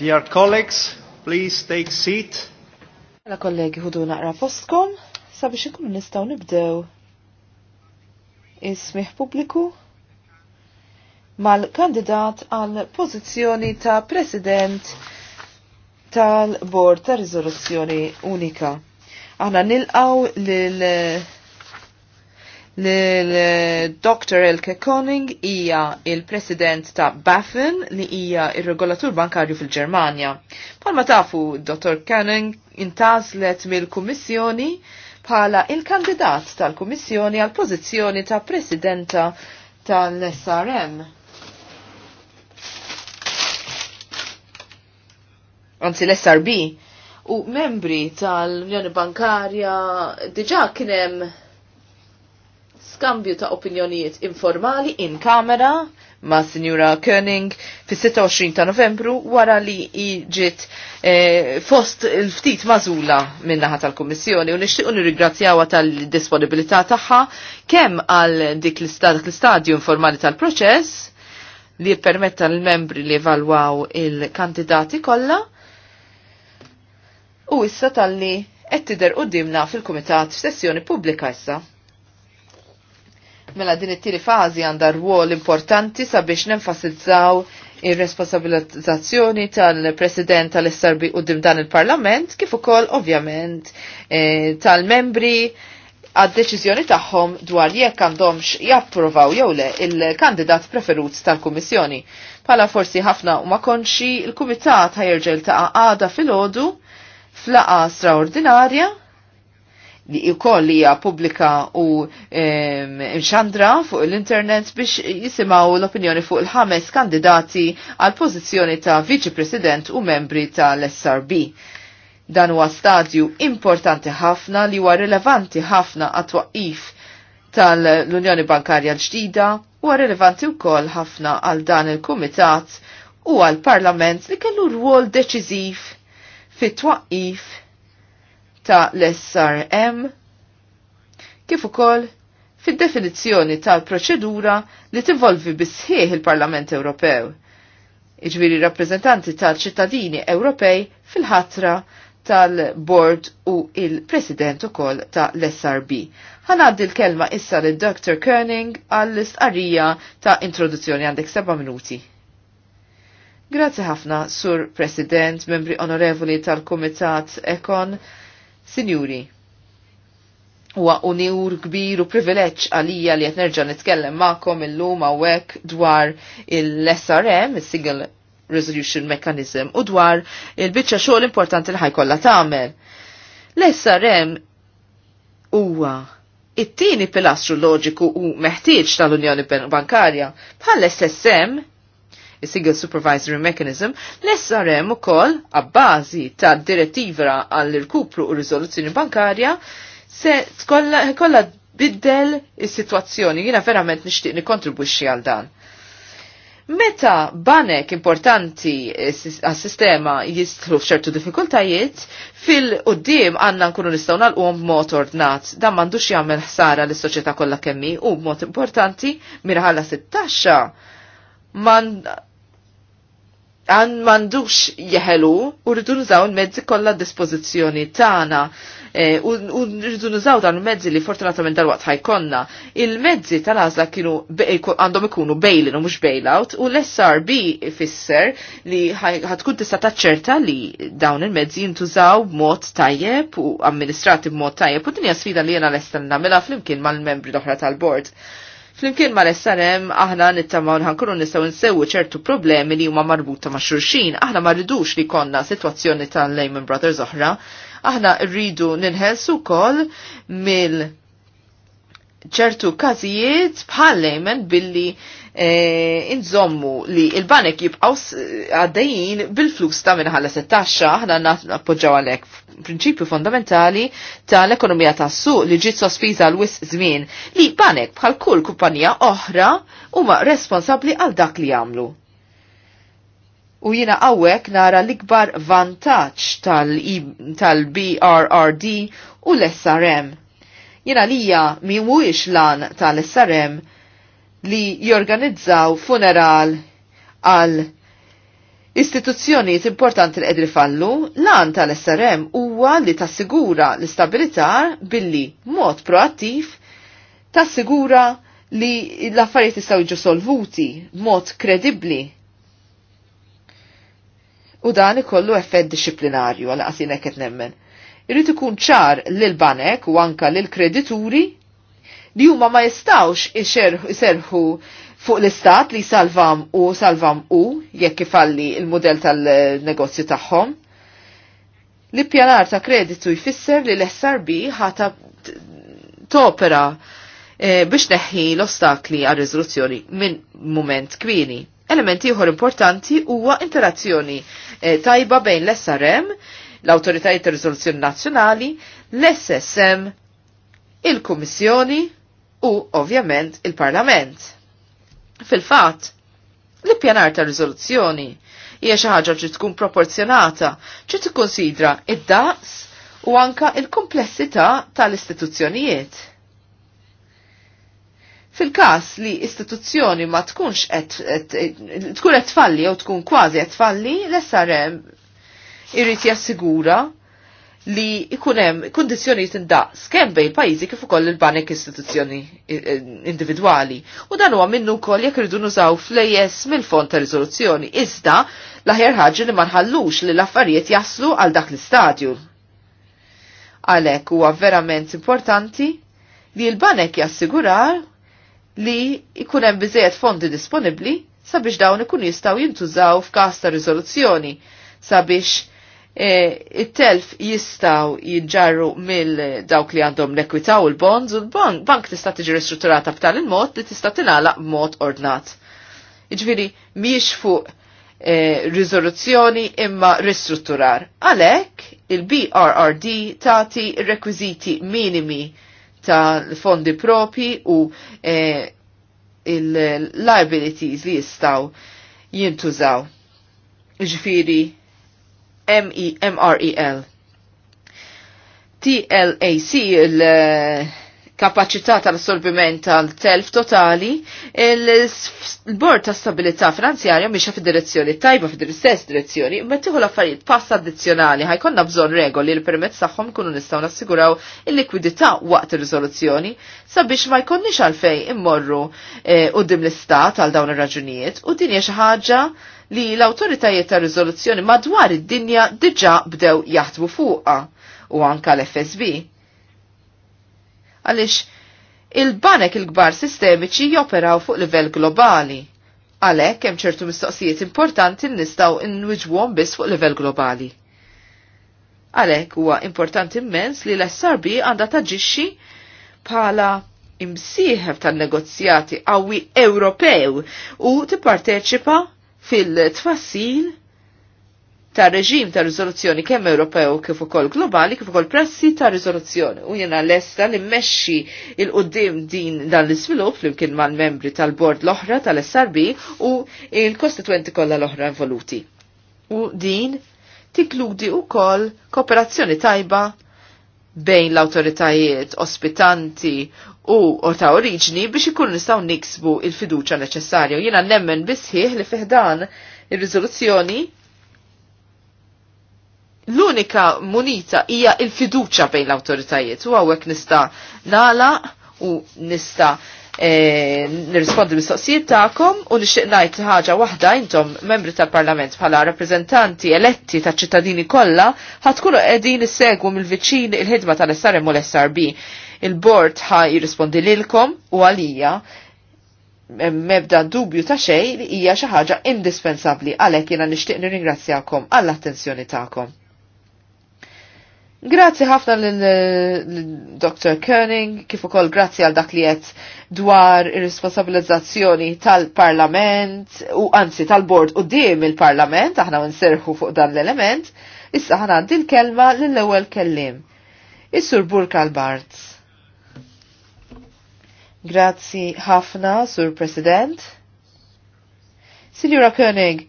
Dear colleagues, please take seat. La mela, kollegi ħudu naqra postkom sabiex ikunu nistgħu nibdew ismiħ pubbliku mal-kandidat għal pożizzjoni ta' President tal-Bord ta' Riżoluzzjoni Unika. Aħna nilqaw lil Dr. Elke Koning hija il-president ta' Baffin li hija il-regolatur bankarju fil-Ġermanja. Palma tafu Dr. Koning intazlet mill-Kummissjoni bħala il-kandidat tal-Kummissjoni għal pożizzjoni ta' presidenta tal-SRM. Anzi l-SRB u membri tal-Unjoni Bankarja diġa kienem skambju ta' opinjonijiet informali in kamera ma' Signora Koenig fis-26 ta' Novembru wara li ġiet eh, fost il-ftit mażula minnaħa tal-Kummissjoni u nixtiequ nirrigrazzjawha tal-disponibilità tagħha kemm għal dik l-istadju informali tal-proċess li jippermetta l-membri li evalwaw il-kandidati kollha u issa tal-li qed tidher qudiemna fil-Kumitat f'sessjoni pubblika issa. Mela din it-tieni fażi għandha rwol importanti sabiex nenfasizzaw ir-responsabilizzazzjoni tal-President tal-SRB u dan il-Parlament kif ukoll ovvjament eh, tal-membri għad-deċiżjoni tagħhom dwar jekk għandhomx japprovaw jew le il-kandidat preferut tal-Kummissjoni. Pala forsi ħafna u ma konxi il-Kumitat ħajerġel ta' għada fil-ħodu flaqa straordinarja li ukoll li hija pubblika u mxandra fuq l-internet biex jisimaw l-opinjoni fuq il-ħames kandidati għal pożizzjoni ta' viċi president u membri tal-SRB. Dan huwa stadju importanti ħafna li huwa rilevanti ħafna għat-twaqif tal-Unjoni Bankarja l-ġdida u rilevanti wkoll ħafna għal dan il-Kumitat u għal Parlament li kellu rwol deċiżiv fit-twaqif ta' l-SRM kif ukoll fid-definizzjoni tal-proċedura li tinvolvi bisħieħ il-Parlament Ewropew. Iġviri rappresentanti tal-ċittadini Ewropej fil-ħatra tal-Board u il-President ukoll ta' l-SRB. Ħanaddi l-kelma issa l dr Koenig għall-istqarrija ta' introduzzjoni għandek seba' minuti. Grazzi ħafna, Sur President, membri onorevoli tal-Kumitat Ekon, Sinjuri, huwa unjur kbir u privileġġ għalija li qed nerġa' nitkellem magħkom illum hawnhekk dwar il-SRM, il-Single Resolution Mechanism, u dwar il-biċċa xogħol importanti li ħajkollha tagħmel. L-SRM huwa it-tieni pilastru loġiku u meħtieġ tal-Unjoni Bankarja bħal SSM il-Single Supervisory Mechanism, l-SRM u koll, għabbazi ta' direttiva għall-irkupru u rizoluzzjoni bankarja, se kolla biddel il-situazzjoni, jina verament nishtiq nikontribuixi għal dan. Meta banek importanti għas-sistema jistħlu f'ċertu diffikultajiet, fil-qoddim għanna nkunu nistaw nal-qom b'mod ordnat, dan mandux jagħmel ħsara l soċjetà kollha kemmi u mod importanti mirħala sit-taxxa man għan mandux jeħelu u rridu nużaw il-mezzi kollha dispożizzjoni tagħna. E, u rridu nużaw dan il-mezzi li fortunatament dal-waqt ħajkonna. Il-mezzi tal-għażla kienu e, għandhom ikunu bailin u mhux bailout u l-SRB fisser li ħatkun tista' taċċerta li dawn il-mezzi jintużaw b'mod tajjeb u amministrati b'mod tajjeb u dinja sfida li jena lesta nagħmilha flimkien mal-membri l-oħra tal-bord. Flimkien ma l-SRM aħna nittamaw nħankunu nistaw nsewu ċertu problemi li huma marbuta ma' xurxin, aħna ma rridux li konna situazzjoni ta' Lehman Brothers oħra, aħna rridu ninħelsu kol mill ċertu kazijiet bħal Lehman billi E, inżommu li il-banek jibqaw għaddejjin bil-flus ta' minħalla 16, aħna nappoġġaw għalek prinċipju fondamentali tal-ekonomija ta' suq li ġiet sospiża l wis żmien li banek bħal kull kumpanija oħra huma responsabbli għal dak li jagħmlu. U jina għawek nara l-ikbar vantaċ tal-BRRD u l-SRM. Jina lija mi mwix lan tal-SRM li jorganizzaw funeral għal istituzzjonijiet importanti li qegħdin fallu, lan tal-SRM huwa li tassigura l-istabilità billi mod proattiv tassigura li l-affarijiet jistgħu jiġu solvuti mod kredibbli u dan ikollu effett disciplinarju għal qasina qed nemmen. Irid ikun ċar lil banek u anka lil kredituri li huma ma jistawx iserħu fuq l-istat li salvam u salvam u jekk ifalli il-modell tal-negozju tagħhom. L-ippjanar ta' kreditu jfisser li l-SRB ħata topera e, biex neħħi l-ostakli għal riżoluzzjoni minn moment kwini. Elementi ieħor importanti huwa interazzjoni e, tajba bejn l-SRM, l-Awtoritajiet ta' Riżoluzzjoni Nazzjonali, l-SSM, il-Kummissjoni, u ovvjament il-Parlament. Fil-fatt, l-ippjanar ta' riżoluzzjoni hija xi ħaġa ġi tkun proporzjonata, ġi tikkonsidra id-daqs u anka il-komplessità tal-istituzzjonijiet. Fil-każ li istituzzjoni ma tkunx qed tkun qed tfalli jew tkun kważi qed tfalli, l-SRM irrid jassigura li ikunem kondizjoni indaqs kemm bejn pajjiżi kif ukoll il-banek istituzzjoni individwali. U dan huwa minnu wkoll jekk irridu nużaw flejjes mill-fond ta' riżoluzzjoni iżda l-aħjar ħaġa li ma nħallux li l-affarijiet jaslu għal dak l-istadju. Għalhekk huwa verament importanti li l-banek jassigurar li ikunem biżejjed fondi disponibbli sabiex dawn ikun jistgħu jintużaw f'każ ta' riżoluzzjoni sabiex E, it-telf jistaw jidġarru mill dawk li għandhom l-ekwita u l-bonds u l-bank tista' tiġi ristrutturata b'tal il-mod li tista' tinala b'mod ordnat. Iġviri, miex fuq e, rizoluzzjoni imma ristrutturar. Għalek, il-BRRD tati rekwiziti minimi tal-fondi propi u e, il-liabilities li jistaw jintużaw. Ġifiri, M M E E R a TLAC il-kapacità eh, tal-assorbiment tal-telf totali, il-Bord ta' Stabilità Finanzjarja miexa fid-direzzjoni tajba fid-istess direzzjoni, imma tieħu l-affarijiet pass addizzjonali ħajkonna bżonn regoli li permezz tagħhom kunu nistgħu nassiguraw il-likwidità waqt ir rizoluzzjoni sabiex ma jkunniex għalfej immorru eh, dim l-istat għal dawn ir-raġunijiet u din hija xi ħaġa li l-autoritajiet ta' rizoluzzjoni madwar id-dinja diġa bdew jaħdmu fuqa u anka l-FSB. Għalix, il-banek il-gbar sistemiċi joperaw fuq livell globali. Għalek, hemm ċertu mistoqsijiet importanti nistaw inwiġwhom biss fuq livell globali. Għalek huwa importanti immens li l-SRB għandha taġixxi bħala imsieħeb tan-negozjati qawwi Ewropew u tipparteċipa fil-tfassil ta' reġim ta' rizoluzzjoni kemm Ewropew kif ukoll globali kif ukoll pressi ta' rizoluzzjoni u jiena lesta li mmexxi il qudiem din dan l-iżvilupp flimkien mal-membri tal-bord l-oħra tal-SRB u il-kostituenti kollha l-oħra involuti. U din tikludi wkoll kooperazzjoni tajba bejn l-autoritajiet ospitanti u ta' oriġni biex ikun nistaw niksbu il-fiduċa neċessarju. Jina nemmen bisħiħ li fiħdan il-rizoluzzjoni l-unika munita hija il-fiduċa bejn l-autoritajiet u għawek nista nala u nista eh, nirrispondi mistoqsijiet ta'kom u nixtieq ngħid ħaġa waħda intom membri tal-Parlament bħala rappreżentanti eletti taċ ċittadini kollha ħadkunu qegħdin issegwu mill-viċin il-ħidma tal-SRM u l-SRB il-bord ħa jirrispondi lilkom u għalija mebda dubju ta' xej li hija xi ħaġa indispensabbli għalhekk jiena nixtieq nirringrazzjakom għall-attenzjoni tagħkom. Grazzi ħafna l-Dr. Koenig, kif ukoll grazzi għal dak li qed dwar ir-responsabilizzazzjoni tal-Parlament u anzi tal-Bord qudiem il-Parlament, aħna nserħu fuq dan l-element, issa ħana l-kelma lill-ewwel kellim. Is-Sur Burka l-Barz. Grazzi ħafna, Sur President. Signora Koenig,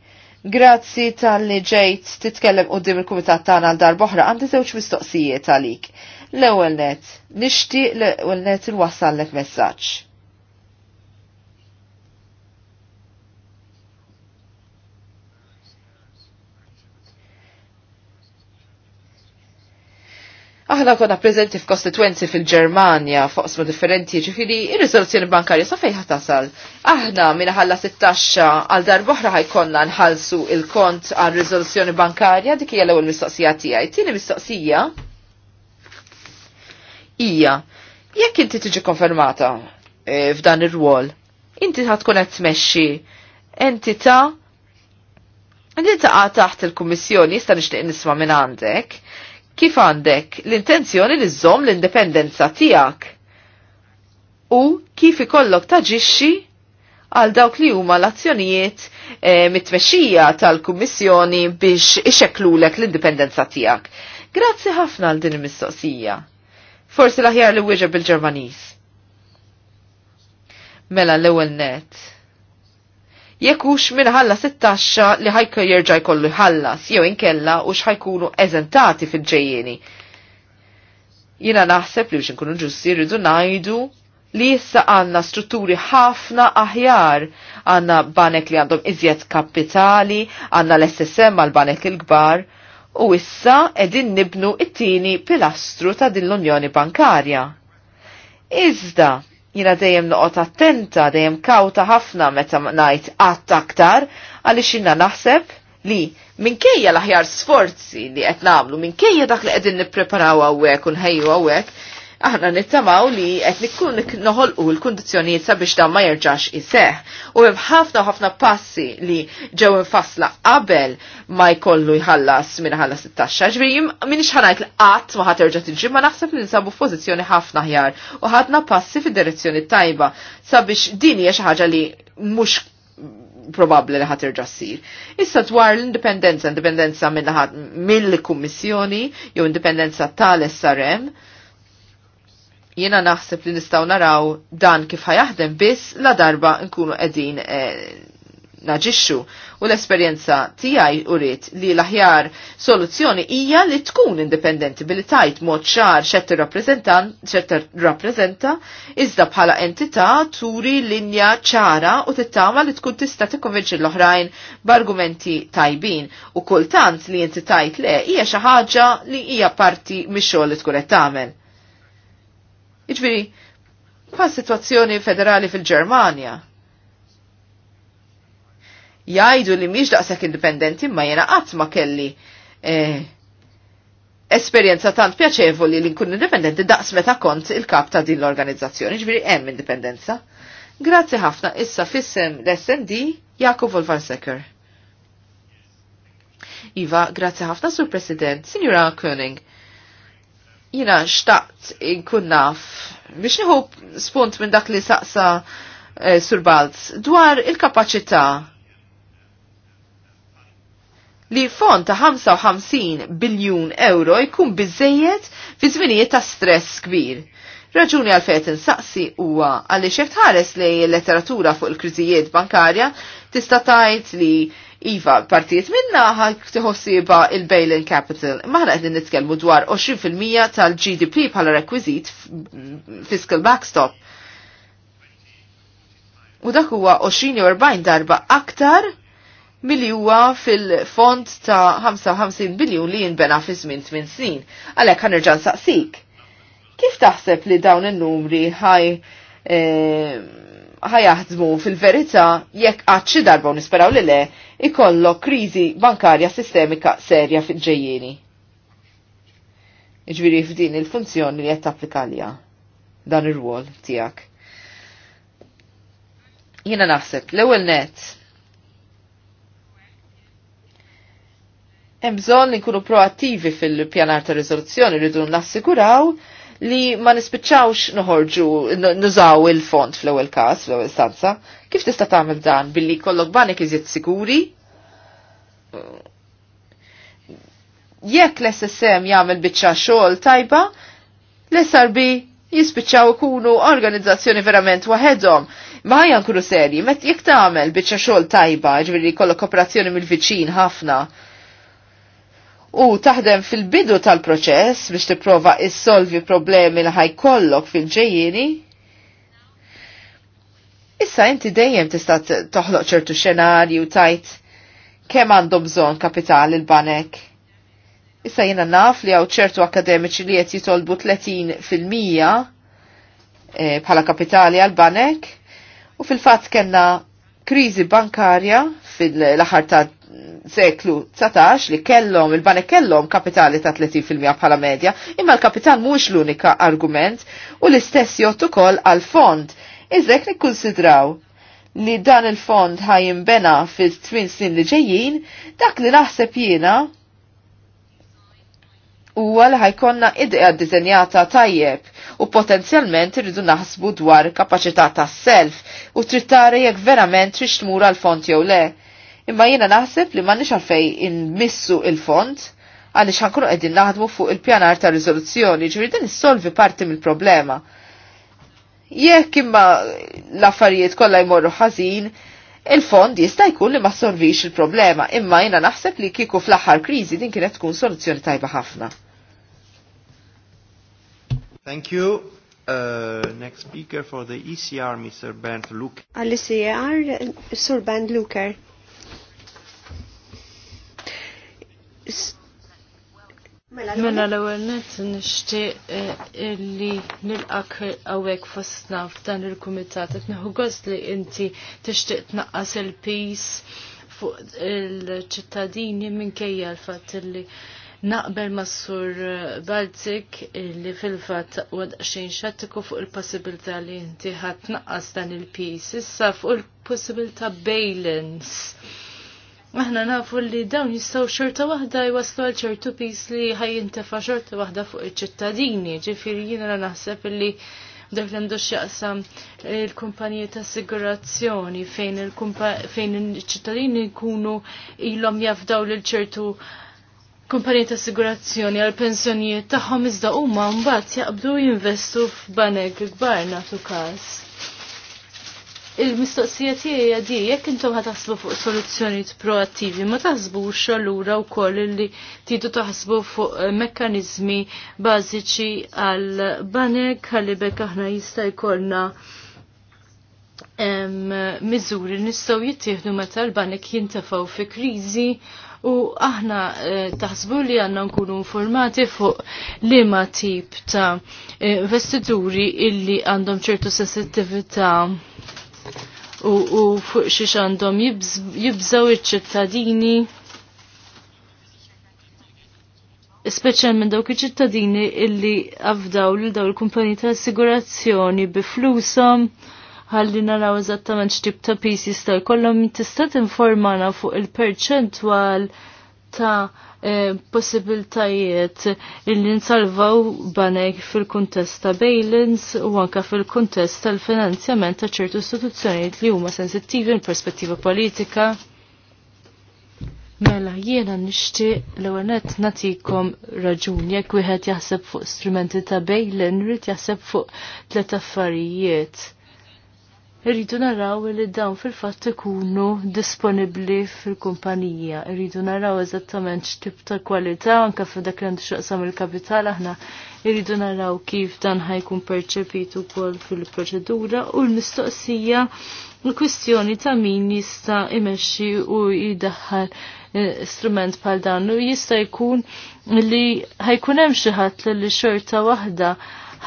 grazzi tal-li ġejt titkellem dim il-Kumitat tagħna għal darboħra għandi żewġ mistoqsijiet għalik. L-ewwel net, nixtieq l-ewwel net il wasallek messaġġ. Aħna konna prezenti f'kostituenzi fil-Ġermanja fuq differenti ġifiri ir-riżoluzzjoni bankarja sa fejn tasal. Aħna minna ħalla 16 għal darbohra ħajkonna nħallsu il-kont għal riżoluzzjoni bankarja dik hija l-ewwel mistoqsija tiegħi. Tieni mistoqsija hija jekk inti tiġi konfermata e, f'dan ir-rwol, inti ħadkun qed tmexxi entità Inti taqa' taħt il-Kummissjoni jista' nixtieq nisma' minn għandek kif għandek l-intenzjoni li żżomm l-indipendenza tiegħek u kif ikollok taġixxi għal dawk li huma l-azzjonijiet e, mit-tmexxija tal-Kummissjoni biex ixeklulek l-indipendenza tiegħek. Grazzi ħafna għal din il-mistoqsija. Forsi l-aħjar li wieġeb bil-Ġermaniż. Mela l-ewwel net jekk hux min taxxa li ħajka jerġa' jkollu jħallas jew inkella u x'ħajkunu eżentati fil ġejjeni Jiena naħseb li biex inkunu ġussi rridu ngħidu li jissa għanna strutturi ħafna aħjar. Għanna banek li għandhom iżjed kapitali, għanna l-SSM għal banek il-gbar, u issa edin nibnu it-tini pilastru ta' din l-Unjoni Bankarja. Iżda, jina dejjem noqot attenta, dejjem kawta ħafna meta najt għatt aktar, għalli xinna naħseb li minkejja l-aħjar sforzi li qed nagħmlu, minkejja dak li qegħdin nipreparaw għawek u nħejju għawek aħna nittamaw li qed nikun noħolqu l-kundizzjonijiet sabiex dan ma jerġax iseħ. U hemm ħafna ħafna passi li ġew infassla qabel ma jkollu jħallas minn ħallas it-taxxa. Ġbiri minix ħanajt l-qatt ma ħat tiġi ma naħseb li nsabu f'pożizzjoni ħafna ħjar u ħadna passi fid-direzzjoni tajba sabiex din hija xi ħaġa li mhux probabli li ħat sir. Issa dwar l-indipendenza, indipendenza mill-kummissjoni jew indipendenza tal-SRM, Jiena naħseb li nistgħu naraw dan kif ħajaħdem biss la darba nkunu qegħdin eh, naġixxu u l-esperjenza tiegħi uriet li l-aħjar soluzzjoni hija li tkun indipendenti billi tajt mod ċar xed rappreżenta iżda bħala entità turi linja ċara u tittama li tkun tista' tikkonvinċi l-oħrajn b'argumenti tajbin u kultant li inti tajt le hija xi ħaġa li hija parti mix-xogħol li tkun qed tagħmel. Iġviri, pa' situazzjoni federali fil ġermania Jajdu li miex daqsek indipendenti ma jena qatt ma kelli eh, esperienza tant pjaċevoli li nkun indipendenti daqs meta kont il-kap ta' din l-organizzazzjoni, ġviri hemm indipendenza. Grazzi ħafna issa fissem l-SND Jakub Volvarseker. Iva, grazzi ħafna sur President, Signora Koenig jina xtaqt inkun naf biex nieħu spunt minn dak li saqsa eh, Sur Balz dwar il-kapaċità li fond ta' 55 biljun euro jkun biżejjed fi żminijiet ta' stress kbir. Raġuni għal fejt insaqsi huwa għalli xeft ħares li l-letteratura fuq il-kriżijiet bankarja tista' tgħid li Iva, partijiet minna ħak tħossiba il-bail-in capital. Maħna għedin nitkelmu dwar 20% tal-GDP bħala rekwizit fiscal backstop. U dak huwa 20 40 darba aktar mill huwa fil-fond ta' 55 biljun li jinbena fi żmien tmien snin. Għalhekk ħanerġa' saqsik. Kif taħseb li dawn in-numri ħaj eh, ħajaħdmu fil-verità jekk għad xi darba nisperaw li le ikollok kriżi bankarja sistemika serja fil-ġejjieni. Iġviri f'din il-funzjoni li qed tapplikalja dan ir-rwol tiegħek. Jiena naħseb l-ewwel net hemm bżonn li nkunu proattivi fil-pjanar ta' riżoluzzjoni rridu nassikuraw li ma nispiċċawx noħorġu nużaw il-font fl-ewwel każ, fl-ewwel stanza. Kif tista' tagħmel dan billi jkollok banek iżjed sikuri? Jekk l-SSM jagħmel biċċa xogħol tajba, l-SRB jispiċċaw ikunu organizzazzjoni verament waħedhom. Ma ħajja nkunu serji, met jekk tagħmel biċċa xogħol tajba, ġifieri jkollok kooperazzjoni mill-viċin ħafna u taħdem fil-bidu tal-proċess biex tipprova issolvi problemi li ħajkollok fil-ġejjini, issa inti dejjem tista' toħloq ċertu xenarju tajt kemm għandhom bżonn kapitali l-banek. Issa jiena naf li hawn ċertu akademiċi li qed jitolbu 30 fil-mija eh, bħala kapitali għal banek u fil-fatt kena kriżi bankarja fil-aħħar ta' seklu 19 li kellhom il-banek kellhom kapitali ta' 30% bħala medja, imma l-kapital mhux l-unika argument u l-istess jott ukoll għal fond. Iżek nikkunsidraw li dan il-fond ħajjinbena fil-twin snin li ġejjin, dak li naħseb jiena u għal ħajkonna idea dizenjata tajjeb u potenzjalment irridu naħsbu dwar kapacità tas self u trittare jekk verament trix tmur għal fond jew le imma jiena naħseb li ma nix għalfej inmissu il-font għaliex ħankunu qegħdin naħdmu fuq il-pjanar ta' rizoluzzjoni, ġviri din solvi parti mill-problema. Jekk imma l-affarijiet kollha jmorru ħażin, il-fond jista' jkun li ma solvix il-problema, imma jiena naħseb li kieku fl-aħħar kriżi din kienet tkun soluzzjoni tajba ħafna. Thank you. Uh, next speaker for the ECR, Mr. Bernd Luker. Għall-ECR, Sur Bernd Luker. Mela l-ewwel mela, nett nixtieq eh, li nilqak hawnhekk fostna f'dan il-kumitat qed neħu gost li inti tixtieq tnaqqas il-pis fuq il-ċittadini minkejja l-fatt illi naqbel mas-sur Balzik li fil-fatt wad xejn xattiku fuq il-possibilità li inti ħadd tnaqqas dan il-pis issa fuq il-possibilità bail-ins aħna nafu li dawn jistgħu xorta waħda jwaslu għal ċertu pis li ħajjintefa' xorta waħda fuq iċ-ċittadini, ġifieri jiena naħseb li dak li għandu xjaqsam il-kumpanija ta' assigurazzjoni fejn il-ċittadini jkunu ilhom jafdaw lil ċertu kumpanija ta' assigurazzjoni għal pensjonijiet tagħhom iżda huma mbagħad jaqbdu jinvestu f'banek kbar nagħtu każ il-mistoqsija tiegħi di jekk intom ħad taħsbu fuq soluzzjonijiet proattivi ma taħsbux allura wkoll li tidu taħsbu fuq eh, mekkaniżmi bażiċi għal banek ħalli bekk aħna jista' jkollna miżuri nistgħu jittieħdu meta l-banek jintefgħu fi kriżi u aħna eh, taħsbu li għanna nkunu informati fuq li ma tip ta' eh, investituri illi għandhom ċertu sensittivita' u fuq xiex għandhom jibżaw iċ-ċittadini speċjalment dawk iċ-ċittadini illi għafdaw lil daw il-kumpani ta' assigurazzjoni bi flusom ħalli naraw eżattament x'tip ta' piece jista' jkollhom tista' tinformana fuq il-perċentwal ta' Eh, possibiltajiet illi nsalvaw banek fil-kuntest ta' bailins u anka fil-kuntest tal-finanzjament ta' ċertu istituzzjonijiet li huma sensittivi in perspettiva politika. Mela, jiena nishti l ewwel nett nagħtikom raġun, jekk wieħed jaħseb fuq strumenti ta' in rrit jaħseb fuq tliet affarijiet. Irridu naraw li dawn fil-fatt ikunu disponibbli fil-kumpanija. Irridu naraw eżattament x'tip ta' kwalità anke f'dak li għandu xaqsam il-kapital aħna. Irridu naraw kif dan ħajkun perċepit ukoll fil-proċedura u l-mistoqsija l-kwistjoni ta' min jista' imexxi u jidaħħal eh, strument bħal dan u jista' jkun li ħajkun hemm xi ħadd li xorta waħda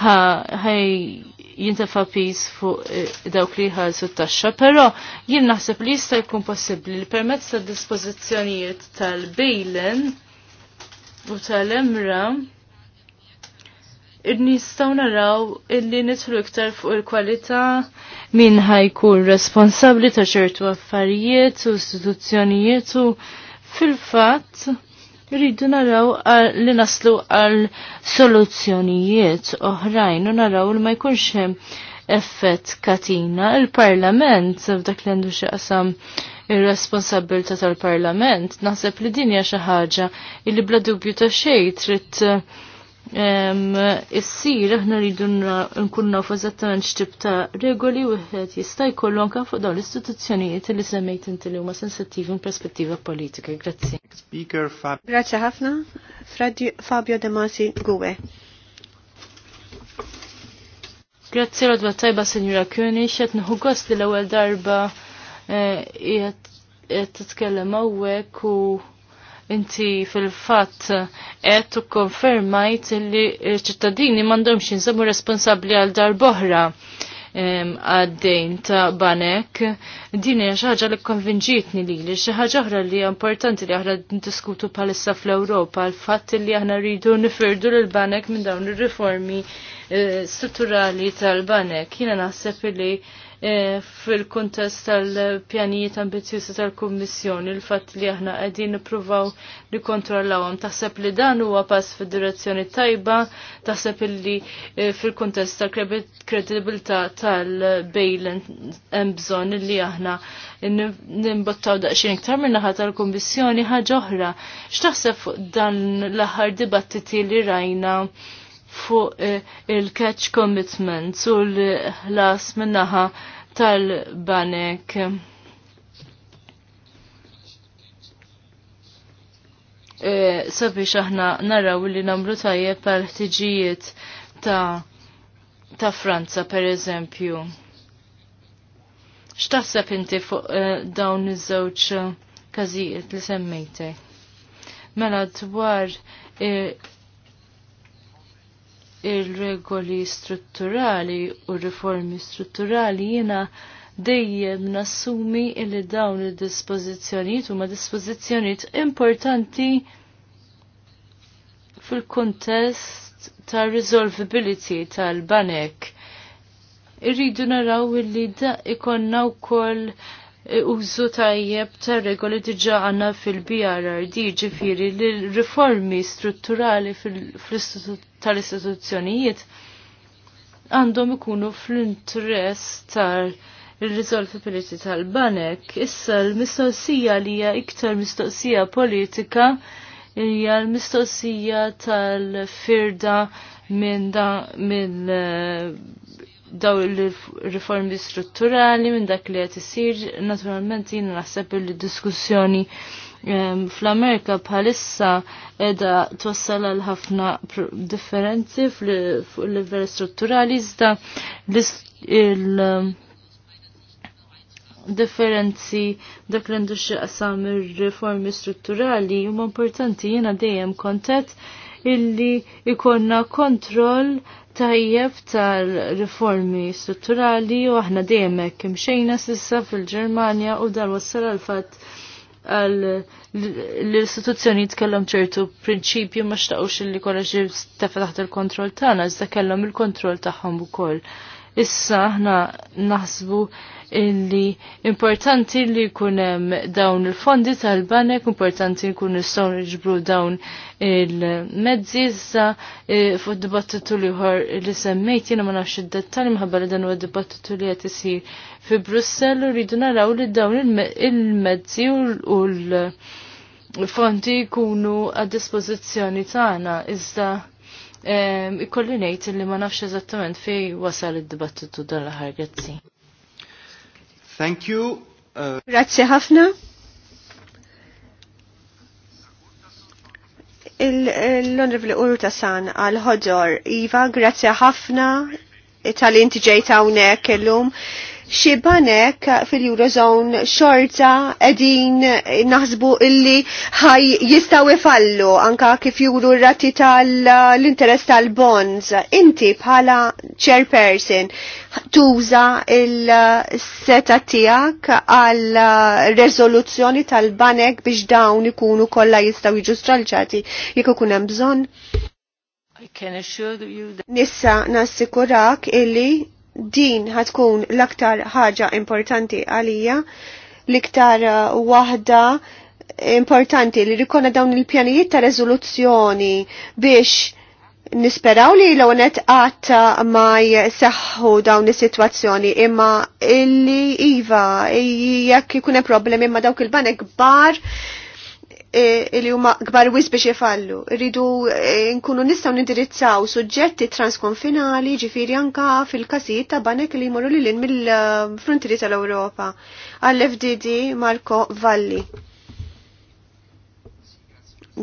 ħaj jintafa pis fuq eh, dawk li ħalsu t-taxxa, però jien naħseb li jista' jkun possibbli li permezz tad dispożizzjonijiet tal-bejlen u tal-emra nistaw naraw illi nitlu iktar fuq il-kwalità min ħajkun responsabli ta' ċertu affarijiet u istituzzjonijiet u fil-fatt rridu naraw li naslu għal soluzzjonijiet oħrajn u naraw li ma jkunx hemm effett katina. Il-Parlament, f'dak li għandu xi qasam ir-responsabilta tal-Parlament, naħseb li din hija xi ħaġa illi bla dubju ta' xejn trid Is-sir aħna rridu nkun nafu eżattament x'tib ta' regoli wieħed jista' jkollu anke fuq dawn l-istituzzjonijiet li semmejt inti li huma sensittivi minn perspettiva politika. Grazzi. Grazzi ħafna. Fabio De Masi Gue. Grazzi rodwa tajba Sinjura Kuni, xed nħu gost li l-ewwel darba eh, qiegħed titkellem hawnhekk u inti fil-fatt qed konfermajt li ċittadini m'għandhomx jinsabu responsabbli għal dar boħra għaddejn ta' banek. Din hija xi ħaġa li konvinġitni lili xi ħaġa oħra li hija importanti li aħna ndiskutu bħalissa fl-Ewropa l-fatt li aħna rridu nifirdu l banek minn dawn ir-riformi eh, strutturali tal-banek. Jiena naħseb li E, fil-kuntest tal-pjanijiet ambizjuzi tal-Kummissjoni il-fatt li aħna qegħdin nippruvaw nikkontrollawhom. Taħseb li dan huwa pass fid-direzzjoni tajba, taħseb li e, fil-kuntest tal-kredibilità tal-bejlen hemm bżonn li aħna nimbottaw daqsxejn iktar minn naħa tal-Kummissjoni ħaġa oħra. X'taħseb fuq dan l-aħħar dibattiti li rajna? fuq eh, il-catch commitment u l-ħlas minnaħa tal-banek. Eh, sabiex aħna naraw li namlu tajjeb għal ħtiġijiet ta' ta' Franza per eżempju. X'taħseb inti fuq eh, dawn iż-żewġ każijiet li semmejtek? Mela dwar ir-regoli strutturali u riformi strutturali jiena dejjem nassumi illi dawn id u huma dispozizjoniet importanti fil-kontest ta' resolvability tal-banek. Irridu naraw illi da ikonna wkoll E, użu tajjeb ta' regoli diġa għanna fil-BRRD ġifiri li riformi strutturali tal-istituzzjonijiet għandhom ikunu fl-interess tal politi tal-banek. Issa l-mistoqsija li hija iktar mistoqsija politika hija l-mistoqsija tal-firda minn e, daw il-riformi strutturali minn dak li qed isir, naturalment jiena naħseb il-diskussjoni ehm, fl-Amerika bħalissa edha twassal għal ħafna differenzi fuq il-livell strutturali iżda differenzi dak l-industri qasam ir-riformi strutturali huma importanti jiena dejjem kontet illi ikonna kontroll tajjeb tal-riformi strutturali u aħna dejjemek kemm imxejna sissa fil-Ġermanja u dar wassal għal fatt l-istituzzjoni tkellhom ċertu prinċipju ma xtaqux illi kollox tefa' taħt il-kontroll tagħna iżda kellhom il-kontroll tagħhom ukoll. Issa aħna naħsbu illi importanti li kunem dawn il-fondi tal-banek, importanti li kun nistaw nġbru dawn il-mezzi, issa e, fuq dibattitu li ħor li semmejt jena ma nafx id-dettali maħabba li dan huwa dibattitu li qed isir fi Brussell u rridu naraw li dawn il-mezzi u l-fondi jkunu għad-dispożizzjoni tagħna iżda e, ikolli ngħid li ma nafx eżattament fej wasal id-dibattitu dal-aħħar grazzi. Thank you. Uh... ħafna. l honorable Uruta San għal-ħodor. Iva, grazie ħafna tal-inti ġejta unek l-lum xi banek fil-Eurozone xorta edin naħsbu illi ħaj jistaw ifallu anka kif juru r-rati tal-interess tal-bonds. Inti bħala chairperson tuża il-seta tijak għal rezoluzzjoni tal-banek biex dawn ikunu kollha jistaw jiġu stralċati jekk ikun hemm bżonn. Nissa nassikurak illi din ħatkun l-aktar ħaġa importanti għalija, l-iktar uh, waħda importanti li rikonna dawn il-pjanijiet ta' rezoluzzjoni biex nisperaw li l-onet għatta ma jseħħu dawn is-sitwazzjoni imma illi iva jekk ikun problemi ma dawk il-banek bar Eh, li huma kbar wis biex jifallu. Rridu eh, nkunu nistgħu nindirizzaw suġġetti transkonfinali ġifieri anka fil-każijiet ta' banek li jmorru lil mill-frontieri tal-Ewropa. Għall-FDD Marco Valli.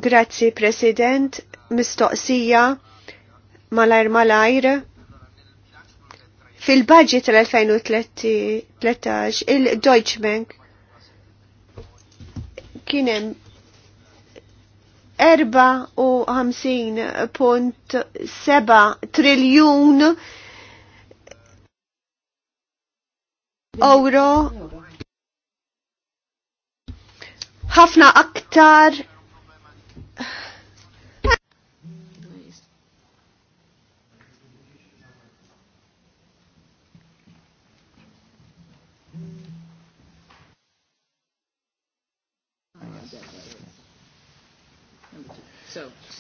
Grazzi President, mistoqsija malajr malajr. Fil-budget tal-2013 il-Deutsche Bank kienem 54.7 triljun euro ħafna aktar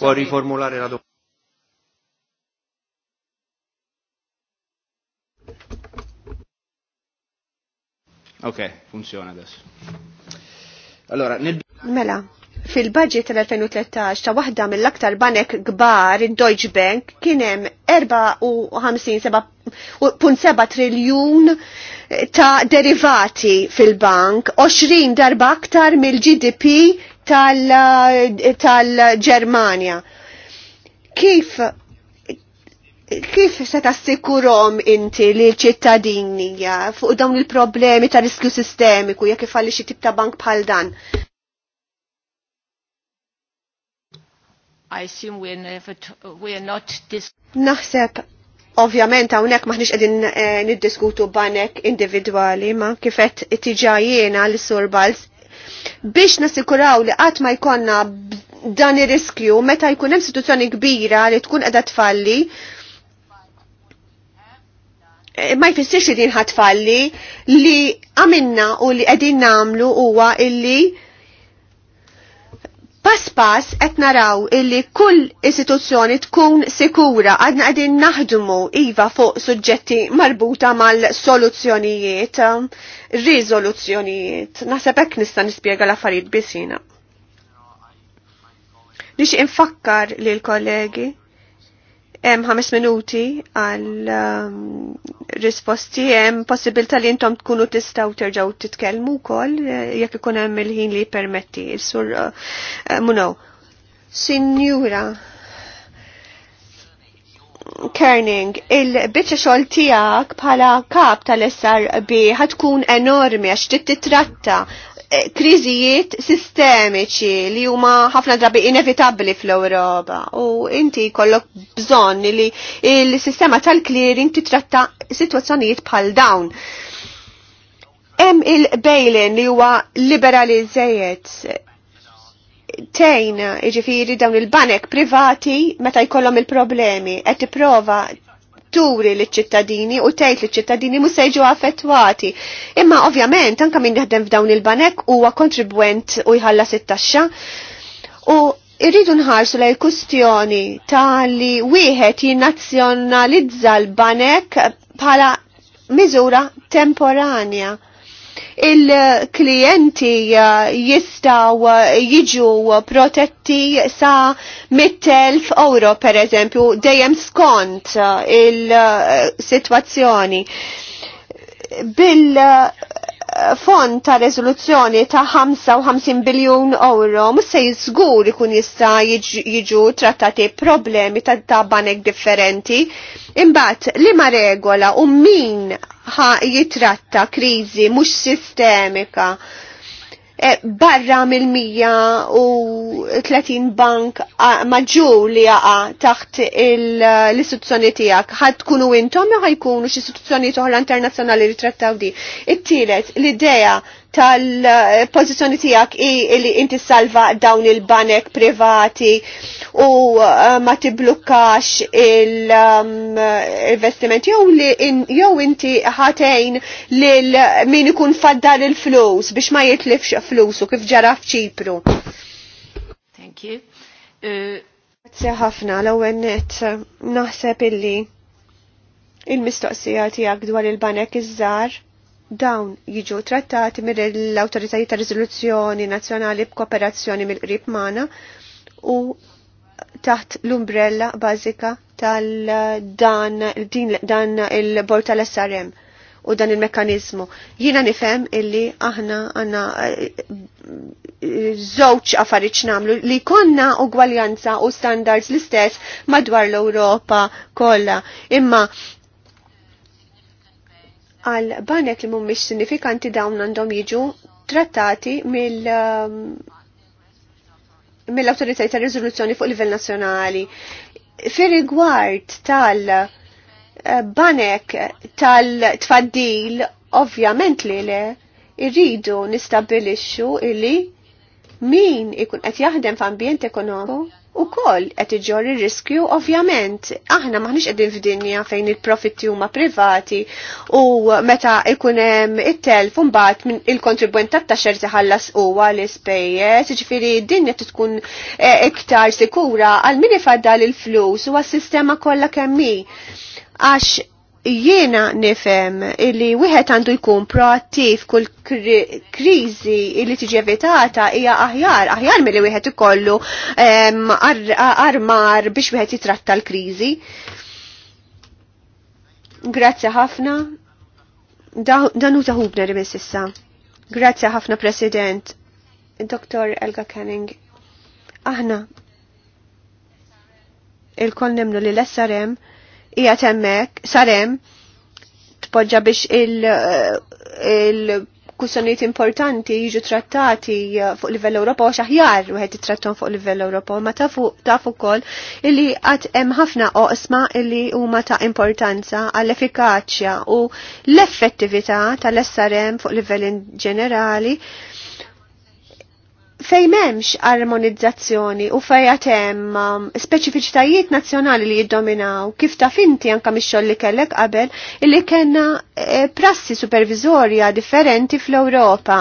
Può riformulare la domanda. Ok, funziona adesso. Allora, nel... Mela, fil-budget tal-2013 ta' waħda mill-aktar banek gbar, il-Deutsche Bank, kienem 54.7 triljun ta' derivati fil-bank, 20 darba aktar mill-GDP tal-Ġermanja. kif kif se tassikurom inti li ċittadini fuq dawn il-problemi ta' riskju sistemiku jekk ifalli xi tip ta' bank bħal dan? I assume we're, never we're not this. Naħseb, ovvjament, hawnhekk maħniex qegħdin eh, niddiskutu banek individwali ma kifet it-tiġajjena l-Sur Balz biex nasikuraw li qatt ma jkollna dan ir-riskju meta jkun hemm situazzjoni kbira li tkun qiegħda tfalli eh, ma jfissirx li din ħatfalli li għamilna u li qegħdin nagħmlu huwa illi pass pass qed naraw illi kull istituzzjoni tkun sikura għadna qegħdin naħdmu iva fuq suġġetti marbuta mal-soluzzjonijiet, riżoluzzjonijiet. Naħseb hekk nista' nispjega l-affarijiet bisina. Nix infakkar lil kollegi Hemm ħames minuti għal um, risposti, hemm possibilità li intom tkunu tistaw terġgħu titkellmu wkoll eh, jekk ikun hemm il-ħin li jippermetti. Sur eh, eh, Munow. Sinjura Kerning, il-bicċa xol tijak bħala kap tal-SRB ħatkun enormi għax titratta Eh, kriżijiet sistemiċi li huma ħafna drabi inevitabbli fl-Ewropa u inti kollok bżonn li il sistema tal-clearing titratta situazzjonijiet bħal dawn. Hemm il-bejlin li huwa liberalizzejiet tejn iġifiri dawn il-banek privati meta jkollhom il-problemi qed tipprova turi li ċittadini u tgħid li ċittadini mu se jiġu affettwati. Imma ovvjament anke min jaħdem f'dawn il-banek huwa kontribwent u jħallas it-taxxa. U irridu nħarsu lej kustjoni ta' li wieħed jinnazzjonalizza l-banek bħala miżura temporanja il-klienti uh, jistaw uh, jiġu protetti sa 100.000 euro per eżempju dejjem skont uh, il-situazzjoni bil fond ta' rezoluzzjoni ta' 55 biljun euro mus se jizgur ikun jista' jiġu trattati problemi ta' ta' banek differenti. Imbat, li ma regola u min ha jitratta krizi mux sistemika Eh, barra mill-130 bank maġġu li jaqa taħt l-istituzzjoni tijak. ħad tkunu intom jew ħajkunu istituzzjoni istituzzjonijiet oħra internazzjonali li trattaw di. It-tielet, l-idea tal-pozizjoni tijak i li inti salva dawn il-banek privati u eh, ma tiblukkax il-investiment eh, jew li jew inti ħatejn lil min ikun faddar il-flus biex ma jitlifx flus u kif ġara f'Ċipru. Thank you. Uh, Grazie ħafna l-ewwel net naħseb illi il-mistoqsija tiegħek dwar il-banek iż-żgħar dawn jiġu trattati mir l-autoritajiet ta' rizoluzzjoni nazzjonali b'kooperazzjoni mill-qrib magħna u taħt l-umbrella bażika tal-dan dan dan il bol tal-SRM u dan il-mekkanizmu. Jina nifem illi aħna għanna eh, żewġ affarijiet namlu li konna ugwaljanza u standards l-istess madwar l-Ewropa kollha. Imma għal banek li mhumiex sinifikanti dawn għandhom jiġu trattati mill um, mill-autorità ta' Rizoluzzjoni fuq livell nazjonali. Fi rigward tal eh, banek tal-tfaddil ovvjament li le irridu nistabilixxu illi min ikun qed jaħdem f'ambjent ekonomiku u kol qed iġor ir-riskju ovvjament aħna maħniex qegħdin f'dinja fejn il-profitti huma privati u meta ikun hemm it-telf mbagħad minn il-kontribwent tat-taxxer u huwa l-ispejjeż, jiġifieri dinja t tkun e, iktar sikura għal min ifaddal il-flus u għal sistema kollha kemm għax jiena nifem illi wieħed għandu jkun proattiv kull kriżi illi tiġi evitata hija aħjar, aħjar milli wieħed ikollu armar biex wieħed jitratta l-kriżi. Grazzi ħafna. Danuta Hubner imiss issa. Grazzi ħafna President. Dr. Elga Canning. Aħna. Il-kol nemnu li l-SRM hija temmek sarem tpoġġa biex il- kussjonijiet importanti jiġu trattati uh, fuq livell Ewropa u xaħjar u għed trattom fuq livell Ewropa, ma tafu ukoll illi għat hemm ħafna oqsma illi huma ta' importanza għall-efikaċja u l-effettività tal-SRM fuq livell ġenerali. In fej memx armonizzazzjoni u fej għatem um, speċifiċtajiet nazjonali li jiddominaw, kif ta' finti anka miċxol li kellek qabel, illi kena e, prassi supervizorja differenti fl-Europa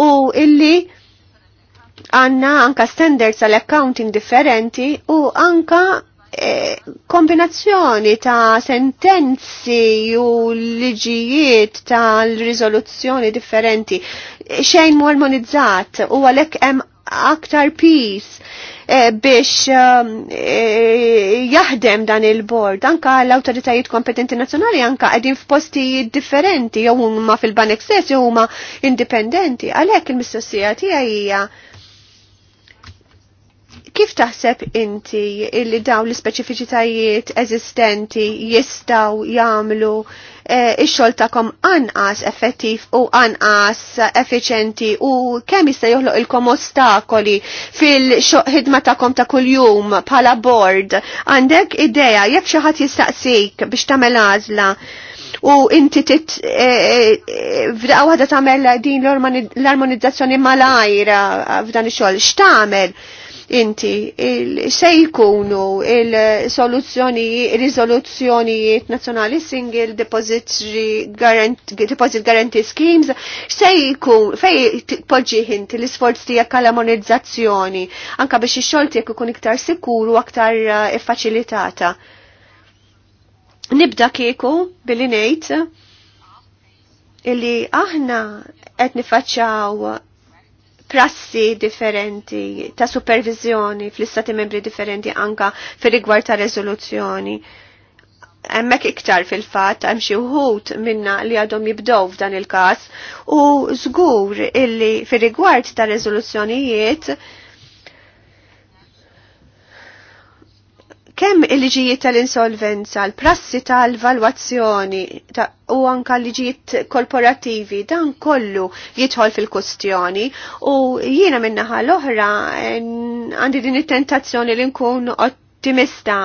u illi għanna anka standards għal accounting differenti u anka e, kombinazzjoni ta' sentenzi u liġijiet tal-rizoluzzjoni differenti xejn mormonizzat u għalhekk hemm aktar peace eh, biex um, eh, jaħdem dan il-bord. Anka l-autoritajiet kompetenti nazzjonali anka għedin f'postijiet differenti, jew huma fil-banek stess, jew huma indipendenti. Għalhekk il-mistoqsija tiegħi hija kif taħseb inti illi daw l-speċifiċitajiet eżistenti jistaw jagħmlu Eh, ix-xogħol tagħkom anqas effettiv u anqas effiċenti u kemm jista' joħloq ilkom ostakoli fil-ħidma tagħkom ta' kuljum bħala board. Għandek idea jekk xi ħadd jistaqsik biex tagħmel għażla u inti tit eh, eh, f'daqqa waħda tagħmel din l-armonizzazzjoni malajr f'dan ix-xogħol x'tagħmel? inti se jkunu il-soluzzjoni, il-rizoluzzjonijiet nazzjonali single depository guarant, deposit guarantee schemes se jkun fej poġġi inti l-isforz tiegħek għal ammonizzazzjoni anka biex ix-xogħol tiegħek ikun iktar sikuru aktar iffaċilitata. Eh, Nibda kieku billi ngħid illi aħna qed nifaċċaw prassi differenti ta' supervizjoni fl-istati membri differenti anka fir rigward ta' rezoluzzjoni. Hemmhekk iktar fil-fatt hemm xi wħud minna li għadhom jibdow f'dan il-każ u żgur illi fir rigward ta' rezoluzzjonijiet kemm il-liġijiet tal-insolvenza, l-prassi tal-valwazzjoni ta u anka l-liġijiet korporativi, dan kollu jidħol fil-kustjoni u jiena minnaħa l-oħra għandi din it-tentazzjoni li nkun ottimista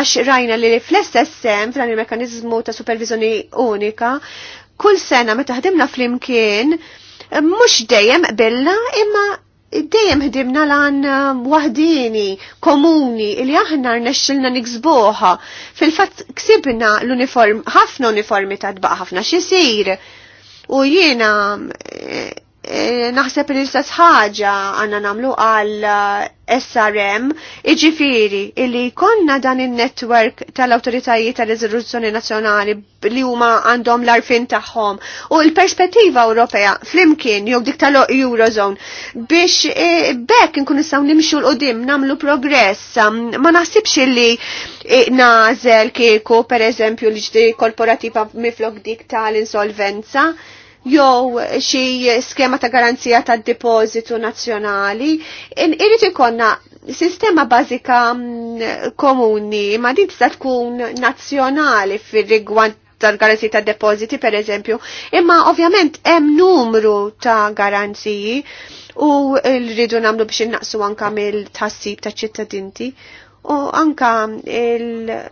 għax rajna li fl-SSM, fl il-mekanizmu ta' supervizjoni unika, kull sena meta ħdimna fl-imkien, mux dejjem billa imma dejjem ħdimna lan uh, wahdini, komuni, li aħna rnexxilna niksbuha. Fil-fatt ksibna l-uniform, ħafna uniformi ta' tbaq ħafna xisir. U jiena eh, Eh, naħseb li l-istess ħaġa għanna namlu għal eh, SRM, iġifiri illi konna dan il-network tal-autoritajiet tal-rezoluzzjoni nazjonali li huma għandhom l-arfin tagħhom u l-perspettiva Ewropea flimkien jew dik tal-Eurozone biex eh, bekk nkun nistgħu nimxu l qudiem namlu progress ma naħsibx illi nażel kieku pereżempju li ġdi korporativa miflok dik tal-insolvenza jew xi skema ta' garanzija tad depożitu nazzjonali, irrid ikonna sistema bażika mm, komuni ma din tista' tkun nazzjonali fir-rigwant tal-garanzi ta' depositi per eżempju, imma ovvjament hemm numru ta' garanziji u rridu namlu biex innaqsu anka mill-tassib ta' ċittadinti u anka il-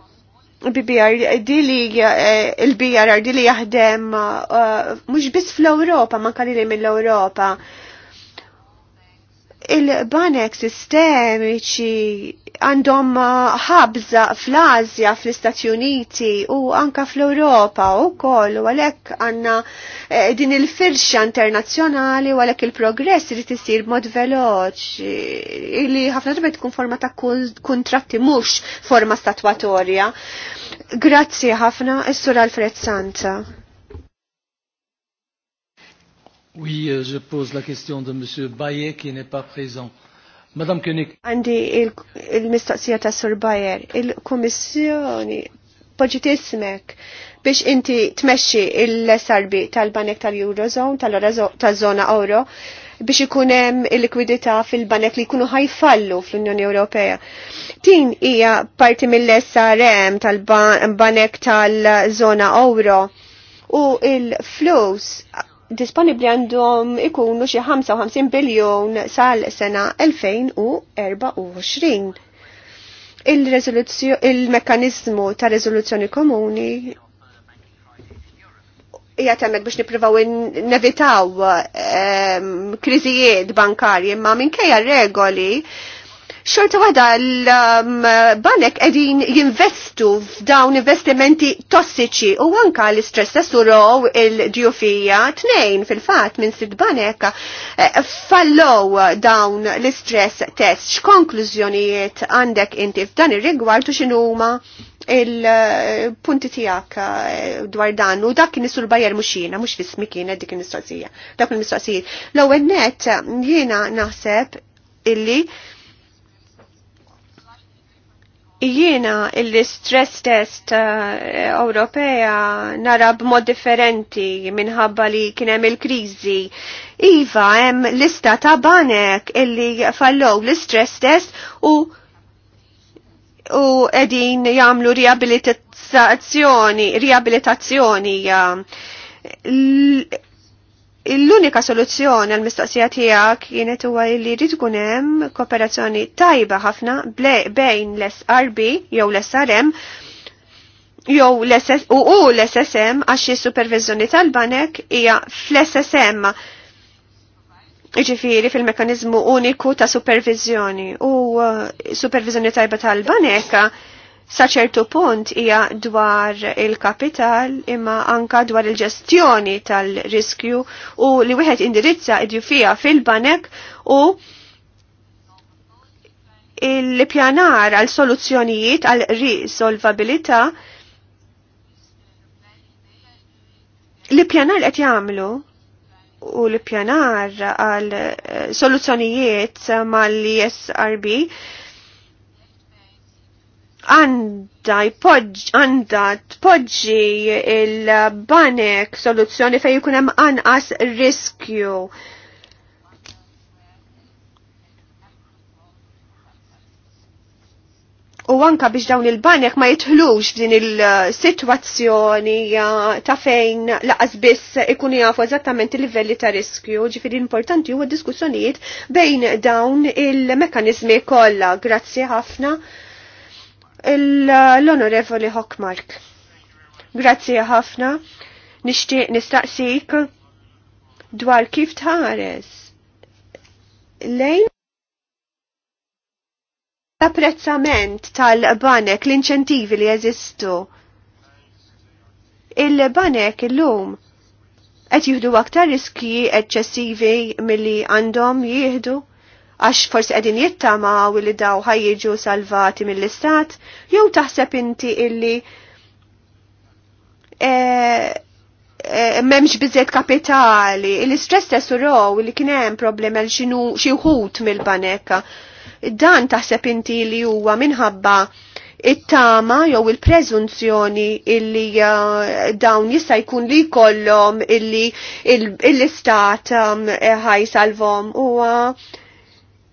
BBR, di li eh, il brr di li jaħdem eh, mhux biss fl-Ewropa, ma kalili mill-Ewropa il-banek sistemiċi għandhom uh, ħabza fl-Azja, fl-Istati Uniti u anka fl-Europa u koll u għalek għanna eh, din il-firxa internazzjonali u għalek il-progress li tisir mod veloċ li ħafna drabi tkun forma ta' kontratti mux forma statwatorja. Grazzi ħafna, Is-Sur Alfred Santa. Oui, euh, je pose la question de M. Bayer qui n'est pas présent. Madame Koenig. Andi il-mistoqsija ta' Sur Bayer, il-Kommissjoni poġġiet ismek biex inti tmexxi l-SRB tal-Banek tal-Eurozone, tal-Zona Euro, biex ikun hemm il-likwidità fil-banek li jkunu ħajfallu fl-Unjoni Ewropea. Tin hija parti mill-SRM tal-Banek tal-Zona Euro u il-flus disponibli għandhom ikunu xi 55 biljon sal-sena 2024. il mekanizmu il ta' rezoluzzjoni komuni jgħatemmek biex nippruvaw nevitaw um, kriżijiet bankarji imma minkejja regoli xorta waħda l-banek edin jinvestu f'dawn investimenti tossiċi u anka l-istress tassurow il-ġiofija tnejn fil-fat minn sid banek eh, fallow dawn l-istress test x'konklużjonijiet għandek inti f'dan ir-rigward u x'inhuma il-punti tijak eh, dwar dan u dak kien bajer muxina, mux fismi kienet dik il-mistoqsija, dak il-mistoqsija. L-ewwel net jiena naħseb illi Jiena l-stress test uh, Ewropea nara b'mod differenti minħabba li kien hemm il-kriżi. Iva hemm lista ta' banek illi fallow l-stress test u u edin jagħmlu riabilitazzjoni, riabilitazzjoni l-unika soluzzjoni għal mistoqsija tiegħek kienet huwa li jrid ikun hemm kooperazzjoni tajba ħafna bejn l-SRB jew l-SRM jew u l-SSM għax is-supervizjoni tal-banek hija fl-SSM iġifieri fil-mekanizmu uniku ta' supervizjoni u uh, supervizjoni tajba tal-banek saċertu punt hija dwar il-kapital imma anka dwar il-ġestjoni tal-riskju u li wieħed indirizza idju fija fil-banek u il-pjanar għal soluzzjonijiet għal risolvabilità li pjanar qed jagħmlu u l-pjanar għal soluzzjonijiet mal-ISRB għanda għanda tpoġġi il-banek soluzzjoni fej jkun hemm anqas riskju. U anka biex dawn il-banek ma jitħlux f'din il-sitwazzjoni ta' fejn laqas biss ikun jafu eżattament il-livelli ta' riskju, ġifiri importanti huwa diskussjonijiet bejn dawn il-mekanizmi kollha. Grazzi ħafna l-onorevoli Hockmark. Grazzi ħafna, nishtiq nistaqsik dwar kif tħares. Lejn l-apprezzament tal-banek, l-inċentivi li jeżistu. Il-banek illum qed jieħdu aktar riski eċċessivi milli għandhom jieħdu għax forsi qegħdin jittamaw li daw ħajġu salvati mill-istat, jew taħseb inti illi e, e, memx bizzet kapitali, illi stress tessuraw li kien hemm problem għal xi wħud mill-banekka. Dan taħseb inti li huwa minħabba it-tama jew il-prezunzjoni illi eh, dawn jista' jkun li jkollhom illi l-istat ħajsalvom huwa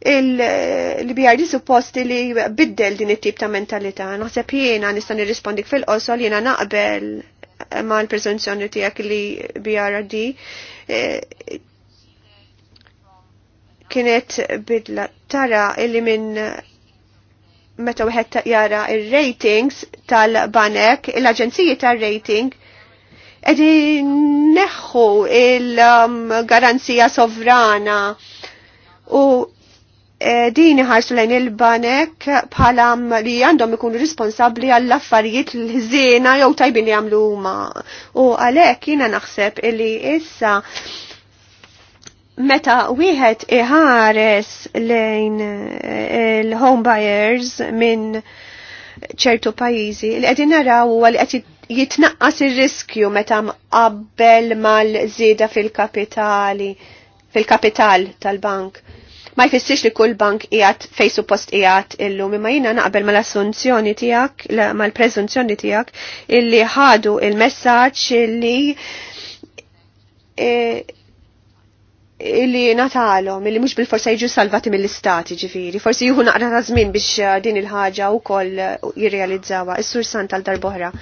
il-BRD supposti li biddel din it-tip ta' mentalità. Naħseb jiena nista' nirrispondik fil-qosol jiena naqbel ma' l-prezenzjoni tiegħek li BRD e, kienet bidla tara illi minn meta wieħed jara ir-ratings tal-banek, l-aġenziji tar-rating qegħdin neħħu il-garanzija um, sovrana u din iħarsu lejn il-banek bħalam li għandhom ikunu responsabli għall affarijiet l-ħżiena jew tajbin li għamlu huma. U għalhekk jiena naħseb illi issa meta wieħed iħares lejn eh, il-home buyers minn ċertu pajjiżi li qegħdin naraw huwa li qed jitnaqqas ir-riskju meta mqabbel mal-żieda fil-kapitali fil-kapital tal-bank ma jfissix li kull bank jgħat fej suppost jgħat illum imma jina naqbel mal assunzjoni tijak, mal prezunzjoni tijak illi ħadu il-messaċ illi eh, illi natalom, illi mux bil-forsa jġu salvati mill-istati ġifiri, forsi juhu naqra ta' zmin biex eh, din il-ħagġa u koll jirrealizzawa, il sur Santa l darbohra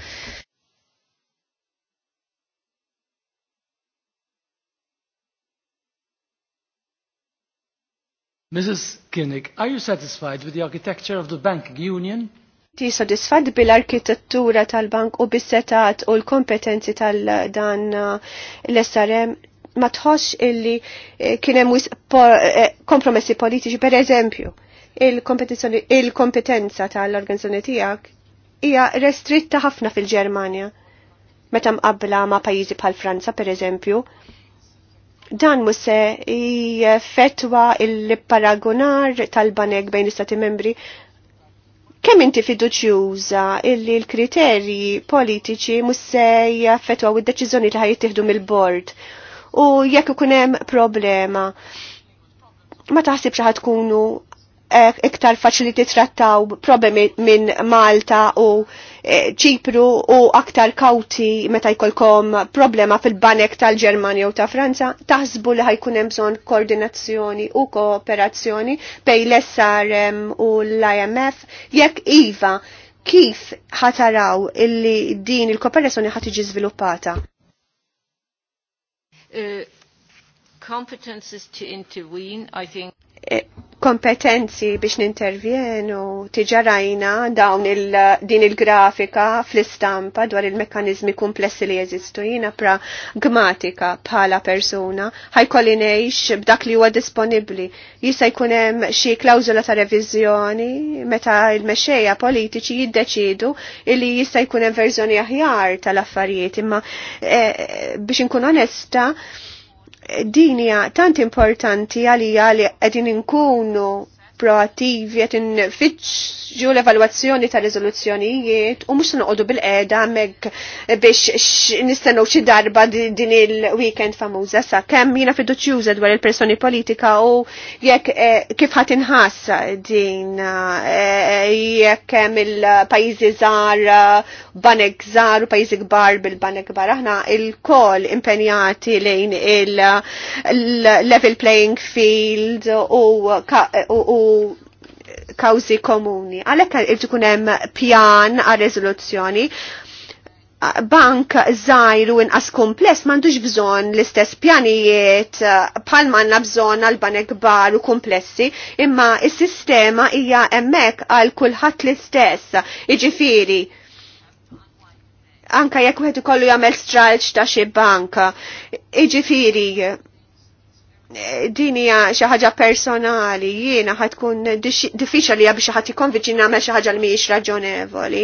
Mrs. Kinnick, are you satisfied with the architecture of the bank union? Ti sodisfad bil-arkitettura tal-bank u bis-setat u l-kompetenzi tal-dan uh, l-SRM ma tħoss illi eh, kien hemm eh, kompromessi politiċi, per eżempju, il-kompetenza tal-organizzazzjoni tiegħek hija restritta ħafna fil-Ġermanja. Meta mqabbla ma' pajjiżi bħal Franza, per eżempju, dan musse jfetwa il-paragonar tal-banek bejn istati membri kemm inti fiduċjuża illi l-kriterji politiċi musse jfetwa u d-deċiżjoni li ħajjittieħdu mill-bord u jekk ikun hemm problema ma taħsibx ħad tkunu eh, iktar faċli titrattaw problemi minn Malta u Eh, ċipru u aktar kauti meta jkollkom problema fil-banek tal-Ġermanja u ta' Franza, taħsbu li ħajkun hemm bżonn koordinazzjoni u kooperazzjoni bej l-SRM u l-IMF jekk iva kif ħataraw illi din il-kooperazzjoni ħad tiġi żviluppata? Uh, competences to intervene, I think Eh, kompetenzi biex nintervjenu tiġarajna dawn il, din il-grafika fl-istampa dwar il mekanizmi komplessi li jeżistu jina pra gmatika bħala persuna ħajkolli ngħix b'dak li huwa disponibbli. Jista' jkun hemm xi klawżola ta' reviżjoni meta l-mexxejja politiċi jiddeċidu li jista' jkun hemm verżjoni aħjar tal-affarijiet imma e, biex inkun onesta dinja tant importanti għalija li għedin inkunu proattivi qed infittxu l-evalwazzjoni ta' riżoluzzjonijiet u mhux noqogħdu bil-qiegħda meg biex nistennew xi darba din il-weekend famuża sa kemm jiena fiduċjuża dwar il-personi politika u jekk eh, kif ħat inħassa din eh, jekk hemm il-pajjiżi żgħar banek żgħar u pajjiżi kbar bil-banek kbar aħna il-kol impenjati lejn il-level playing field u kawzi komuni. Għalhekk irġikun hemm pjan għal rezoluzzjoni bank zaħiru inqas kompless m'għandux bżonn l-istess pjanijiet bħal manna bżonn għal banek kbar u komplessi, imma is-sistema hija hemmhekk għal kulħadd l-istess. Jiġifieri, anka jekk wieħed ikollu jagħmel stralċ ta' xi banka. iġifiri din hija xi ħaġa personali, jiena ħatkun diffiċli biex ħadd ikkonvinċi nagħmel xi ħaġa li mhijiex raġonevoli.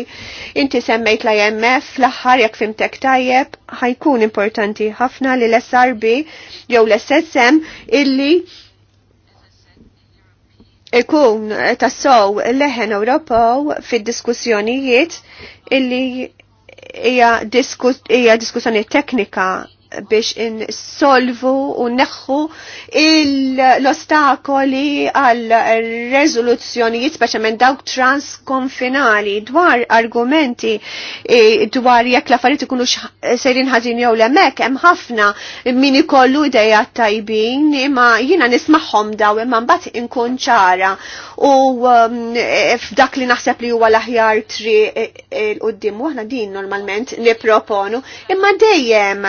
Inti semmejt l-IMF fl-aħħar jekk fimtek tajjeb ħajkun importanti ħafna li l-SRB jew l-SSM illi ikun tassow leħen Ewropew fid-diskussjonijiet illi hija diskussjoni teknika biex insolvu u neħħu l-ostakoli għal rezoluzzjonijiet speċjalment dawk transkonfinali dwar argumenti e, dwar jekk l-affarijiet ikunu serin ħażin jew lemek hemm ħafna min ikollu idea tajbin imma jiena nismagħhom daw imma mbagħad inkun ċara u um, e, f'dak li naħseb li huwa l-aħjar tri e, l-qudiem u aħna din normalment nipproponu imma dejjem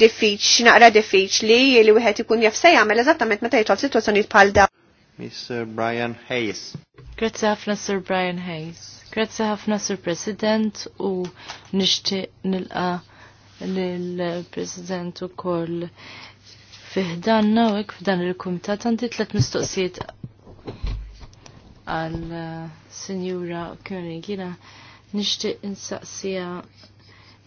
diffiċ, naqra diffiċ li li wieħed ikun jafsa jagħmel eżattament meta jitħol sitwazzjonijiet bħal dawn. Mr. Brian Hayes. Grazzi ħafna Sir Brian Hayes. Grazzi ħafna Sir President u nixtieq nilqa lill-President ukoll fiħdanna u hekk f'dan il-kumitat għandi tliet mistoqsijiet għal eh, Sinjura Koenig. nixtieq insaqsija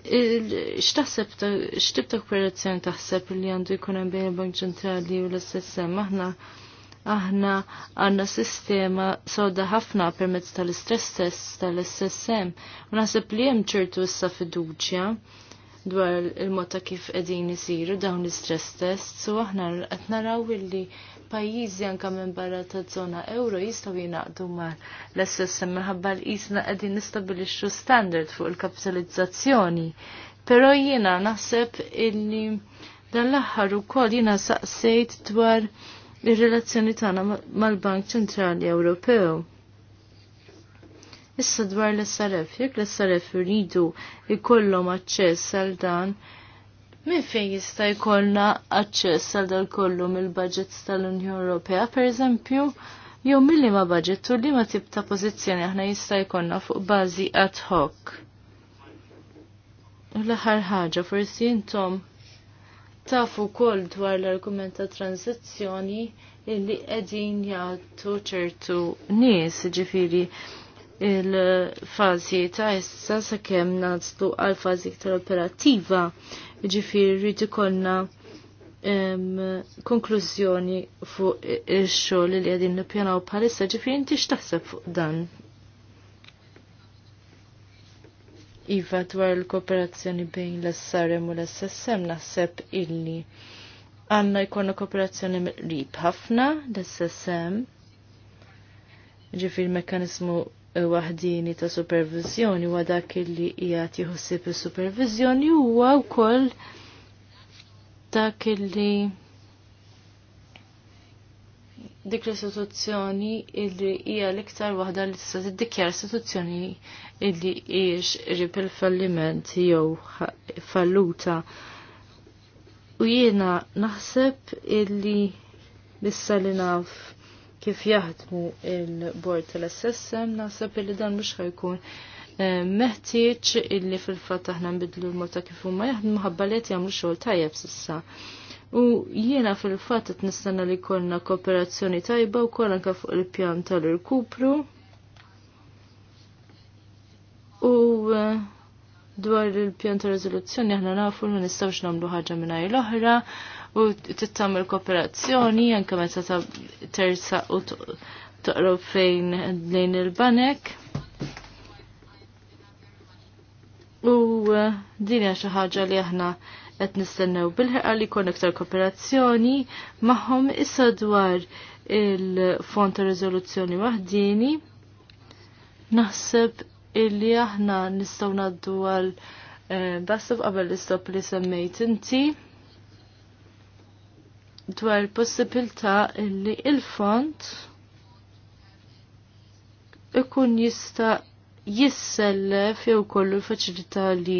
X'taħseb x'tib ta' kooperazzjoni taħseb li għandu jkun hemm bejn il-Bank Ċentrali u l-SSM aħna aħna għandna sistema sawda ħafna permezz tal-istress test tal-SSM u naħseb li hemm ċertu issa fiduċja dwar il-mod ta' kif qegħdin isiru dawn l-istress test u aħna qed naraw illi pajjiżi anke minn barra ta' żona euro jistgħu jingħaqdu mal l-SSM minħabba l-qisna qegħdin nistabilixxu standard fuq il-kapitalizzazzjoni. Però jiena naħseb illi dan l-aħħar ukoll jiena saqsejt dwar ir-relazzjoni tagħna mal-Bank Ċentrali Ewropew. Issa dwar l-SRF, jekk l-SRF jridu jkollhom aċċess għal dan Min fejn jista' jkollna aċċess għal dal kollu mill-budgets tal-Unjoni Ewropea, pereżempju, jew milli ma budget u li ma tip ta' pożizzjoni aħna jista' jkollna fuq bażi ad hoc. U l-aħħar ħaġa forsi intom tafu kol dwar l-argument ta' tranzizzjoni illi qegħdin jagħtu ċertu nies, ġifiri il-fazi ta' issa sakemm nazlu għal fazi tal operattiva ġifiri rrid ikollna konklużjoni fuq ix-xogħol li qegħdin u bħalissa ġifiri inti x'taħseb fuq dan. Iva dwar il-kooperazzjoni bejn l-SRM u l-SSM naħseb illi għanna jkollna kooperazzjoni mill ħafna l-SSM ġifiri mekkanizmu waħdini ta' supervizjoni wa dak li jgħat jħossib is-supervizjoni huwa wkoll dak li dik l-istituzzjoni illi hija l-iktar waħda li tista' tiddikjar istituzzjoni illi hiex rib il-falliment jew falluta. U jiena naħseb illi issa li naf kif jaħdmu il-bord tal-SSM, naħseb li dan mhux ħajkun eh, meħtieġ illi fil-fatt aħna nbidlu l mota kif huma jaħdmu ħabba li qed jagħmlu xogħol tajjeb s'issa. U jiena fil-fatt qed nistenna li jkollna kooperazzjoni tajba wkoll anke fuq il-pjan tal-irkupru. U eh, dwar il-pjan tal riżoluzzjoni aħna nafu li nistgħux nagħmlu ħaġa mingħajr l-oħra u tittam il-kooperazzjoni anke meta ta' terza u toqrob fejn lejn il-banek. U eh, din hija xi ħaġa li aħna qed nistennew bil-ħerqa li jkun iktar kooperazzjoni magħhom issa dwar il font ta' riżoluzzjoni waħdini. Naħseb illi aħna nistgħu ngħaddu għal eh, basta qabel l-istop li semmejt inti dwar possibilità li il-font ikun jista jissellef jew kollu faċilità li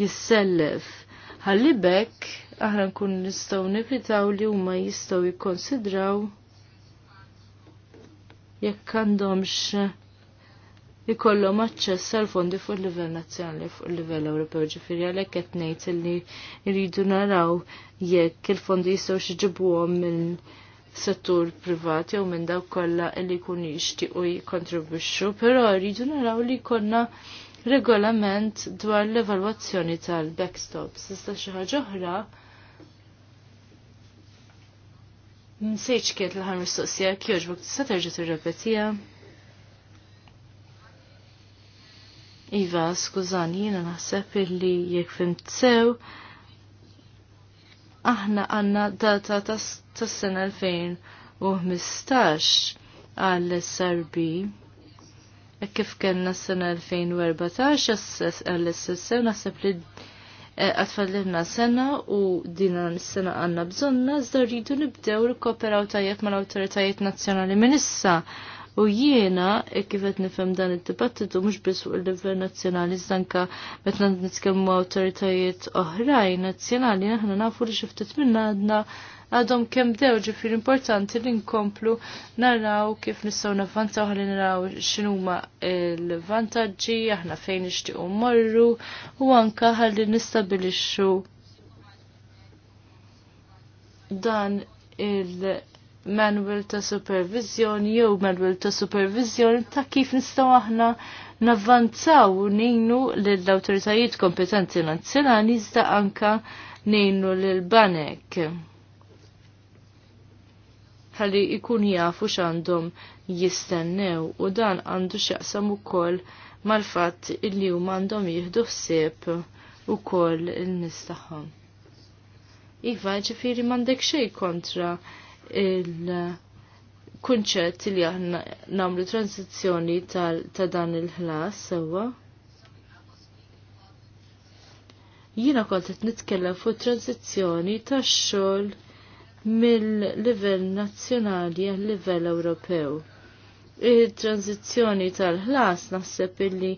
jissellef. Ħalli bekk aħna nkun nistgħu nevitaw li huma jistgħu jikkonsidraw jekk għandhomx ikollhom aċċess għal fondi fuq il-livell nazzjonali fuq il-livell Ewropew ġifieri għalhekk qed ngħid li jridu naraw jekk il-fondi jistgħu xiġibuhom minn settur privat jew minn dawk kollha li jkunu jixtiequ jikkontribwixxu, però rridu naraw li jkollna regolament dwar l-evalwazzjoni tal-backstops. Sista xi ħaġa oħra Nsejċ kiet l-ħar mistoqsija kjoġbuk tista' terġa' t-repetija. Iva, skużani, jiena naħseb illi jek sew, aħna għanna data tas sena 2015 għall srb e kif kena s-sena 2014 għall-SSR naħseb li e, għatfallirna sena u dina s-sena għanna bżonna, zda rridu nibdew tajet tajjeb mal autoritajiet nazjonali minissa U jiena, e kif qed nifhem dan id-dibattitu mhux biss fuq il-livell nazzjonali, zanka meta nitkellmu awtoritajiet oħrajn nazzjonali, aħna nafu li xi ftit minn għadna għadhom kemm dew ġifier importanti li nkomplu naraw kif nistgħu navvantaw ħalli naraw x'inhuma l-vantaġġi, aħna fejn nixtiequ mmorru u anka ħalli nistabilixxu dan il- manual ta' supervision jew manual ta' supervision ta' kif nistgħu aħna navvanzaw u nejnu lill-awtoritajiet kompetenti nazzjonali iżda anka nejnu l banek Ħalli ikun jafu x'għandhom jistennew u dan għandu x'jaqsam ukoll mal-fatt illi huma għandhom jieħdu ħsieb ukoll il-nies Iva, ġifiri mandek xej kontra il-kunċett li aħna namlu transizjoni ta' dan il-ħlas sewwa. Jiena kont qed nitkellem fuq transizzjoni tax-xogħol mill-livell nazzjonali għal livell Ewropew. Il-tranzizzjoni tal-ħlas naħseb illi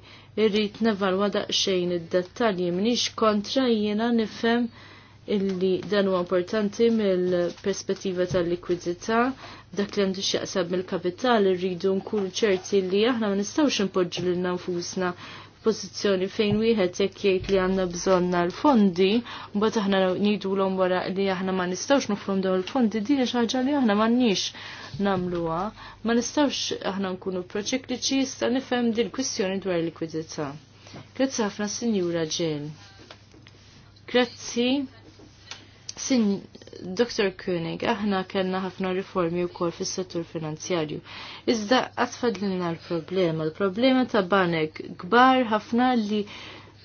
irrid nevalwa daqsxejn id-dettalji mhinix kontra jiena nifhem illi dan huwa importanti mill-perspettiva tal-likwidità dak li għandu xieqsab mill-kapital rridu nkunu ċerti li aħna ma nistgħux impoġġu lil nfusna f'pożizzjoni fejn wieħed jekk jgħid li għandna bżonn l-fondi mbagħad aħna ngħidulhom wara li aħna ma nistgħux nofhom dawn il-fondi din xi ħaġa li aħna m'għandniex nagħmluha. Ma nistgħux aħna nkunu proċekliċi jista' nifhem din kwistjoni dwar il-likwidità. Grazzi ħafna Sinjura Ġen. Grazzi. Sin, Dr. Koenig, aħna kellna ħafna riformi u kol fis settur finanzjarju. Iżda għatfadlina l-problema. L-problema ta' banek gbar ħafna li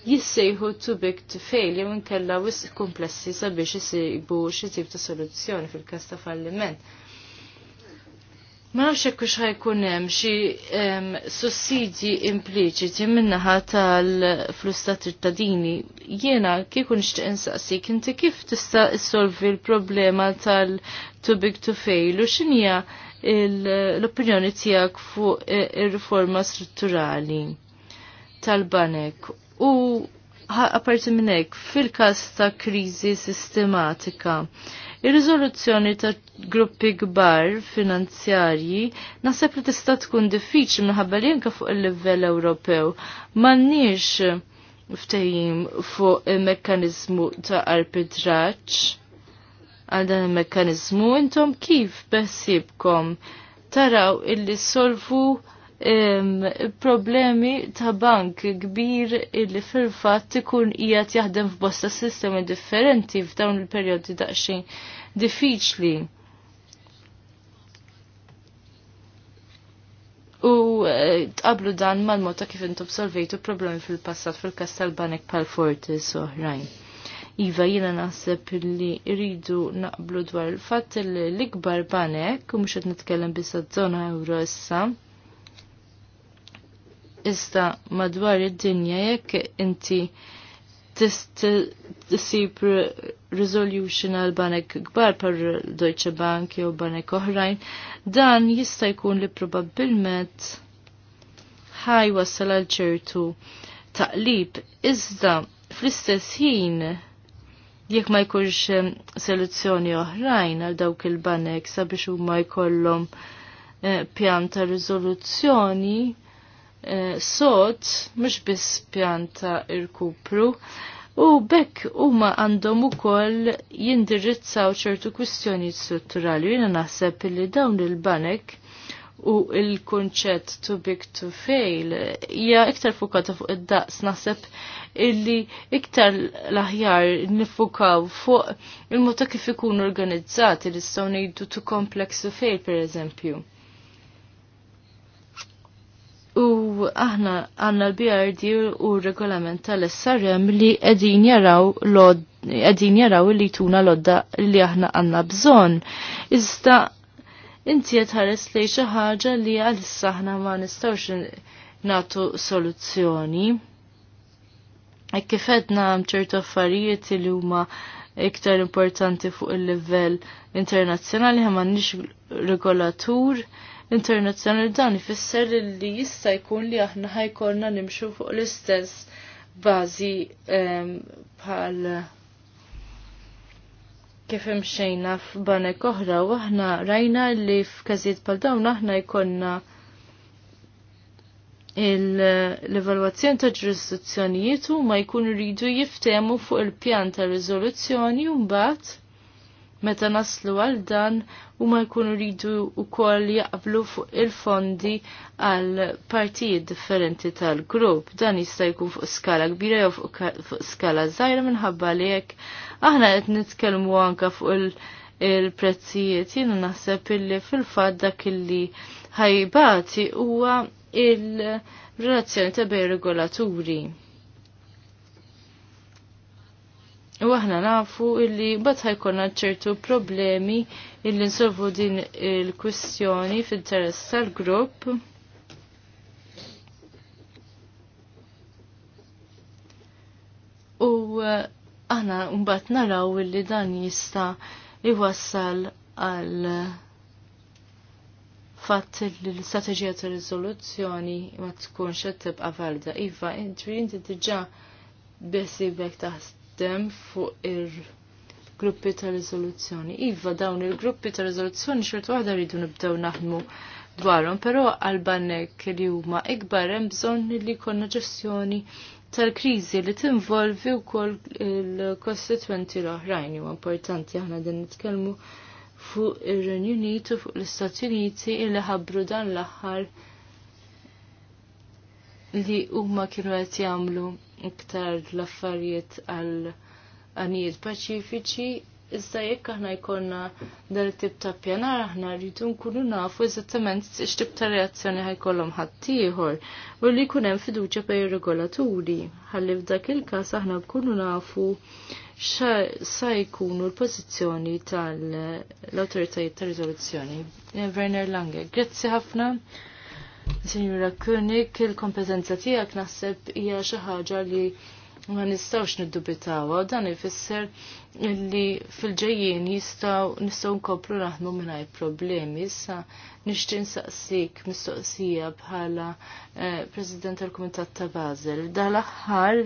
jissejħu too big to fail jew inkella wisq komplessi sabiex isibu xi tip ta' soluzzjoni fil-każ ta' falliment. Ma nafx hekk hux ħajkun hemm xi sussidji impliċiti min-naħa tal-flus ta' ċittadini. Jiena kieku nixtieq insaqsik inti kif tista' issolvi l-problema tal-too big to fail u x'inhija l-opinjoni tiegħek fuq eh, ir-riforma strutturali tal-banek. U apparti minn hekk fil-każ ta' kriżi sistematika Ir-riżoluzzjoni ta' gruppi kbar finanzjarji naħseb li tista' tkun diffiċli minħabba li anke fuq il-livell Ewropew m'għandniex ftehim fuq il-mekkaniżmu ta' arbitraġġ għal dan il-mekkaniżmu intom kif beħsibkom taraw illi solvu problemi ta' bank kbir illi fil-fatt ikun ijat jaħdem f'bosta sistemi differenti f'dawn il-perjodi daqsxejn diffiċli. U eh, tqablu dan mal mota kif intom solvejtu problemi fil-passat fil-kas tal-Banek pal-Fortis oħrajn. Iva jina naħseb li rridu naqblu dwar il-fatt l-ikbar banek, u mux nitkellem bisa zona euro issa, Iżda madwar id-dinja jekk inti tisib resolution għal banek gbar par Deutsche Bank jew banek oħrajn, dan jista' jkun li probabbilment ħaj wassal għal ċertu taqlib. Iżda fl-istess ħin jekk ma jkunx soluzzjoni oħrajn għal dawk il-banek sabiex huma jkollhom eh, pjan ta' Eh, sod mhux bis pjanta irkupru. U bekk huma għandhom ukoll jindirizzaw ċertu kwistjoni strutturali. Jiena naħseb li dawn il-banek u il-konċett to big to fail hija iktar fukata fuq id-daqs naħseb illi iktar l-aħjar nifukaw fuq il-mod kif ikun organizzati li stgħu ngħidu to complex to fail pereżempju. U aħna għanna l-BRD u regolament tal-SRM li edin jaraw l-od għedin jaraw li tuna lodda li aħna għanna bżon. Iżda inti jitħares li xaħġa li għalissa aħna ma nistawx natu soluzzjoni. E kifedna mċertu affarijiet li huma iktar importanti fuq il level internazzjonali ħamma nix regolatur internazzjonali dan ifisser li jista' jkun li aħna ħajkolna nimxu fuq l-istess bażi ehm, bħal kif imxejna f'banek oħra u aħna rajna li f'każijiet bħal dawn aħna jkollna l-evalwazzjoni ta' ġurisdizzjonijiet huma jkunu jridu jiftemu fuq il-pjan ta' riżoluzzjoni u mbagħad meta naslu għal dan u ma jkunu rridu u koll jaqblu fuq il-fondi għal partijiet differenti tal-grupp. Dan jista' jkun fuq skala kbira jew fuq skala żgħira minħabba li jekk aħna qed nitkellmu anke fuq il-prezzijiet jiena naħseb illi fil-fatt dak illi ħajbati huwa il-relazzjoni ta' bejn regolaturi. U aħna nafu illi bat ħajkonna ċertu problemi illi nsolvu din il-kwistjoni fil-teress tal-grupp. U eh, aħna mbagħad naraw illi dan jista' iwassal għal fatt l-istrateġija ta' riżoluzzjoni ma tkunx qed tibqa' valda. Iva, intri inti diġà besibek taħs jaħdem fuq il-gruppi ta' rizoluzzjoni. Iva dawn il-gruppi ta' rizoluzzjoni xertu waħda rridu nibdew naħdmu dwarhom, però għalbanek li huma ikbar hemm bżonn li jkollna ġestjoni tal-kriżi li tinvolvi wkoll il-kostituenti l-oħrajn huwa importanti aħna din nitkellmu fuq ir-Renju Unit u fuq l-Istati Uniti illi ħabbru dan l-aħħar li huma kienu qed jagħmlu iktar l-affarijiet għal għanijiet paċifiċi Iżda jekk aħna jkollna dal tip ta' pjanar aħna rridu nkunu nafu eżattament x'tip ta' reazzjoni ħajkollhom ħaddieħor u li jkun hemm fiduċja bejn ir-regolaturi. Ħalli f'dak il-każ aħna nkunu nafu sa jkunu l-pożizzjoni tal-awtoritajiet ta' riżoluzzjoni. Eh, Werner Lange, grazzi ħafna. Signora Kunik, il-kompetenza tiegħek naħseb hija xi ħaġa li ma nistawx niddubitawa, dan ifisser li fil ġejjin jistaw nistaw nkomplu naħdmu mingħajr problemi. Issa nixtieq nsaqsik mistoqsija bħala eh, President tal-Kumitat ta' Basel. Dan l-aħħar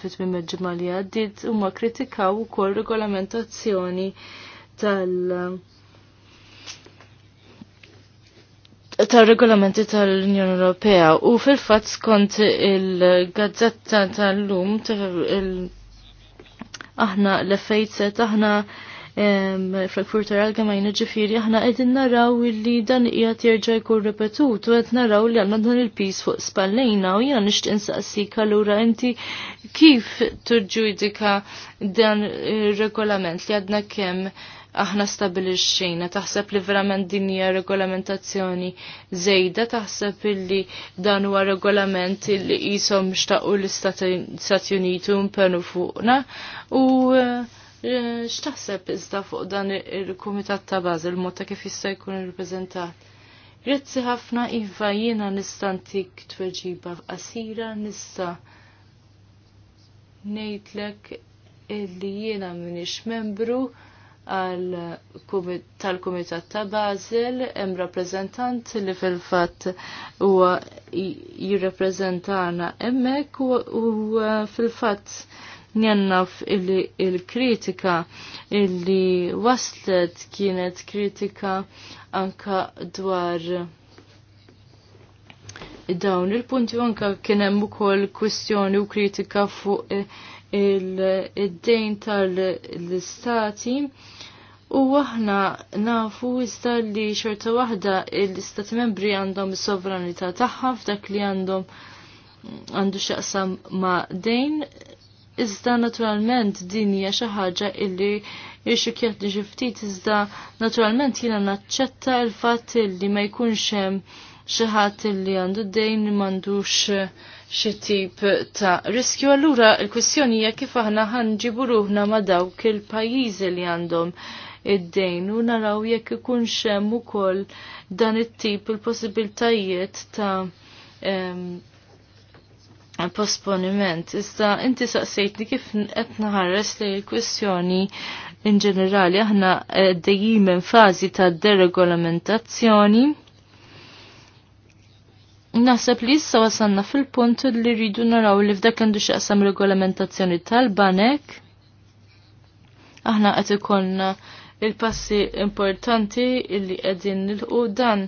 fit-tmiem ġimgħa li għaddiet huma kritikaw ukoll regolamentazzjoni tal- tal-regolamenti tal-Unjoni Ewropea u fil-fatt skont il-gazzetta tal-lum aħna l-effejt aħna Frankfurter furter Algemajna ġifiri aħna qegħdin naraw li dan qiegħed jerġa' jkun repetut u qed naraw li għandna dan il-pis fuq spallejna u jiena nixtieq insaqsik allura inti kif turġudika dan ir-regolament li għadna kemm aħna stabilixxejna, taħseb li verament din hija regolamentazzjoni żejda, taħseb illi dan huwa regolament li qishom xtaqu l-Istati Uniti mpenu fuqna u eh, x'taħseb iżda fuq dan il-Kumitat ta' baż il-mod ta' kif jista' jkun irrappreżentat. Grazzi ħafna iva jiena nistantik tweġiba f'qasira nista' ngħidlek illi jiena minix membru tal-Kumitat ta' Basel hemm rappreżentant li fil-fatt huwa jirrappreżentana hemmhekk u uh, fil-fatt njennaf il-kritika illi waslet kienet kritika anka dwar dawn il-punti anka kien hemm ukoll kwistjoni u kritika fuq eh, il-dejn tal-istati u aħna nafu iżda li xorta waħda l-istati membri għandhom sovranità tagħha f'dak li għandhom għandu xaqsam ma' dejn iżda naturalment din hija xi ħaġa illi jixxukjat li ġiftit iżda naturalment jiena naċċetta l-fatt li ma jkunx hemm xi ħadd li għandu dejn m'għandux xi tip ta' riskju. Allura l-kwistjoni hija kif aħna ħanġibu ruħna ma' dawk il-pajjiżi li għandhom id-dejn u naraw jekk ikun xem ukoll dan it-tip il-possibiltajiet ta' posponiment. Iżda inti saqsejtni kif qed naħares li l kwestjoni in ġenerali aħna eh, dejjim fażi ta' deregolamentazzjoni Naħseb li issa wasanna fil-punt li rridu naraw li f'dak għandu xaqsam regolamentazzjoni tal-banek. Aħna qed ikonna il-passi importanti illi qegħdin nilqu dan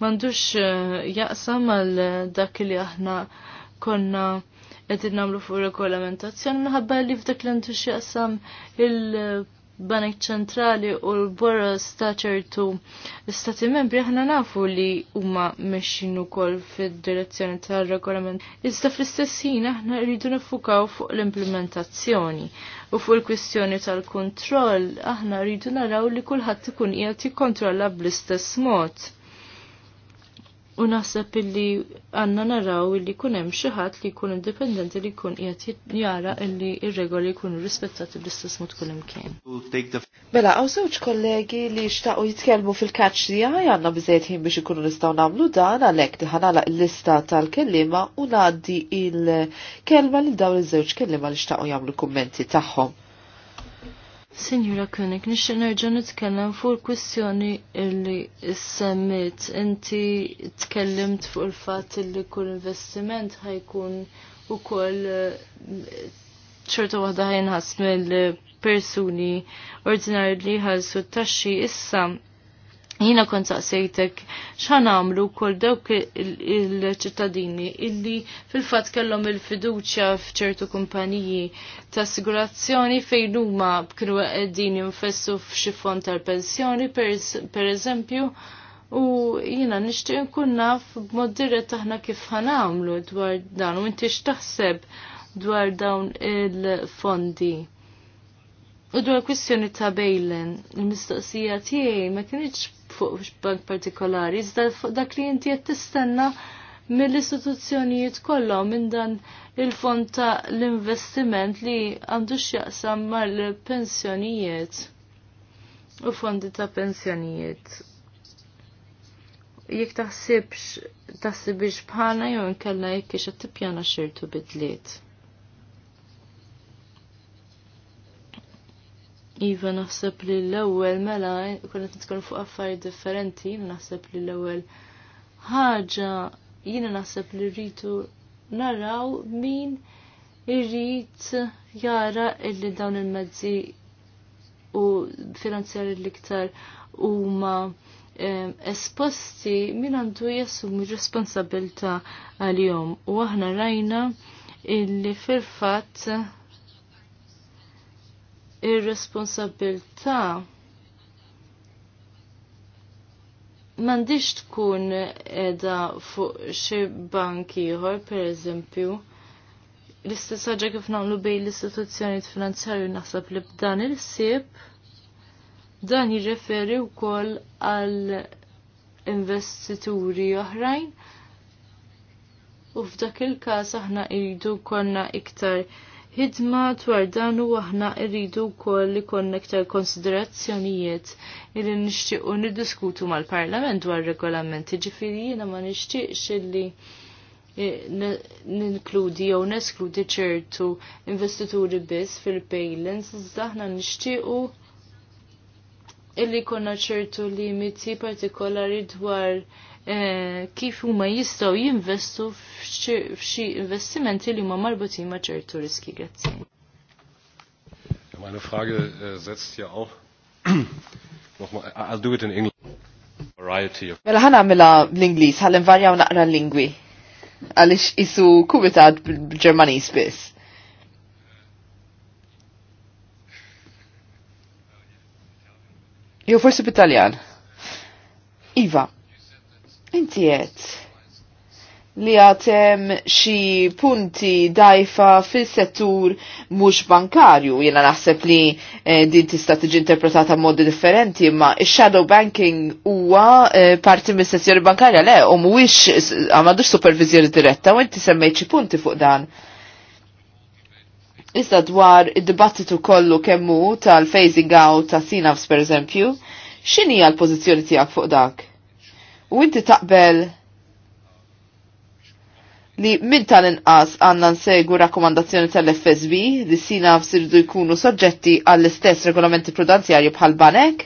m'għandux eh, jaqsam għal dak li aħna konna qegħdin nagħmlu fuq regolamentazzjoni minħabba li f'dak li għandu xaqsam il- banek ċentrali u l borra ta' ċertu stati membri ħna nafu li huma mexxin ukoll fid-direzzjoni tal-regolament. Iżda fl-istess ħin aħna rridu nifukaw fuq l-implementazzjoni u fuq il-kwistjoni tal-kontroll aħna rridu naraw li kulħadd ikun qiegħed jikkontrolla bl-istess mod. U naħseb illi għanna naraw illi kun hemm xi ħadd li jkun indipendenti li jkun qiegħed jara illi ir-regoli jkunu rispettati bl-istess mod kull imkien. Mela hawn żewġ kollegi li xtaqgħu jitkellmu fil-kaċċ li għaj għandna bżejjed ħin biex ikunu nistgħu nagħmlu dan għalhekk ħanala l-lista tal-kellima u ngħaddi il-kelma lil dawn iż-żewġ kellima li xtaqgħu jagħmlu kummenti tagħhom. Signora Koenig, nixtieq nerġa' nitkellem fuq il-kwistjoni li semmit. Inti tkellimt fuq il-fatt li kull investiment ħajkun ukoll ċerta eh, waħda ħajnħas mill-persuni ordinarji li ħalsu t-taxxi issa Jina kon saqsejtek xan għamlu kol dawk il-ċittadini illi fil-fat kellhom il-fiduċja f'ċertu kumpaniji ta' assigurazzjoni fejn huma kienu qegħdin jinfessu f'xi fond tal-pensjoni per eżempju u jina nixtieq nkun naf b'mod dirett aħna kif għamlu dwar dan u inti x'taħseb dwar dawn il-fondi. U dwar kwistjoni ta' bejlen, il-mistoqsija tiegħi ma kienx fuq bank partikolari, iżda fuq dak li inti qed tistenna mill-istituzzjonijiet kollha minn dan il-fond ta' l-investiment li għandu x'jaqsam mal-pensjonijiet u fondi ta' pensjonijiet. Jek taħsibx taħsibx bħalna jew nkella jekk ix tippjana xirtu bidliet. Iva naħseb li l-ewwel mela konna nitkellmu fuq affarijiet differenti, naħseb li l-ewwel ħaġa jiena naħseb li rritu naraw min irrid jara illi dawn il-mezzi u finanzjari l-iktar huma ehm, esposti min għandu jassumi responsabilta għal-jom u aħna rajna illi fil-fatt ir-responsabilità mandiġ tkun edha fuq xi bank ieħor pereżempju. L-istess ħaġa kif nagħmlu bejn l-istituzzjonijiet finanzjarju naħseb li b'dan il-sieb dan jirreferi wkoll għal investituri oħrajn u f'dak il-każ aħna jridu konna iktar ħidma dwar dan u aħna rridu wkoll li konna iktar konsiderazzjonijiet illi nixtiequ niddiskutu mal-Parlament dwar regolamenti. Ġifieri jiena ma nixtieqx illi eh, ninkludi jew neskludi ċertu investituri biss fil-bailins, iżda aħna nixtiequ illi konna ċertu limiti partikolari dwar Eh, kif huma jistgħu jinvestu f'xi investimenti li huma marbutin ma' ċertu riski. Grazzi. Meine Frage äh, setzt ja auch nochmal, I'll do it in English. Variety of. Mela ħana għamela l-Inglis, ħallin varjaw naqra l-lingwi. Għalix jissu kubitat bil germani spess. Jo forse b'Italjan. Iva, Inti qed li għatem xi punti dajfa fil-settur mhux bankarju. Jiena naħseb li eh, din tista' tiġi interpretata modi differenti, imma il shadow banking huwa eh, parti mis-sessjoni bankarja le u mhuwiex għamadux supervizjoni diretta u inti semmejt xi punti fuq dan. Issa dwar id-dibattitu kollu kemmu tal-phasing out ta' sinafs, per eżempju, xini l-pożizzjoni tiegħek fuq dak? U inti taqbel li min tal-inqas għanna nsegu rakkomandazzjoni tal-FSB li sina f'sirdu jkunu soġġetti għall-istess regolamenti prudenzjarji bħal banek?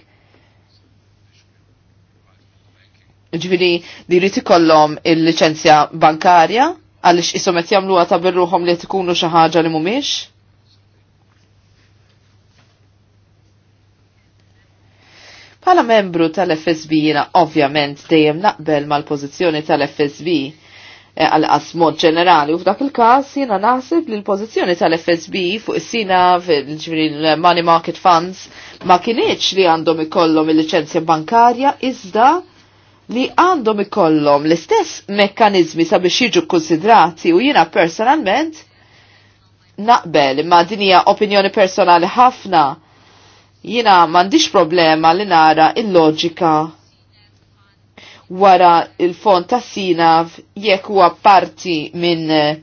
Ġviri li rrit ikollhom il-licenzja bankarja għaliex isomet jagħmluha għata birruhom li tkunu xi ħaġa li mhumiex? Pala membru tal-FSB jina ovvjament dejjem naqbel mal-pozizjoni tal-FSB eh, għal qasmod ġenerali u f'dak il-każ jiena naħseb li l-pożizzjoni tal-FSB fuq is-sina ġifieri l-money market funds ma kienieċ li għandhom ikollhom il-liċenzja bankarja iżda li għandhom ikollhom l-istess mekkanizmi sabiex jiġu konsidrati u jiena personalment naqbel imma din hija opinjoni personali ħafna Jina mandiċ problema li nara il-loġika wara il fond ta' Sinav jekk huwa parti minn eh,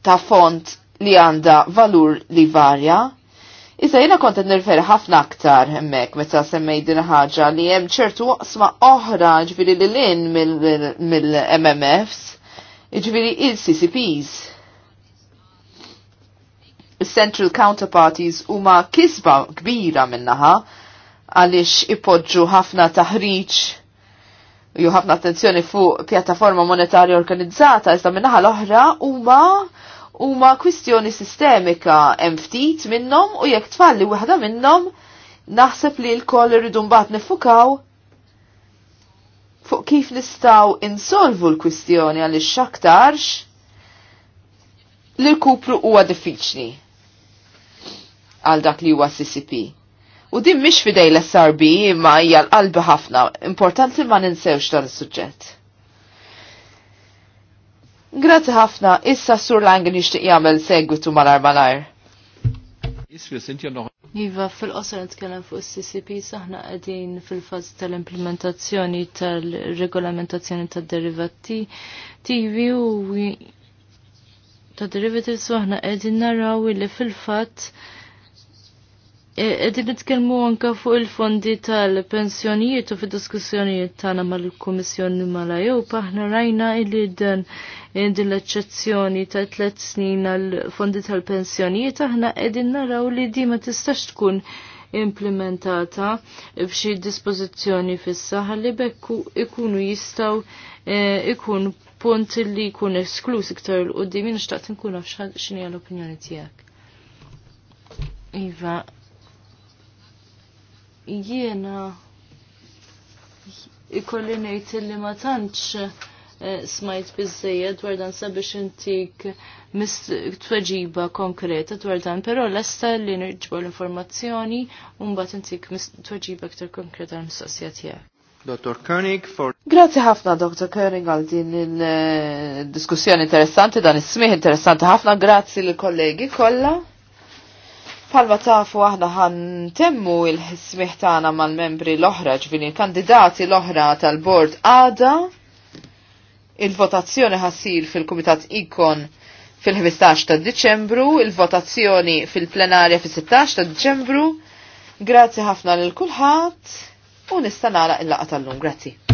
ta' font li għanda valur li varja. Iżda jina kont nirferi ħafna aktar hemmhekk meta semmej din ħaġa li hemm ċertu waqsma oħra ġifieri li lin mill-MMFs, mil ġifieri il-CCPs central counterparties huma kisba kbira minnaħa għaliex ipoġġu ħafna taħriġ ju ħafna attenzjoni fuq pjattaforma monetarja organizzata iżda minnaħa l-oħra huma huma kwistjoni sistemika hemm ftit minnhom u jekk tfalli waħda minnhom naħseb li l-koll irridu mbagħad nifukaw fuq kif nistaw insolvu l-kwistjoni għal xaktarx li l-kupru huwa diffiċli għal dak li huwa CCP. U din mhix fidej l-SRB imma hija l-qalbi ħafna, importanti ma ninsewx dan is-suġġett. Grazzi ħafna, issa Sur lang nixtieq jagħmel segwitu mal arbalajr Iva, fil qosor nitkellem fuq is-CCP saħna qegħdin fil-fażi tal-implementazzjoni tal-regolamentazzjoni tad-derivati TV u ta' derivatives waħna aħna qegħdin naraw li fil-fatt Edin nitkellmu anka fuq il-fondi tal-pensjonijiet u fid-diskussjonijiet tagħna mal-Kummissjoni mal-Ejopa aħna rajna illi dan eh, din l-eċċezzjoni ta' tliet snin għall-fondi tal-pensjonijiet aħna qegħdin naraw li di ma tistax tkun implementata b'xi dispożizzjoni fissa ħalli bekku ikunu jistaw eh, ikun punt li jkun esklus iktar l-qoddim, xtaqt nkun għaf xinija l-opinjoni tijak. Iva, jiena ikolli nejt li ma tantx eh, smajt bizzejed dwar dan sabiex intik tweġiba konkreta dwar dan, però lesta li nirġbu l-informazzjoni u mbagħad intik tweġiba aktar konkreta l mistoqsijat tiegħek. Dr. Koenig for... Grazie ħafna, Dr. Koenig, għal din il-diskussjoni eh, interessanti, dan is-smih interessanti ħafna, grazzi l-kollegi kollha. Palma tafu aħna ħan temmu il-smiħ tagħna mal-membri l-oħra ġvini il-kandidati l-oħra tal-bord għada il-votazzjoni ħassir fil-Kumitat Ikon fil-15 ta' Diċembru, il-votazzjoni fil-plenarja fil-16 ta' Diċembru. Grazzi ħafna lil kulħadd u nistanara il-laqa tal-lum. Grazzi.